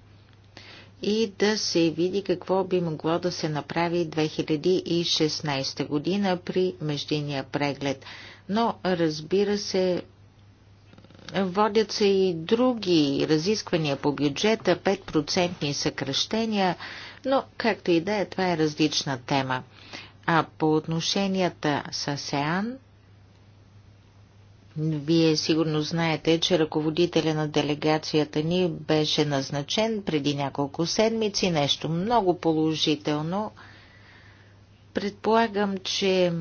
и да се види какво би могло да се направи 2016 година при междиния преглед. Но, разбира се, водят се и други разисквания по бюджета, 5% съкръщения, но, както и да е, това е различна тема. А по отношенията с АСЕАН – вие сигурно знаете, че ръководителя на делегацията ни беше назначен преди няколко седмици, нещо много положително. Предполагам, че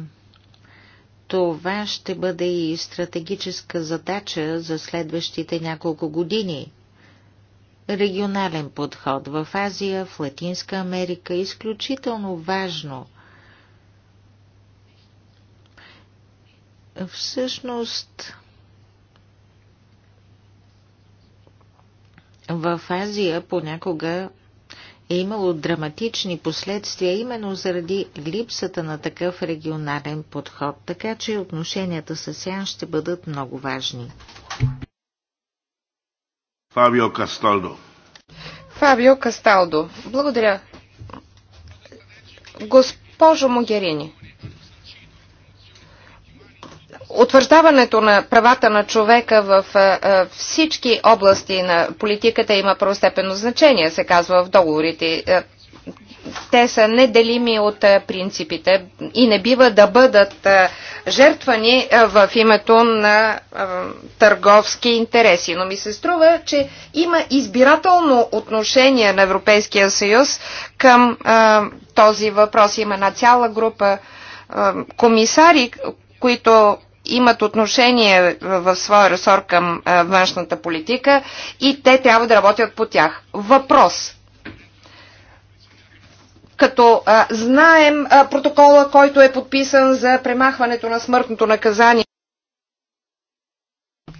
това ще бъде и стратегическа задача за следващите няколко години. Регионален подход в Азия, в Латинска Америка е изключително важно Всъщност, в Азия понякога е имало драматични последствия именно заради липсата на такъв регионален подход, така че отношенията с СЯН ще бъдат много важни. Фабио Касталдо Фабио Касталдо, благодаря. Госпожо Могерини, утвърждаването на правата на човека в всички области на политиката има първостепенно значение, се казва в договорите. Те са неделими от принципите и не бива да бъдат жертвани в името на търговски интереси. Но ми се струва, че има избирателно отношение на Европейския съюз към този въпрос. Има една цяла група комисари, които имат отношение в своя ресор към е, външната политика и те трябва да работят по тях. Въпрос. Като а, е, знаем а, е, протокола, който е подписан за премахването на смъртното наказание,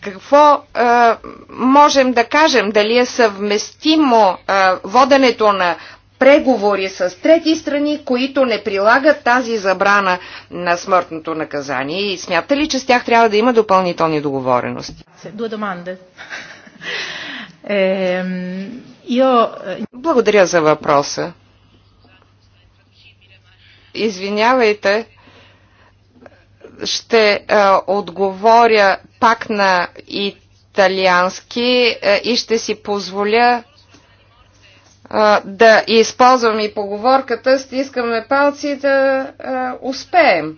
какво а, можем да кажем? Дали е съвместимо а, воденето на преговори с трети страни, които не прилагат тази забрана на смъртното наказание? И смята ли, че с тях трябва да има допълнителни договорености? Ehm, eh, Благодаря за въпроса. Извинявайте, ще а, е, отговоря пак на италиански а, е, и ще си позволя да използвам и поговорката, стискаме палци да успеем.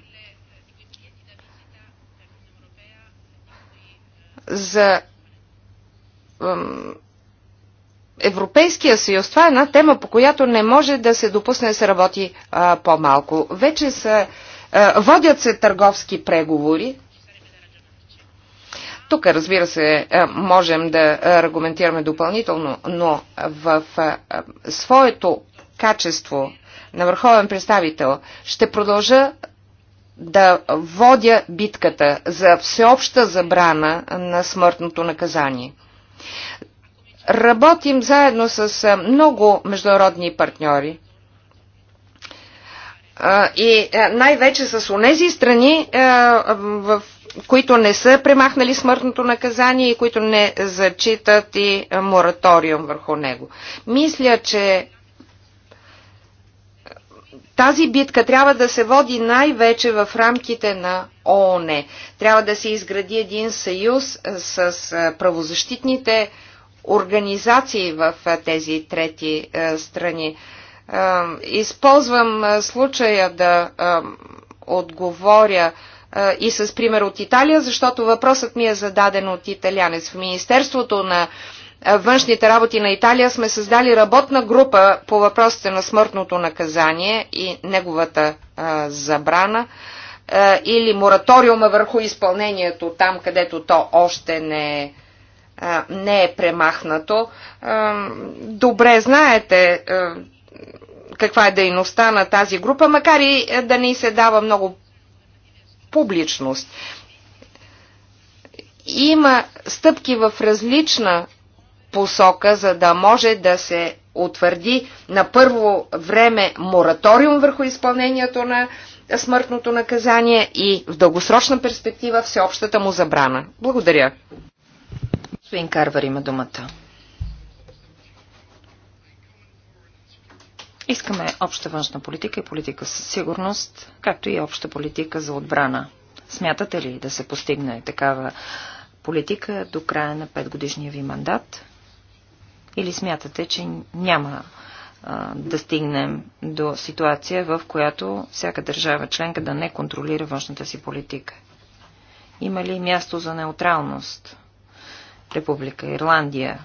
За Европейския съюз, това е една тема, по която не може да се допусне да се работи по-малко. Вече са, водят се търговски преговори тук, разбира се, е, можем да аргументираме допълнително, но в е, своето качество на върховен представител ще продължа да водя битката за всеобща забрана на смъртното наказание. Работим заедно с е, много международни партньори и най-вече с онези страни, в които не са премахнали смъртното наказание и които не зачитат и мораториум върху него. Мисля, че тази битка трябва да се води най-вече в рамките на ООН. Трябва да се изгради един съюз с правозащитните организации в тези трети страни. Използвам случая да отговоря и с пример от Италия, защото въпросът ми е зададен от италянец. В Министерството на външните работи на Италия сме създали работна група по въпросите на смъртното наказание и неговата забрана или мораториума върху изпълнението там, където то още не е не е премахнато. добре знаете каква е дейността на тази група, макар и да не се дава много публичност. Има стъпки в различна посока, за да може да се утвърди на първо време мораториум върху изпълнението на смъртното наказание и в дългосрочна перспектива всеобщата му забрана. Благодаря. Господин Карвар има думата. Искаме обща външна политика и политика със сигурност, както и обща политика за отбрана. Смятате ли да се постигне такава политика до края на петгодишния ви мандат? Или смятате, че няма а, да стигнем до ситуация, в която всяка държава членка да не контролира външната си политика? Има ли място за неутралност? Република Ирландия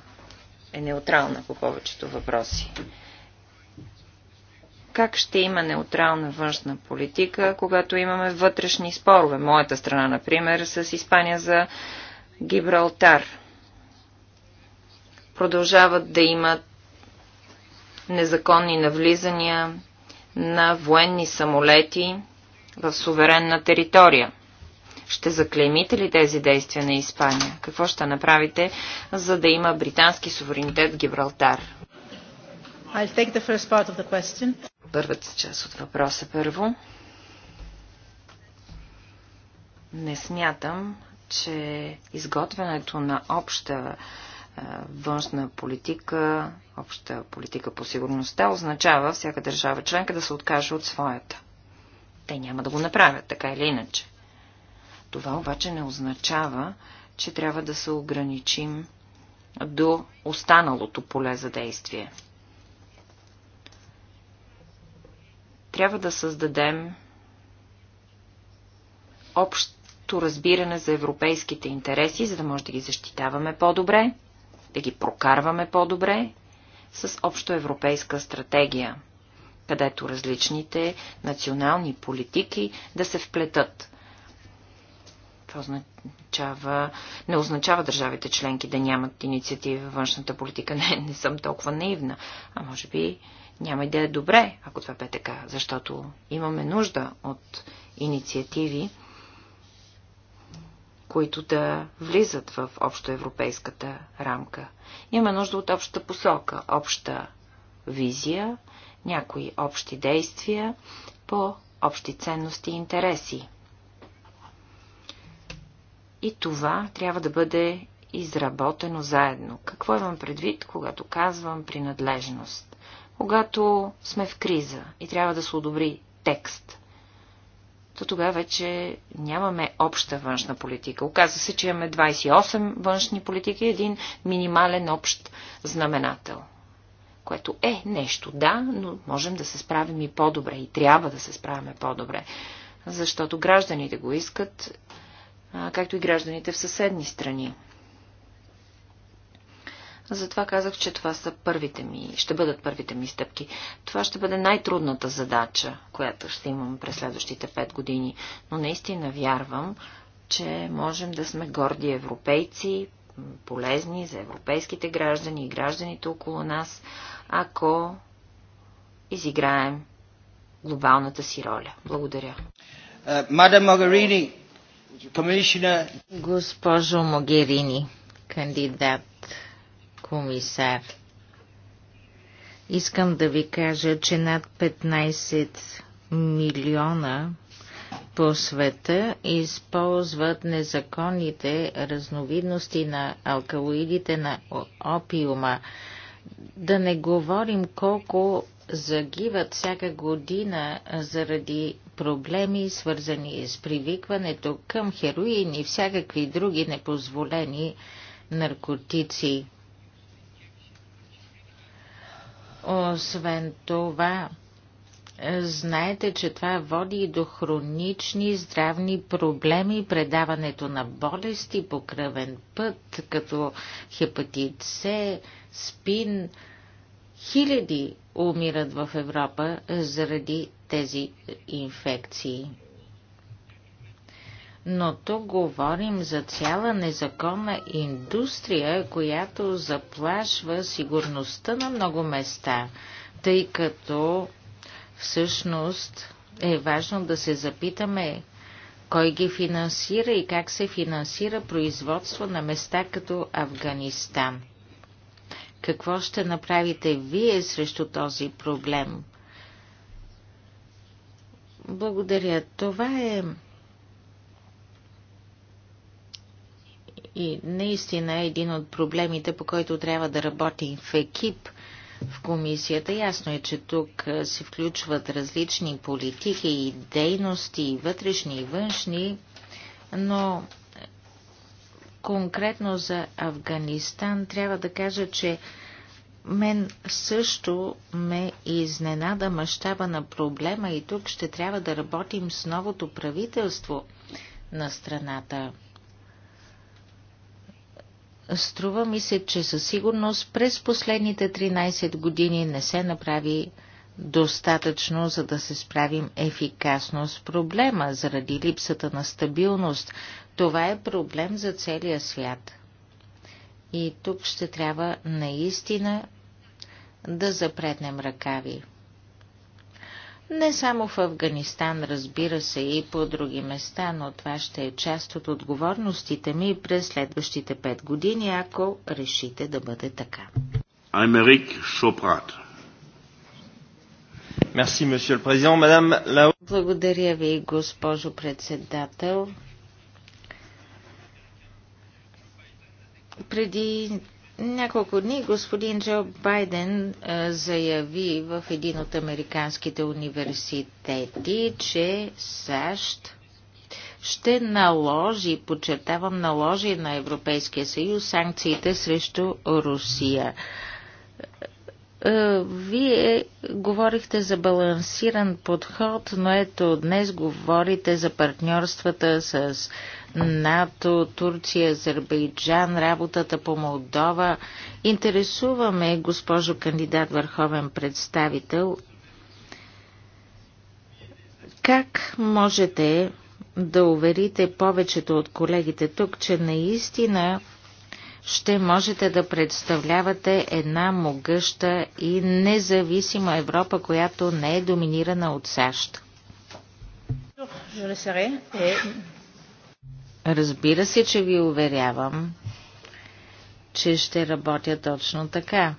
е неутрална по повечето въпроси. Как ще има неутрална външна политика, когато имаме вътрешни спорове? Моята страна, например, с Испания за Гибралтар. Продължават да имат незаконни навлизания на военни самолети в суверенна територия. Ще заклеймите ли тези действия на Испания? Какво ще направите, за да има британски суверенитет в Гибралтар? първата част от въпроса първо. Не смятам, че изготвянето на обща външна политика, обща политика по сигурността, означава всяка държава членка да се откаже от своята. Те няма да го направят, така или иначе. Това обаче не означава, че трябва да се ограничим до останалото поле за действие. Трябва да създадем общо разбиране за европейските интереси, за да може да ги защитаваме по-добре, да ги прокарваме по-добре с общо европейска стратегия, където различните национални политики да се вплетат. Това означава, не означава държавите членки да нямат инициативи във външната политика. Не, не съм толкова наивна. А може би няма и да е добре, ако това бе така, защото имаме нужда от инициативи, които да влизат в общоевропейската рамка. Има нужда от обща посока, обща визия, някои общи действия по общи ценности и интереси. И това трябва да бъде изработено заедно. Какво имам предвид, когато казвам принадлежност? Когато сме в криза и трябва да се одобри текст, то тогава вече нямаме обща външна политика. Оказва се, че имаме 28 външни политики и един минимален общ знаменател което е нещо, да, но можем да се справим и по-добре и трябва да се справяме по-добре, защото гражданите го искат, както и гражданите в съседни страни. Затова казах, че това са първите ми, ще бъдат първите ми стъпки. Това ще бъде най-трудната задача, която ще имам през следващите пет години. Но наистина вярвам, че можем да сме горди европейци, полезни за европейските граждани и гражданите около нас, ако изиграем глобалната си роля. Благодаря. Е, мадам Могерини, Госпожо Могерини, кандидат комисар. Искам да ви кажа, че над 15 милиона по света използват незаконните разновидности на алкалоидите на опиума. Да не говорим колко загиват всяка година заради проблеми, свързани с привикването към хероин и всякакви други непозволени наркотици. Освен това, знаете, че това води и до хронични здравни проблеми, предаването на болести по кръвен път, като хепатит С, спин. Хиляди умират в Европа заради тези инфекции но тук говорим за цяла незаконна индустрия, която заплашва сигурността на много места, тъй като всъщност е важно да се запитаме кой ги финансира и как се финансира производство на места като Афганистан. Какво ще направите вие срещу този проблем? Благодаря. Това е И наистина е един от проблемите, по който трябва да работим в екип в комисията, ясно е, че тук се включват различни политики и дейности, и вътрешни и външни, но конкретно за Афганистан трябва да кажа, че мен също ме изненада мащаба на проблема и тук ще трябва да работим с новото правителство на страната. Струва ми се, че със сигурност през последните 13 години не се направи достатъчно, за да се справим ефикасно с проблема заради липсата на стабилност. Това е проблем за целия свят. И тук ще трябва наистина да запретнем ръкави. Не само в Афганистан, разбира се, и по други места, но това ще е част от отговорностите ми през следващите пет години, ако решите да бъде така. Америк Шопрат. Мерси, месье президент. Мадам Лао. Благодаря ви, госпожо председател. Преди няколко дни господин Джо Байден заяви в един от американските университети, че САЩ ще наложи, подчертавам, наложи на Европейския съюз санкциите срещу Русия. Вие говорихте за балансиран подход, но ето днес говорите за партньорствата с НАТО, Турция, Азербайджан, работата по Молдова. Интересуваме, госпожо кандидат върховен представител, как можете да уверите повечето от колегите тук, че наистина ще можете да представлявате една могъща и независима Европа, която не е доминирана от САЩ. Разбира се, че ви уверявам, че ще работя точно така.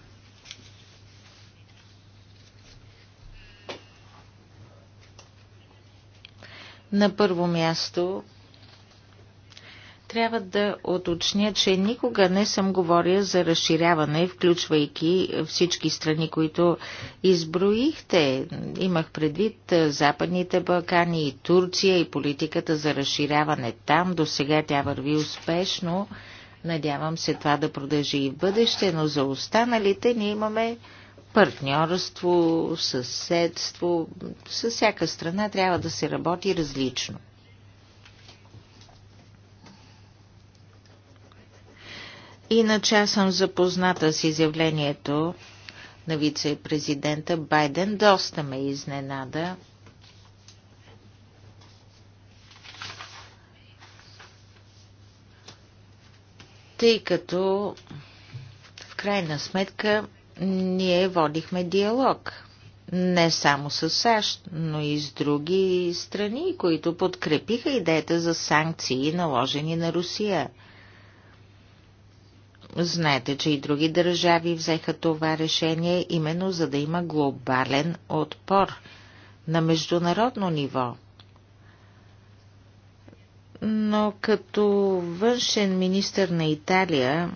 На първо място трябва да оточня, че никога не съм говоря за разширяване, включвайки всички страни, които изброихте. Имах предвид Западните Балкани и Турция и политиката за разширяване там. До сега тя върви успешно. Надявам се това да продължи и в бъдеще, но за останалите ние имаме партньорство, съседство. С всяка страна трябва да се работи различно. Иначе аз съм запозната с изявлението на вице-президента Байден. Доста ме изненада. Тъй като в крайна сметка ние водихме диалог. Не само с САЩ, но и с други страни, които подкрепиха идеята за санкции, наложени на Русия. Знаете, че и други държави взеха това решение именно за да има глобален отпор на международно ниво. Но като външен министр на Италия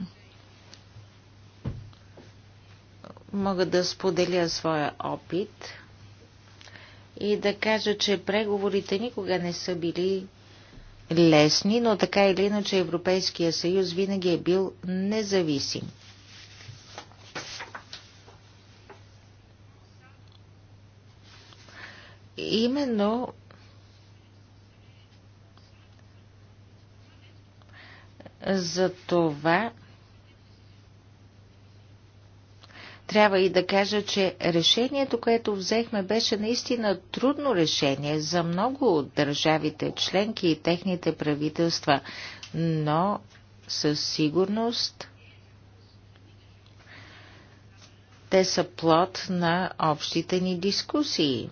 мога да споделя своя опит и да кажа, че преговорите никога не са били лесни, но така или иначе Европейския съюз винаги е бил независим. Именно за това Трябва и да кажа, че решението, което взехме, беше наистина трудно решение за много от държавите членки и техните правителства, но със сигурност те са плод на общите ни дискусии.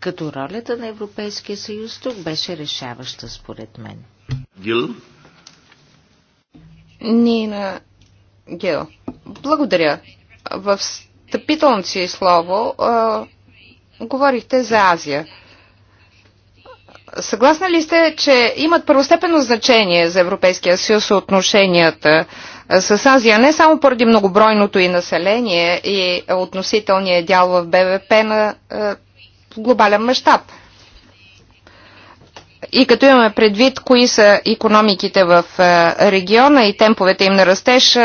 Като ролята на Европейския съюз тук беше решаваща, според мен. Ние Нина Гил. Благодаря. В встъпителното си слово а, говорихте за Азия. Съгласна ли сте, че имат първостепенно значение за Европейския съюз отношенията с Азия, не само поради многобройното и население и относителния дял в БВП на а, глобален мащаб? И като имаме предвид кои са економиките в региона и темповете им на растеж,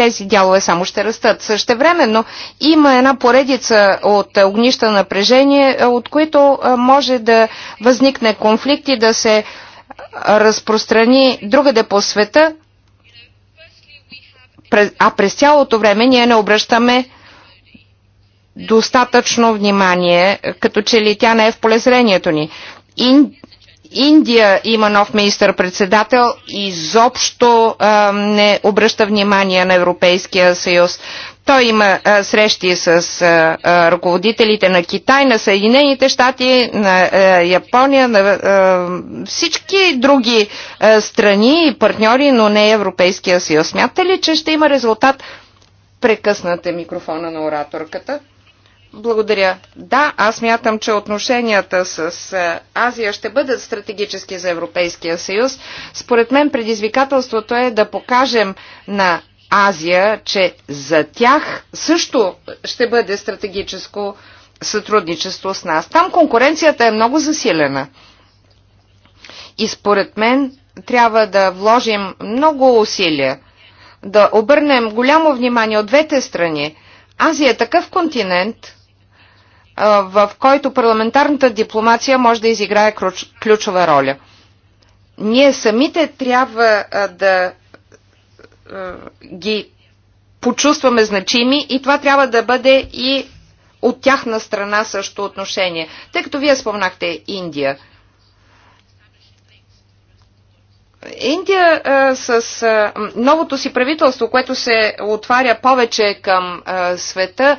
тези дялове само ще растат. Същевременно има една поредица от огнища напрежение, е, от които е, може да възникне конфликт и да се е, разпространи другаде по света, а през цялото време ние не обръщаме достатъчно внимание, като че ли тя не е в полезрението ни. Индия има нов министър-председател, изобщо а, не обръща внимание на Европейския съюз. Той има а, срещи с а, а, ръководителите на Китай, на Съединените щати, на а, Япония, на а, всички други а, страни и партньори, но не Европейския съюз. Смята ли, че ще има резултат? Прекъсната микрофона на ораторката. Благодаря. Да, аз мятам, че отношенията с е, Азия ще бъдат стратегически за Европейския съюз. Според мен предизвикателството е да покажем на Азия, че за тях също ще бъде стратегическо сътрудничество с нас. Там конкуренцията е много засилена. И според мен трябва да вложим много усилия, да обърнем голямо внимание от двете страни. Азия е такъв континент – в който парламентарната дипломация може да изиграе ключова роля. Ние самите трябва да ги почувстваме значими и това трябва да бъде и от тяхна страна също отношение. Тъй като вие спомнахте Индия. Индия с а, новото си правителство, което се отваря повече към а, света,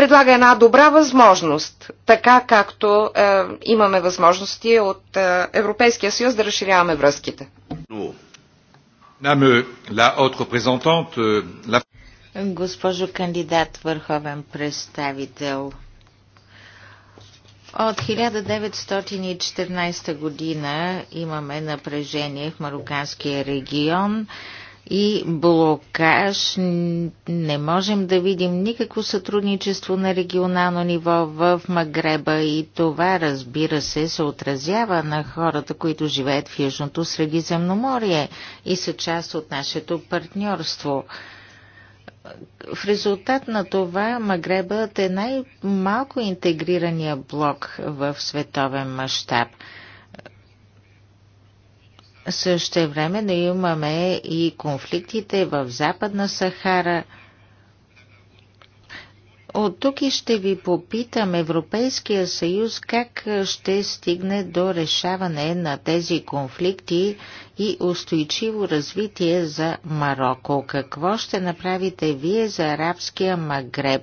предлага една добра възможност, така както е, имаме възможности от е, Европейския съюз да разширяваме връзките. Е, Госпожо кандидат, върховен представител, от 1914 година имаме напрежение в марокканския регион и блокаж. Не можем да видим никакво сътрудничество на регионално ниво в Магреба и това, разбира се, се отразява на хората, които живеят в Южното Средиземноморие и са част от нашето партньорство. В резултат на това Магребът е най-малко интегрирания блок в световен мащаб. Също време да имаме и конфликтите в Западна Сахара. От тук и ще ви попитам Европейския съюз как ще стигне до решаване на тези конфликти и устойчиво развитие за Марокко. Какво ще направите вие за арабския Магреб?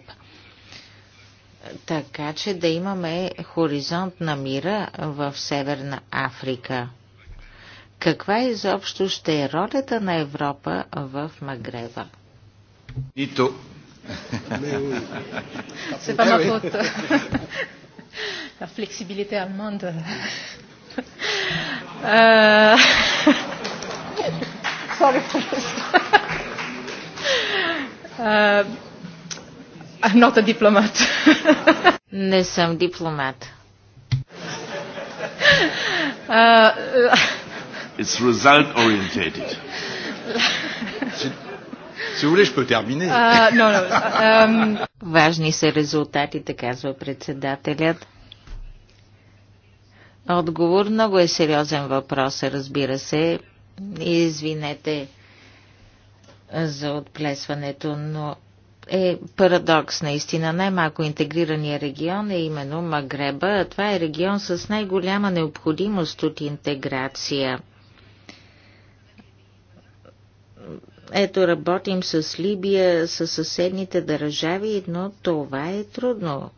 Така че да имаме хоризонт на мира в Северна Африка каква изобщо ще е ролята на Европа в Магреба? Нито. Се пама от флексибилите Алмонда. Сори, I'm Не съм дипломат. Е, It's result orientated. Си voulez, je peux uh, um, Важни са резултатите, казва председателят. Отговор много е сериозен въпрос, разбира се. Извинете за отплесването, но е парадокс наистина. Най-малко интегрирания регион е именно Магреба. Това е регион с най-голяма необходимост от интеграция. Ето работим с Либия, с съседните държави, но това е трудно.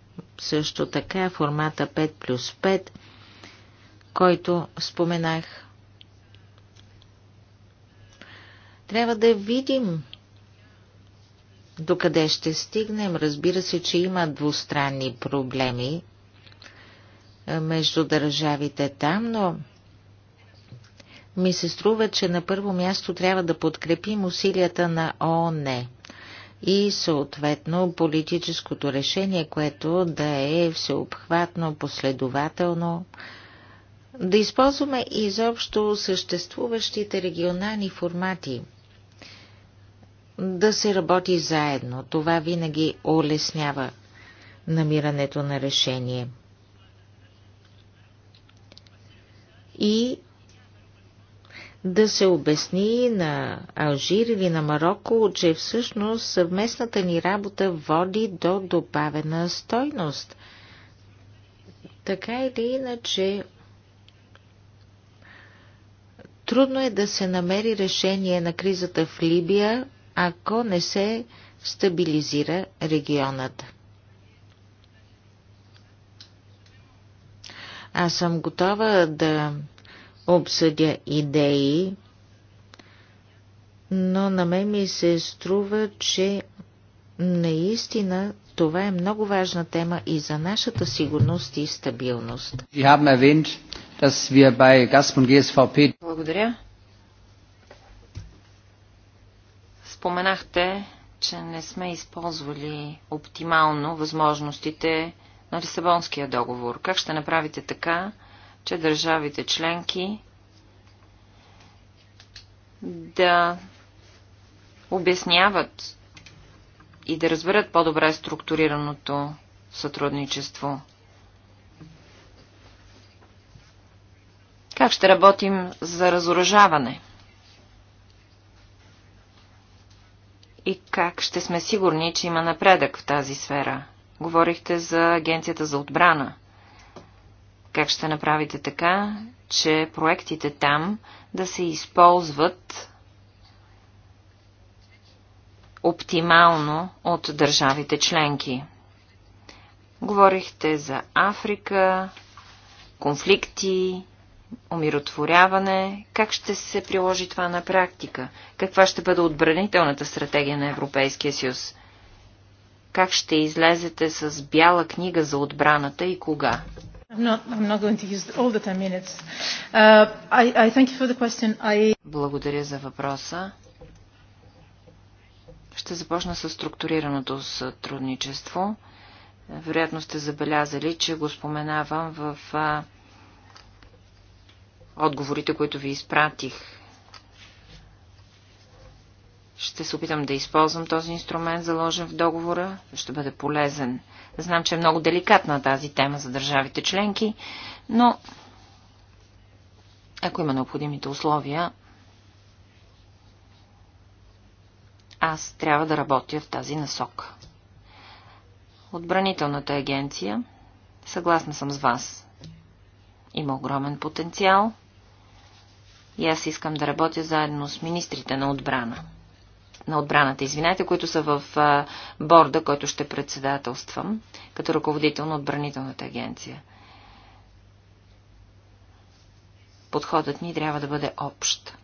Също така формата 5 плюс 5, който споменах. Трябва да видим докъде ще стигнем. Разбира се, че има двустранни проблеми е, между държавите там, но ми се струва, че на първо място трябва да подкрепим усилията на ООН и съответно политическото решение, което да е всеобхватно, последователно, да използваме изобщо съществуващите регионални формати, да се работи заедно. Това винаги улеснява намирането на решение. И да се обясни на Алжир или на Марокко, че всъщност съвместната ни работа води до добавена стойност. Така или иначе, трудно е да се намери решение на кризата в Либия, ако не се стабилизира регионът. Аз съм готова да обсъдя идеи, но на мен ми се струва, че наистина това е много важна тема и за нашата сигурност и стабилност. Благодаря. Споменахте, че не сме използвали оптимално възможностите на Лисабонския договор. Как ще направите така, че държавите членки да обясняват и да разберат по-добре структурираното сътрудничество. Как ще работим за разоръжаване? И как ще сме сигурни, че има напредък в тази сфера? Говорихте за Агенцията за отбрана – как ще направите така, че проектите там да се използват оптимално от държавите членки? Говорихте за Африка, конфликти, умиротворяване. Как ще се приложи това на практика? Каква ще бъде отбранителната стратегия на Европейския съюз? Как ще излезете с бяла книга за отбраната и кога? Uh, Благодаря за въпроса. Ще започна с структурираното сътрудничество. Вероятно сте забелязали, че го споменавам в отговорите, които ви изпратих ще се опитам да използвам този инструмент, заложен в договора. Ще бъде полезен. Знам, че е много деликатна тази тема за държавите членки, но ако има необходимите условия, аз трябва да работя в тази насока. Отбранителната агенция, съгласна съм с вас, има огромен потенциал и аз искам да работя заедно с министрите на отбрана на отбраната, извинете, които са в борда, който ще председателствам, като ръководител на отбранителната агенция. Подходът ни трябва да бъде общ.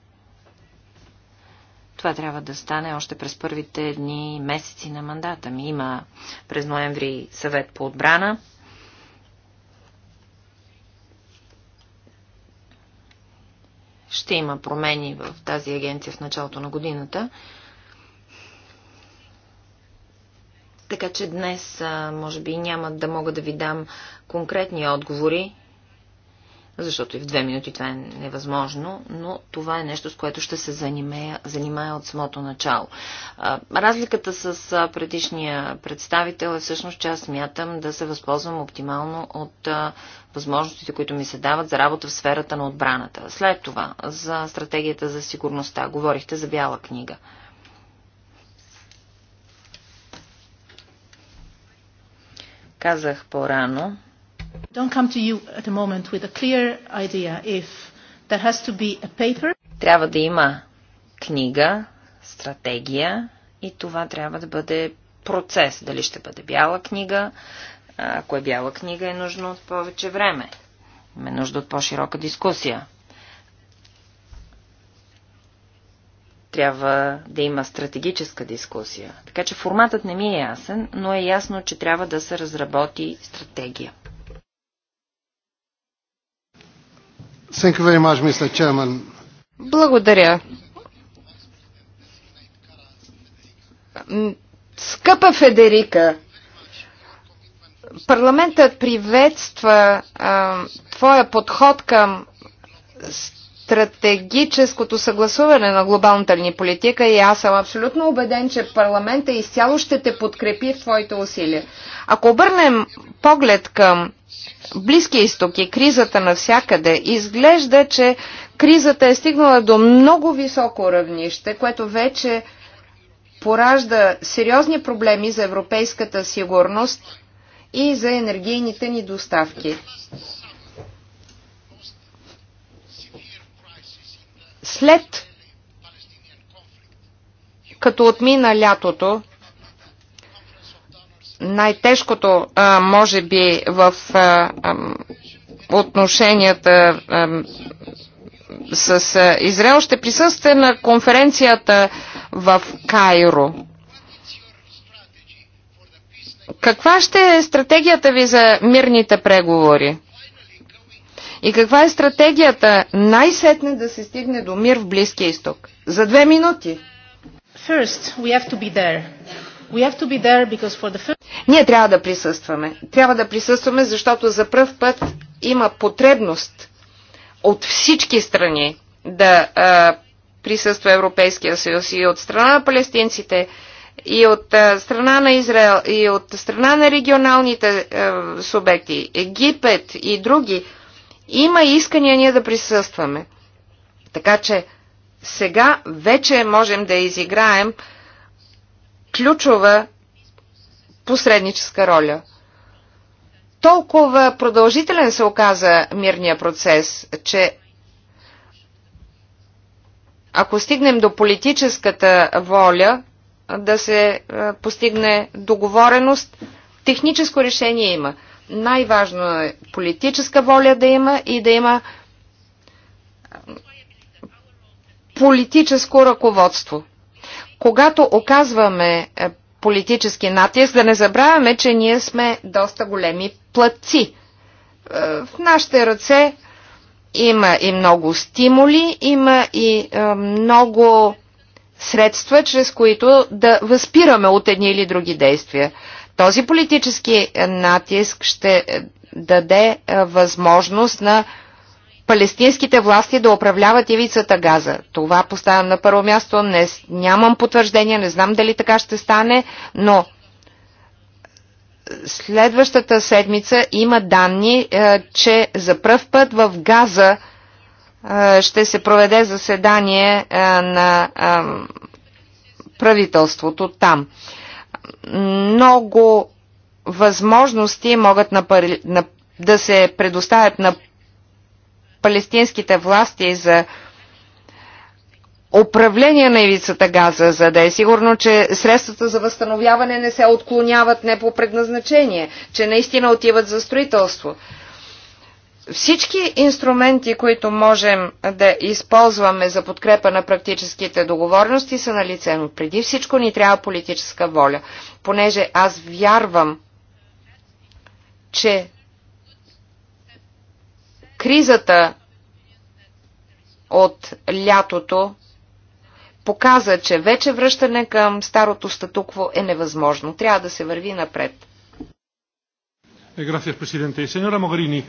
Това трябва да стане още през първите дни и месеци на мандата ми. Има през ноември съвет по отбрана. Ще има промени в тази агенция в началото на годината. Така че днес, може би, няма да мога да ви дам конкретни отговори, защото и в две минути това е невъзможно, но това е нещо, с което ще се занимая, занимая от самото начало. Разликата с предишния представител е всъщност, че аз смятам да се възползвам оптимално от възможностите, които ми се дават за работа в сферата на отбраната. След това, за стратегията за сигурността, говорихте за бяла книга. казах по-рано, трябва да има книга, стратегия и това трябва да бъде процес. Дали ще бъде бяла книга, ако е бяла книга е нужно от повече време. Има нужда от по-широка дискусия. трябва да има стратегическа дискусия. Така че форматът не ми е ясен, но е ясно, че трябва да се разработи стратегия. Much, Благодаря. Скъпа Федерика, парламентът приветства а, твоя подход към стратегическото съгласуване на глобалната ни политика и аз съм абсолютно убеден, че парламента изцяло ще те подкрепи в твоите усилия. Ако обърнем поглед към Близкия изток и кризата навсякъде, изглежда, че кризата е стигнала до много високо равнище, което вече поражда сериозни проблеми за европейската сигурност и за енергийните ни доставки. след като отмина лятото, най-тежкото, може би, в отношенията с Израел ще присъства на конференцията в Кайро. Каква ще е стратегията ви за мирните преговори? И каква е стратегията най-сетне да се стигне до мир в Близкия изток? За две минути. First, we have to be there. Ние трябва да присъстваме. Трябва да присъстваме, защото за пръв път има потребност от всички страни да а, присъства Европейския съюз и от страна на палестинците, и от а, страна на Израел, и от страна на регионалните а, субекти, Египет и други – има искания ние да присъстваме. Така че сега вече можем да изиграем ключова посредническа роля. Толкова продължителен се оказа мирния процес, че ако стигнем до политическата воля да се е, постигне договореност, техническо решение има. Най-важно е политическа воля да има и да има политическо ръководство. Когато оказваме е, политически натиск, да не забравяме, че ние сме доста големи платци. Е, в нашите ръце има и много стимули, има и е, много средства, чрез които да възпираме от едни или други действия. Този политически е, натиск ще е, даде е, възможност на палестинските власти да управляват ивицата Газа. Това поставям на първо място. Не, нямам потвърждение, не знам дали така ще стане, но следващата седмица има данни, че за пръв път в Газа ще се проведе заседание на правителството там много възможности могат на, на, да се предоставят на палестинските власти за управление на ивицата Газа, за да е сигурно, че средствата за възстановяване не се отклоняват не по предназначение, че наистина отиват за строителство всички инструменти, които можем да използваме за подкрепа на практическите договорности, са на лице, но преди всичко ни трябва политическа воля, понеже аз вярвам, че кризата от лятото показа, че вече връщане към старото статукво е невъзможно. Трябва да се върви напред. Gracias, е, presidente. Сеньора Могарини,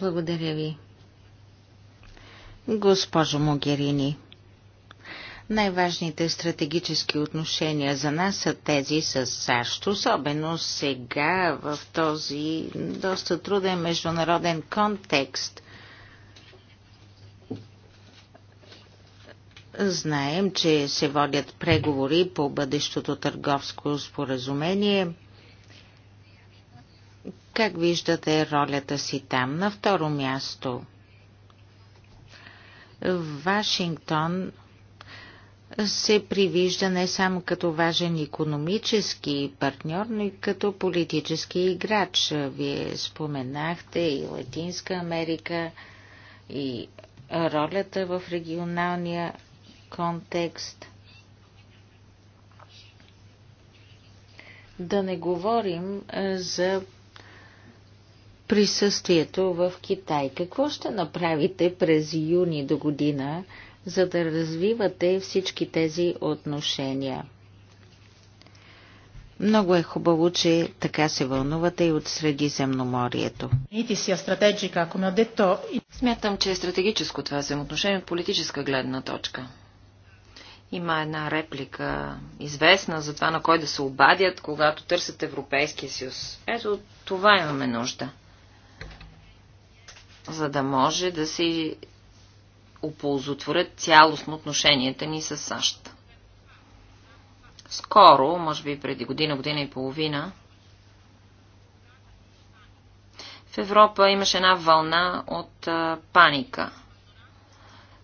благодаря ви. Госпожо Могерини, най-важните стратегически отношения за нас са тези с САЩ, особено сега в този доста труден международен контекст. Знаем, че се водят преговори по бъдещото търговско споразумение – как виждате ролята си там? На второ място. Вашингтон се привижда не само като важен економически партньор, но и като политически играч. Вие споменахте и Латинска Америка, и ролята в регионалния контекст. Да не говорим за присъствието в Китай. Какво ще направите през юни до година, за да развивате всички тези отношения? Много е хубаво, че така се вълнувате и от Средиземноморието. Смятам, че е стратегическо това взаимоотношение от политическа гледна точка. Има една реплика, известна за това на кой да се обадят, когато търсят Европейския съюз. Ето това имаме нужда за да може да се оползотворят цялостно отношенията ни с САЩ. Скоро, може би преди година, година и половина, в Европа имаше една вълна от паника.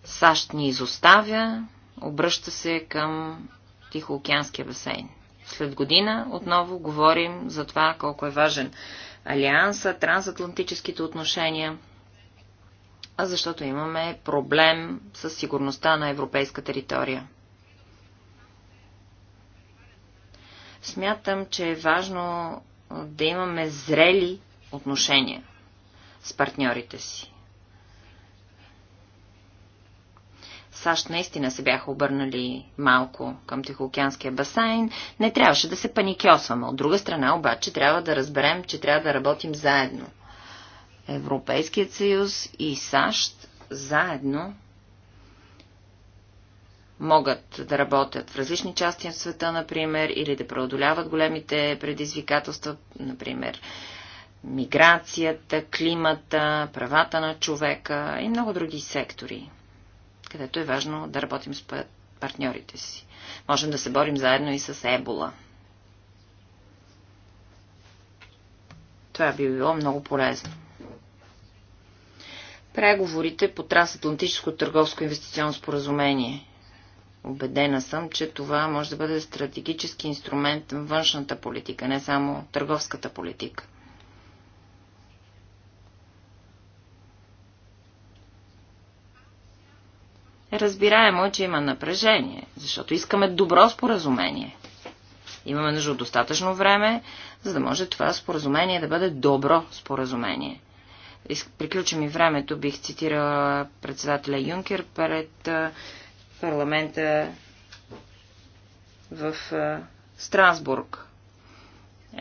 САЩ ни изоставя, обръща се към Тихоокеанския басейн. След година отново говорим за това колко е важен Алианса, трансатлантическите отношения – а защото имаме проблем с сигурността на европейска територия. Смятам, че е важно да имаме зрели отношения с партньорите си. САЩ наистина се бяха обърнали малко към Тихоокеанския басейн, не трябваше да се паникьосваме. От друга страна обаче трябва да разберем, че трябва да работим заедно – Европейският съюз и САЩ заедно могат да работят в различни части на света, например, или да преодоляват големите предизвикателства, например, миграцията, климата, правата на човека и много други сектори, където е важно да работим с партньорите си. Можем да се борим заедно и с ебола. Това би било много полезно преговорите по трансатлантическо търговско инвестиционно споразумение. Обедена съм, че това може да бъде стратегически инструмент на външната политика, не само търговската политика. Разбираемо е, че има напрежение, защото искаме добро споразумение. Имаме нужда от достатъчно време, за да може това споразумение да бъде добро споразумение – приключим и времето, бих цитирала председателя Юнкер пред парламента в Страсбург.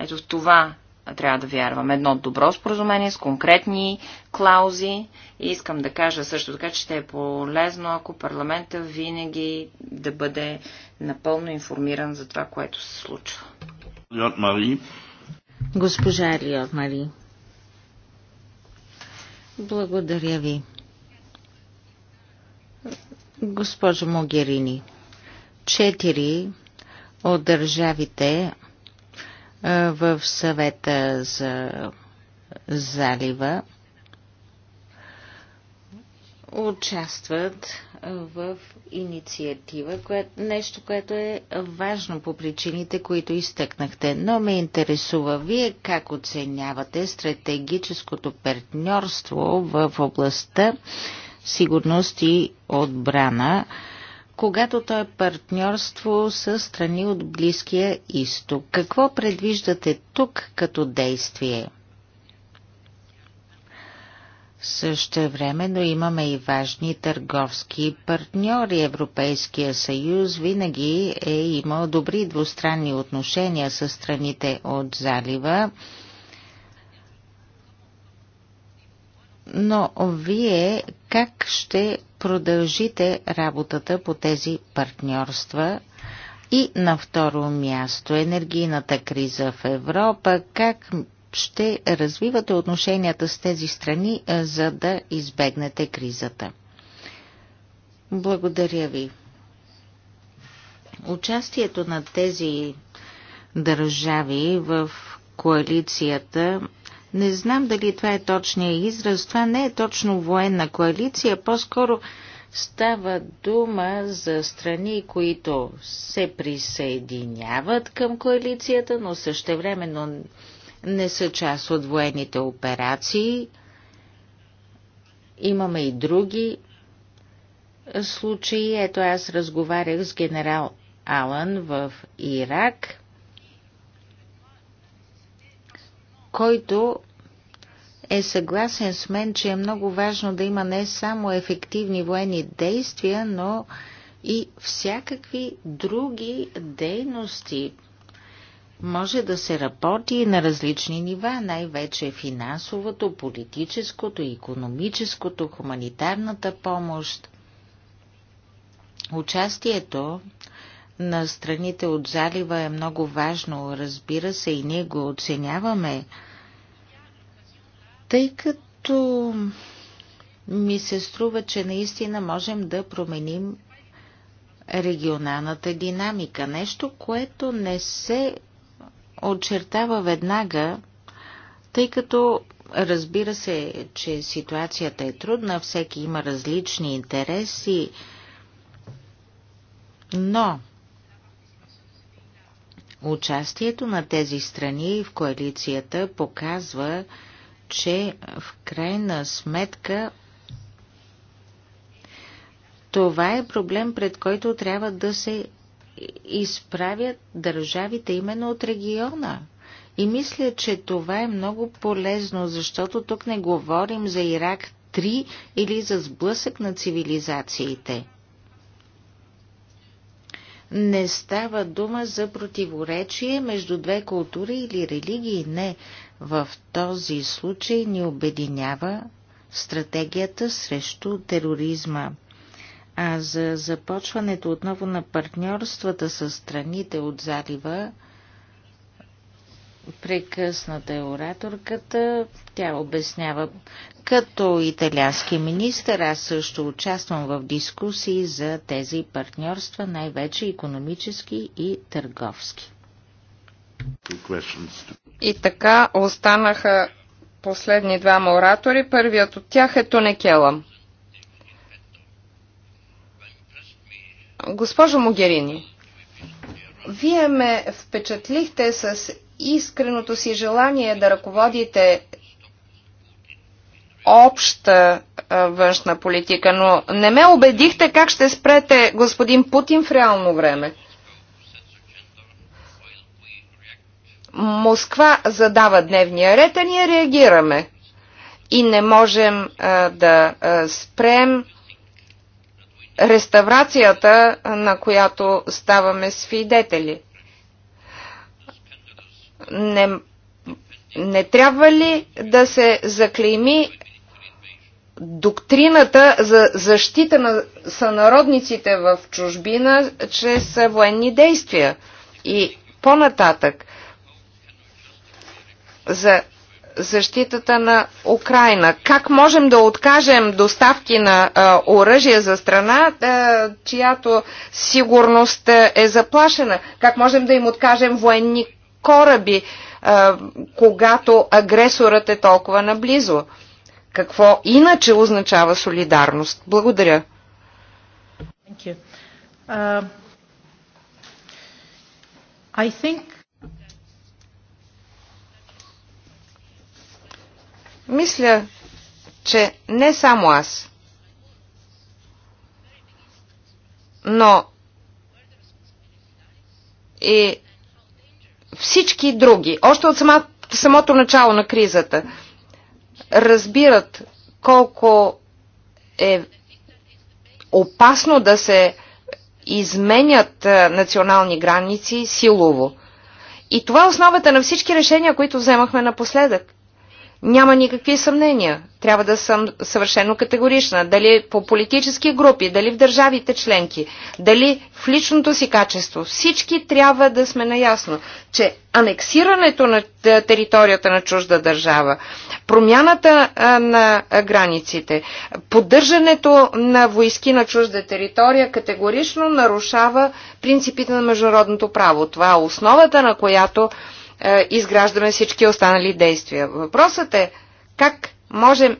Ето в това трябва да вярвам. Едно добро споразумение с конкретни клаузи. И искам да кажа също така, че ще е полезно, ако парламента винаги да бъде напълно информиран за това, което се случва. Госпожа Риот Мари. Благодаря ви. Госпожо Могерини, четири от държавите в съвета за залива участват в инициатива, кое, нещо, което е важно по причините, които изтъкнахте. Но ме интересува вие как оценявате стратегическото партньорство в областта сигурност и отбрана, когато то е партньорство с страни от Близкия изток. Какво предвиждате тук като действие? Също времено имаме и важни търговски партньори. Европейския съюз винаги е имал добри двустранни отношения с страните от залива. Но вие как ще продължите работата по тези партньорства? И на второ място енергийната криза в Европа. Как ще развивате отношенията с тези страни, за да избегнете кризата? Благодаря ви. Участието на тези държави в коалицията не знам дали това е точния израз. Това не е точно военна коалиция, по-скоро става дума за страни, които се присъединяват към коалицията, но същевременно не са част от военните операции. Имаме и други случаи. Ето аз разговарях с генерал Алън в Ирак, който е съгласен с мен, че е много важно да има не само ефективни военни действия, но и всякакви други дейности, може да се работи на различни нива, най-вече финансовото, политическото, економическото, хуманитарната помощ. Участието на страните от залива е много важно, разбира се, и ние го оценяваме, тъй като ми се струва, че наистина можем да променим регионалната динамика. Нещо, което не се очертава веднага, тъй като разбира се, че ситуацията е трудна, всеки има различни интереси, но участието на тези страни в коалицията показва, че в крайна сметка това е проблем, пред който трябва да се изправят държавите именно от региона. И мисля, че това е много полезно, защото тук не говорим за Ирак 3 или за сблъсък на цивилизациите. Не става дума за противоречие между две култури или религии, не. В този случай ни обединява стратегията срещу тероризма. А за започването отново на партньорствата с страните от залива, прекъсната е ораторката. Тя обяснява, като италиански министр, аз също участвам в дискусии за тези партньорства, най-вече економически и търговски. И така останаха последни двама оратори. Първият от тях е Тонекелам. Госпожо Могерини, вие ме впечатлихте с искреното си желание да ръководите обща външна политика, но не ме убедихте как ще спрете господин Путин в реално време. Москва задава дневния ред, а ние реагираме. И не можем а, да а, спрем а, реставрацията, на която ставаме свидетели. Не, не трябва ли да се заклейми доктрината за защита на сънародниците в чужбина чрез военни действия? И по-нататък, за защитата на Украина. Как можем да откажем доставки на а, оръжие за страна, а, чиято сигурност е заплашена? Как можем да им откажем военни кораби, а, когато агресорът е толкова наблизо? Какво иначе означава солидарност? Благодаря. Thank you. Uh, I think Мисля, че не само аз, но и всички други, още от сама, самото начало на кризата, разбират колко е опасно да се изменят национални граници силово. И това е основата на всички решения, които вземахме напоследък. Няма никакви съмнения. Трябва да съм съвършено категорична. Дали по политически групи, дали в държавите членки, дали в личното си качество. Всички трябва да сме наясно, че анексирането на територията на чужда държава, промяната на границите, поддържането на войски на чужда територия категорично нарушава принципите на международното право. Това е основата на която е, изграждаме всички останали действия. Въпросът е как можем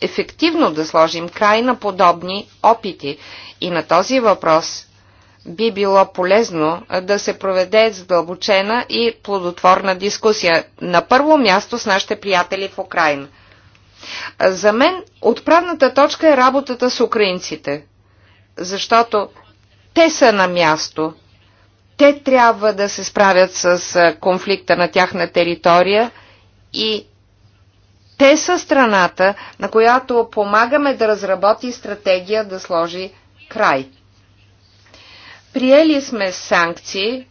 ефективно да сложим край на подобни опити. И на този въпрос би било полезно е, да се проведе задълбочена и плодотворна дискусия. На първо място с нашите приятели в Украина. За мен отправната точка е работата с украинците, защото те са на място те трябва да се справят с конфликта на тяхна територия и те са страната, на която помагаме да разработи стратегия да сложи край. Приели сме санкции.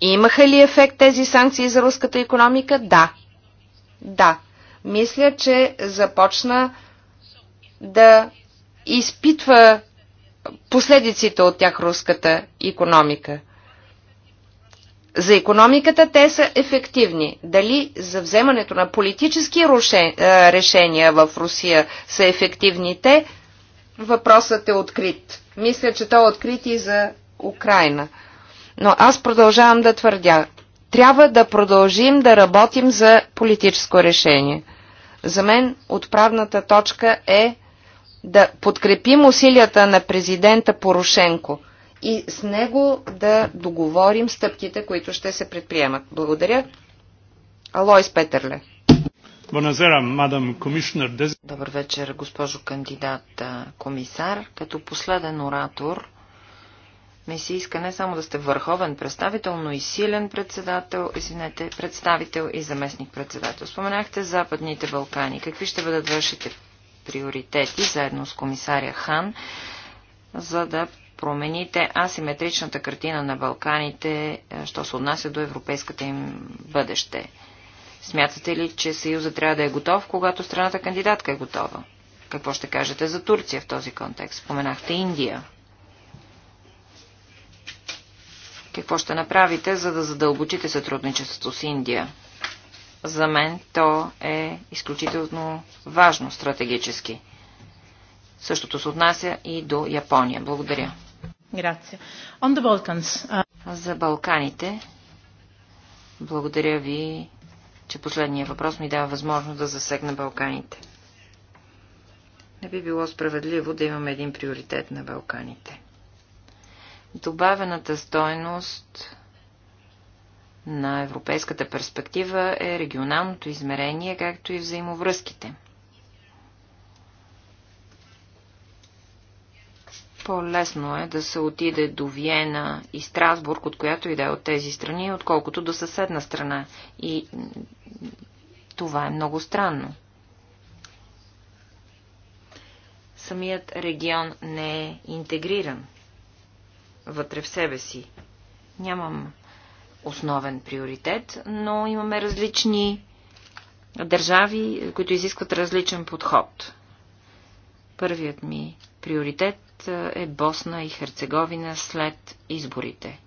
Имаха ли ефект тези санкции за руската економика? Да. Да. Мисля, че започна да изпитва последиците от тях руската економика. За економиката те са ефективни. Дали за вземането на политически е, решения в Русия са ефективни те, въпросът е открит. Мисля, че то е открит и за Украина. Но аз продължавам да твърдя. Трябва да продължим да работим за политическо решение. За мен отправната точка е да подкрепим усилията на президента Порошенко и с него да договорим стъпките, които ще се предприемат. Благодаря. Алоис Петърле. Добър вечер, госпожо кандидат комисар. Като последен оратор ми се иска не само да сте върховен представител, но и силен председател, извинете, представител и заместник председател. Споменахте Западните Балкани. Какви ще бъдат вашите приоритети, заедно с комисаря Хан, за да промените асиметричната картина на Балканите, е, що се отнася до европейската им бъдеще? Смятате ли, че Съюза трябва да е готов, когато страната кандидатка е готова? Какво ще кажете за Турция в този контекст? Споменахте Индия. Какво ще направите, за да задълбочите сътрудничеството с Индия? За мен то е изключително важно стратегически. Същото се отнася и до Япония. Благодаря. За Балканите, благодаря ви, че последния въпрос ми дава възможност да засегна Балканите. Не би било справедливо да имаме един приоритет на Балканите. Добавената стойност на европейската перспектива е регионалното измерение, както и взаимовръзките. По-лесно е да се отиде до Виена и Страсбург, от която и да е от тези страни, отколкото до съседна страна. И това е много странно. Самият регион не е интегриран вътре в себе си. Нямам основен приоритет, но имаме различни държави, които изискват различен подход. Първият ми приоритет е, е Босна и Херцеговина след изборите.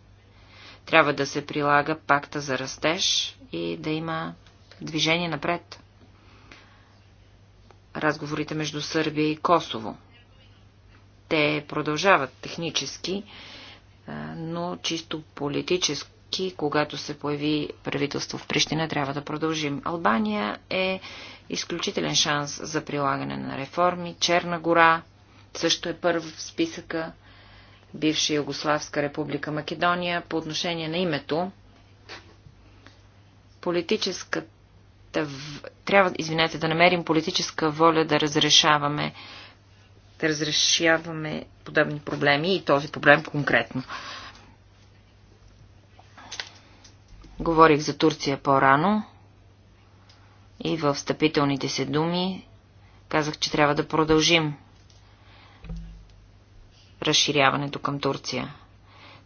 Трябва да се прилага пакта за растеж и да има движение напред. Разговорите между Сърбия и Косово. Те продължават технически, но чисто политически членки, когато се появи правителство в Прищина, трябва да продължим. Албания е изключителен шанс за прилагане на реформи. Черна гора също е първ в списъка. Бивша Югославска република Македония по отношение на името. Политическата... Трябва, извинете, да намерим политическа воля да разрешаваме да разрешаваме подобни проблеми и този проблем конкретно. Говорих за Турция по-рано и в встъпителните се думи казах, че трябва да продължим разширяването към Турция.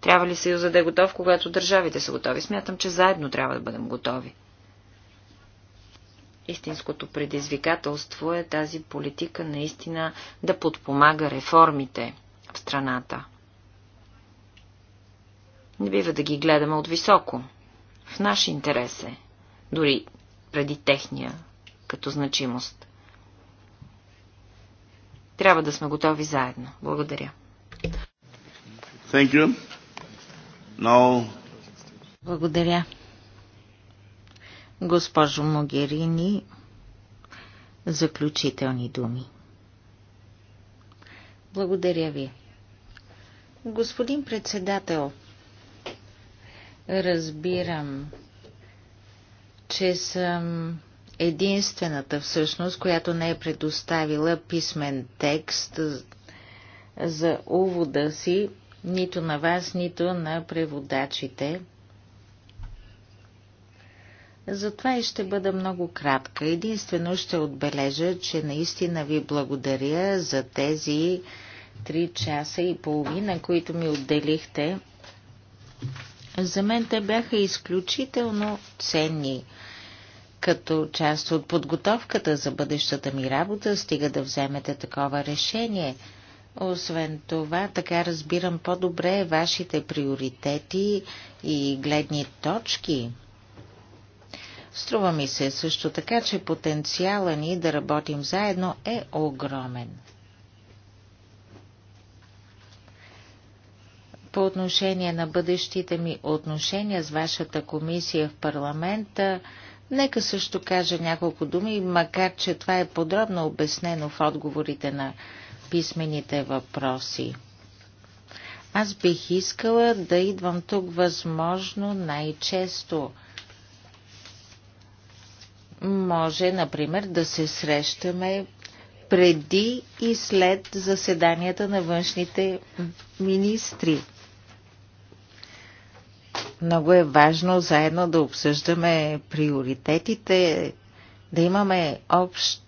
Трябва ли Съюза да е готов, когато държавите са готови? Смятам, че заедно трябва да бъдем готови. Истинското предизвикателство е тази политика наистина да подпомага реформите в страната. Не бива да ги гледаме от високо. В наш интерес е, дори преди техния, като значимост. Трябва да сме готови заедно. Благодаря. Thank you. Now... Благодаря. Госпожо Могерини, заключителни думи. Благодаря ви. Господин председател, Разбирам, че съм единствената всъщност, която не е предоставила писмен текст за увода си, нито на вас, нито на преводачите. Затова и ще бъда много кратка. Единствено ще отбележа, че наистина ви благодаря за тези три часа и половина, които ми отделихте за мен те бяха изключително ценни. Като част от подготовката за бъдещата ми работа, стига да вземете такова решение. Освен това, така разбирам по-добре вашите приоритети и гледни точки. Струва ми се също така, че потенциала ни да работим заедно е огромен. По отношение на бъдещите ми отношения с вашата комисия в парламента, нека също кажа няколко думи, макар че това е подробно обяснено в отговорите на писмените въпроси. Аз бих искала да идвам тук възможно най-често. Може, например, да се срещаме преди и след заседанията на външните министри. Много е важно заедно да обсъждаме приоритетите, да имаме общо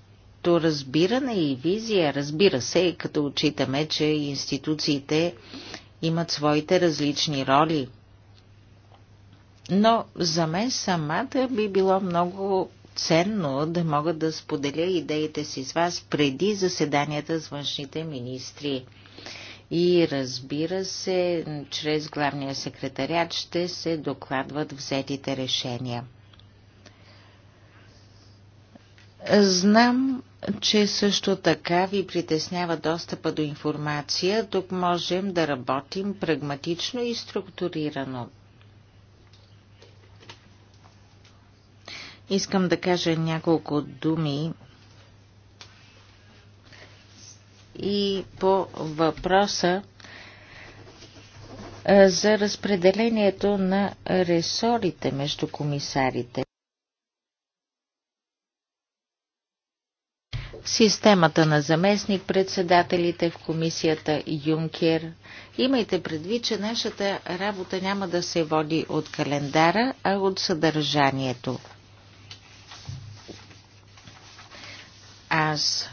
разбиране и визия. Разбира се, като отчитаме, че институциите имат своите различни роли. Но за мен самата би било много ценно да мога да споделя идеите си с вас преди заседанията с външните министри и разбира се, чрез главния секретарят ще се докладват взетите решения. Знам, че също така ви притеснява достъпа до информация. Тук можем да работим прагматично и структурирано. Искам да кажа няколко думи и по въпроса е, за разпределението на ресорите между комисарите. Системата на заместник-председателите в комисията Юнкер. Имайте предвид, че нашата работа няма да се води от календара, а от съдържанието. Аз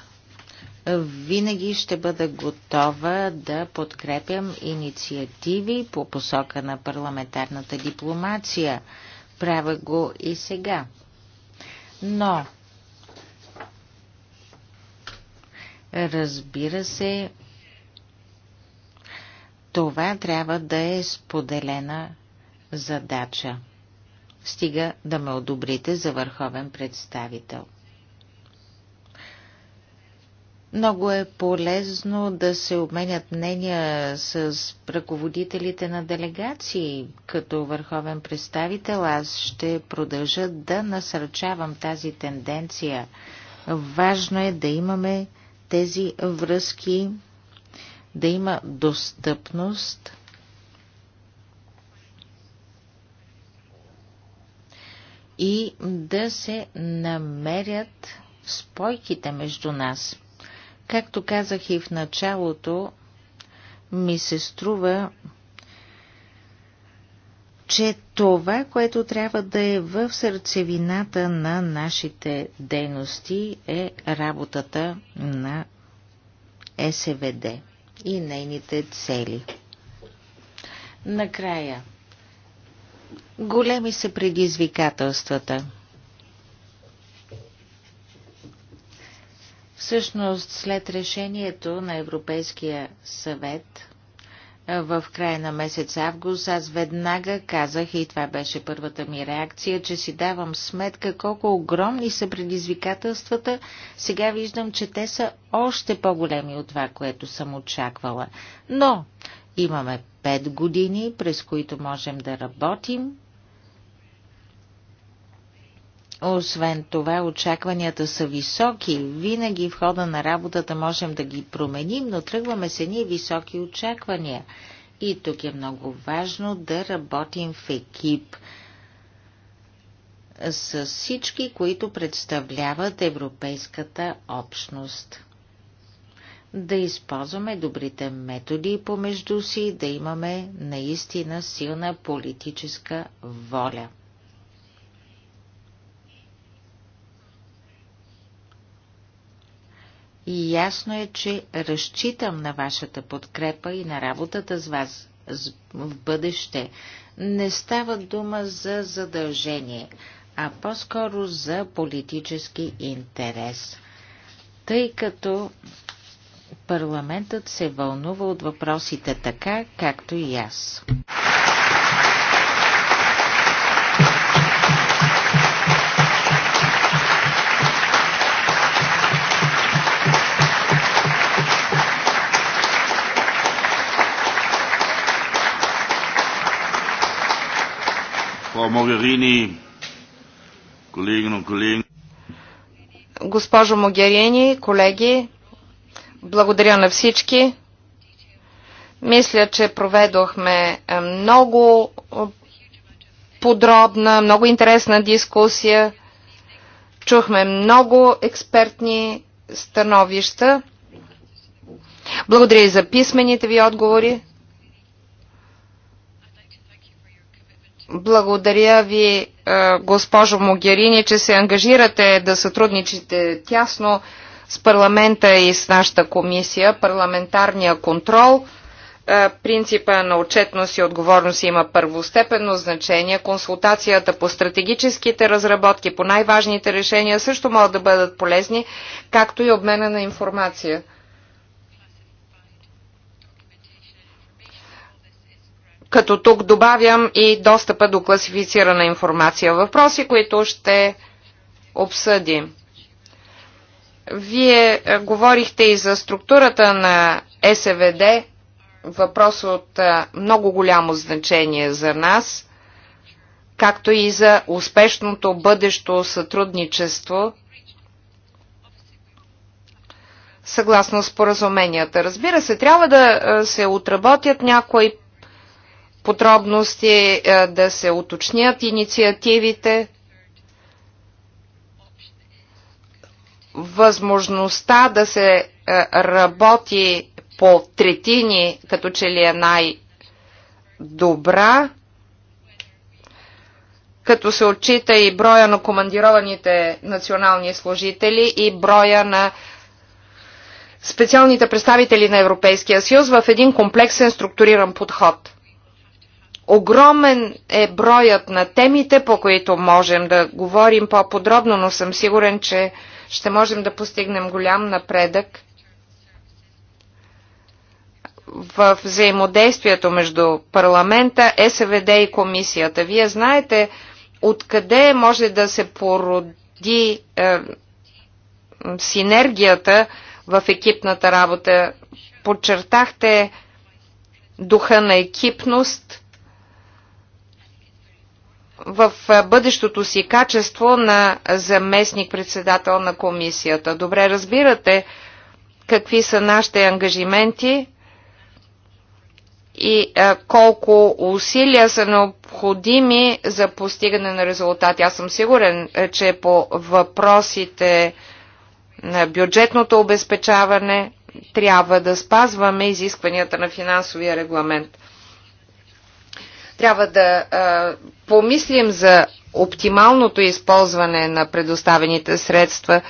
винаги ще бъда готова да подкрепям инициативи по посока на парламентарната дипломация. Правя го и сега. Но, разбира се, това трябва да е споделена задача. Стига да ме одобрите за върховен представител. Много е полезно да се обменят мнения с ръководителите на делегации. Като върховен представител аз ще продължа да насърчавам тази тенденция. Важно е да имаме тези връзки, да има достъпност. И да се намерят спойките между нас – Както казах и в началото, ми се струва, че това, което трябва да е в сърцевината на нашите дейности е работата на СВД и нейните цели. Накрая. Големи са предизвикателствата – Всъщност, след решението на Европейския съвет в края на месец август, аз веднага казах, и това беше първата ми реакция, че си давам сметка колко огромни са предизвикателствата. Сега виждам, че те са още по-големи от това, което съм очаквала. Но имаме пет години, през които можем да работим, освен това, очакванията са високи. Винаги в хода на работата можем да ги променим, но тръгваме с едни високи очаквания. И тук е много важно да работим в екип с всички, които представляват европейската общност. Да използваме добрите методи помежду си, да имаме наистина силна политическа воля. И ясно е, че разчитам на вашата подкрепа и на работата с вас в бъдеще. Не става дума за задължение, а по-скоро за политически интерес. Тъй като парламентът се вълнува от въпросите така, както и аз. Frau Mogherini, Kolleginnen und Kollegen. Госпожо Могерини, колеги, благодаря на всички. Мисля, че проведохме е, много е, подробна, много интересна дискусия. Чухме много експертни становища. Благодаря и за писмените ви отговори. Благодаря ви, е, госпожо Могерини, че се ангажирате да сътрудничите тясно с парламента и с нашата комисия. Парламентарния контрол, е, принципа на отчетност и отговорност има първостепенно значение. Консултацията по стратегическите разработки, по най-важните решения също могат да бъдат полезни, както и обмена на информация. като тук добавям и достъпа до класифицирана информация. Въпроси, които ще обсъдим. Вие е, говорихте и за структурата на СВД, въпрос от е, много голямо значение за нас, както и за успешното бъдещо сътрудничество съгласно споразуменията. Разбира се, трябва да е, се отработят някои подробности, е, да се уточнят инициативите. Възможността да се е, работи по третини, като че ли е най-добра, като се отчита и броя на командированите национални служители и броя на специалните представители на Европейския съюз в един комплексен структуриран подход. Огромен е броят на темите, по които можем да говорим по-подробно, но съм сигурен, че ще можем да постигнем голям напредък в взаимодействието между парламента, СВД и комисията. Вие знаете откъде може да се породи е, синергията в екипната работа. Подчертахте духа на екипност – в бъдещото си качество на заместник-председател на комисията. Добре разбирате какви са нашите ангажименти и а, колко усилия са необходими за постигане на резултати. Аз съм сигурен, че по въпросите на бюджетното обезпечаване трябва да спазваме изискванията на финансовия регламент. Трябва да а, помислим за оптималното използване на предоставените средства.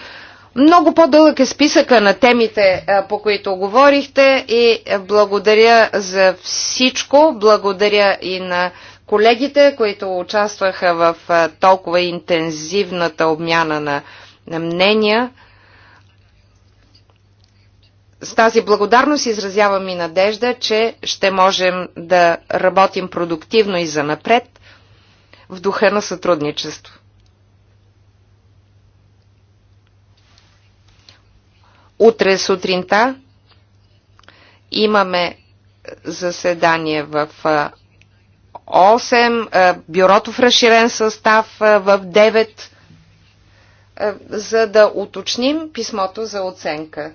Много по-дълъг е списъка на темите, а, по които говорихте и благодаря за всичко. Благодаря и на колегите, които участваха в толкова интензивната обмяна на мнения с тази благодарност изразявам и надежда, че ще можем да работим продуктивно и занапред в духа на сътрудничество. Утре сутринта имаме заседание в 8, бюрото в разширен състав в 9, за да уточним писмото за оценка.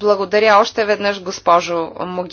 Благодаря още веднъж, госпожо Могери.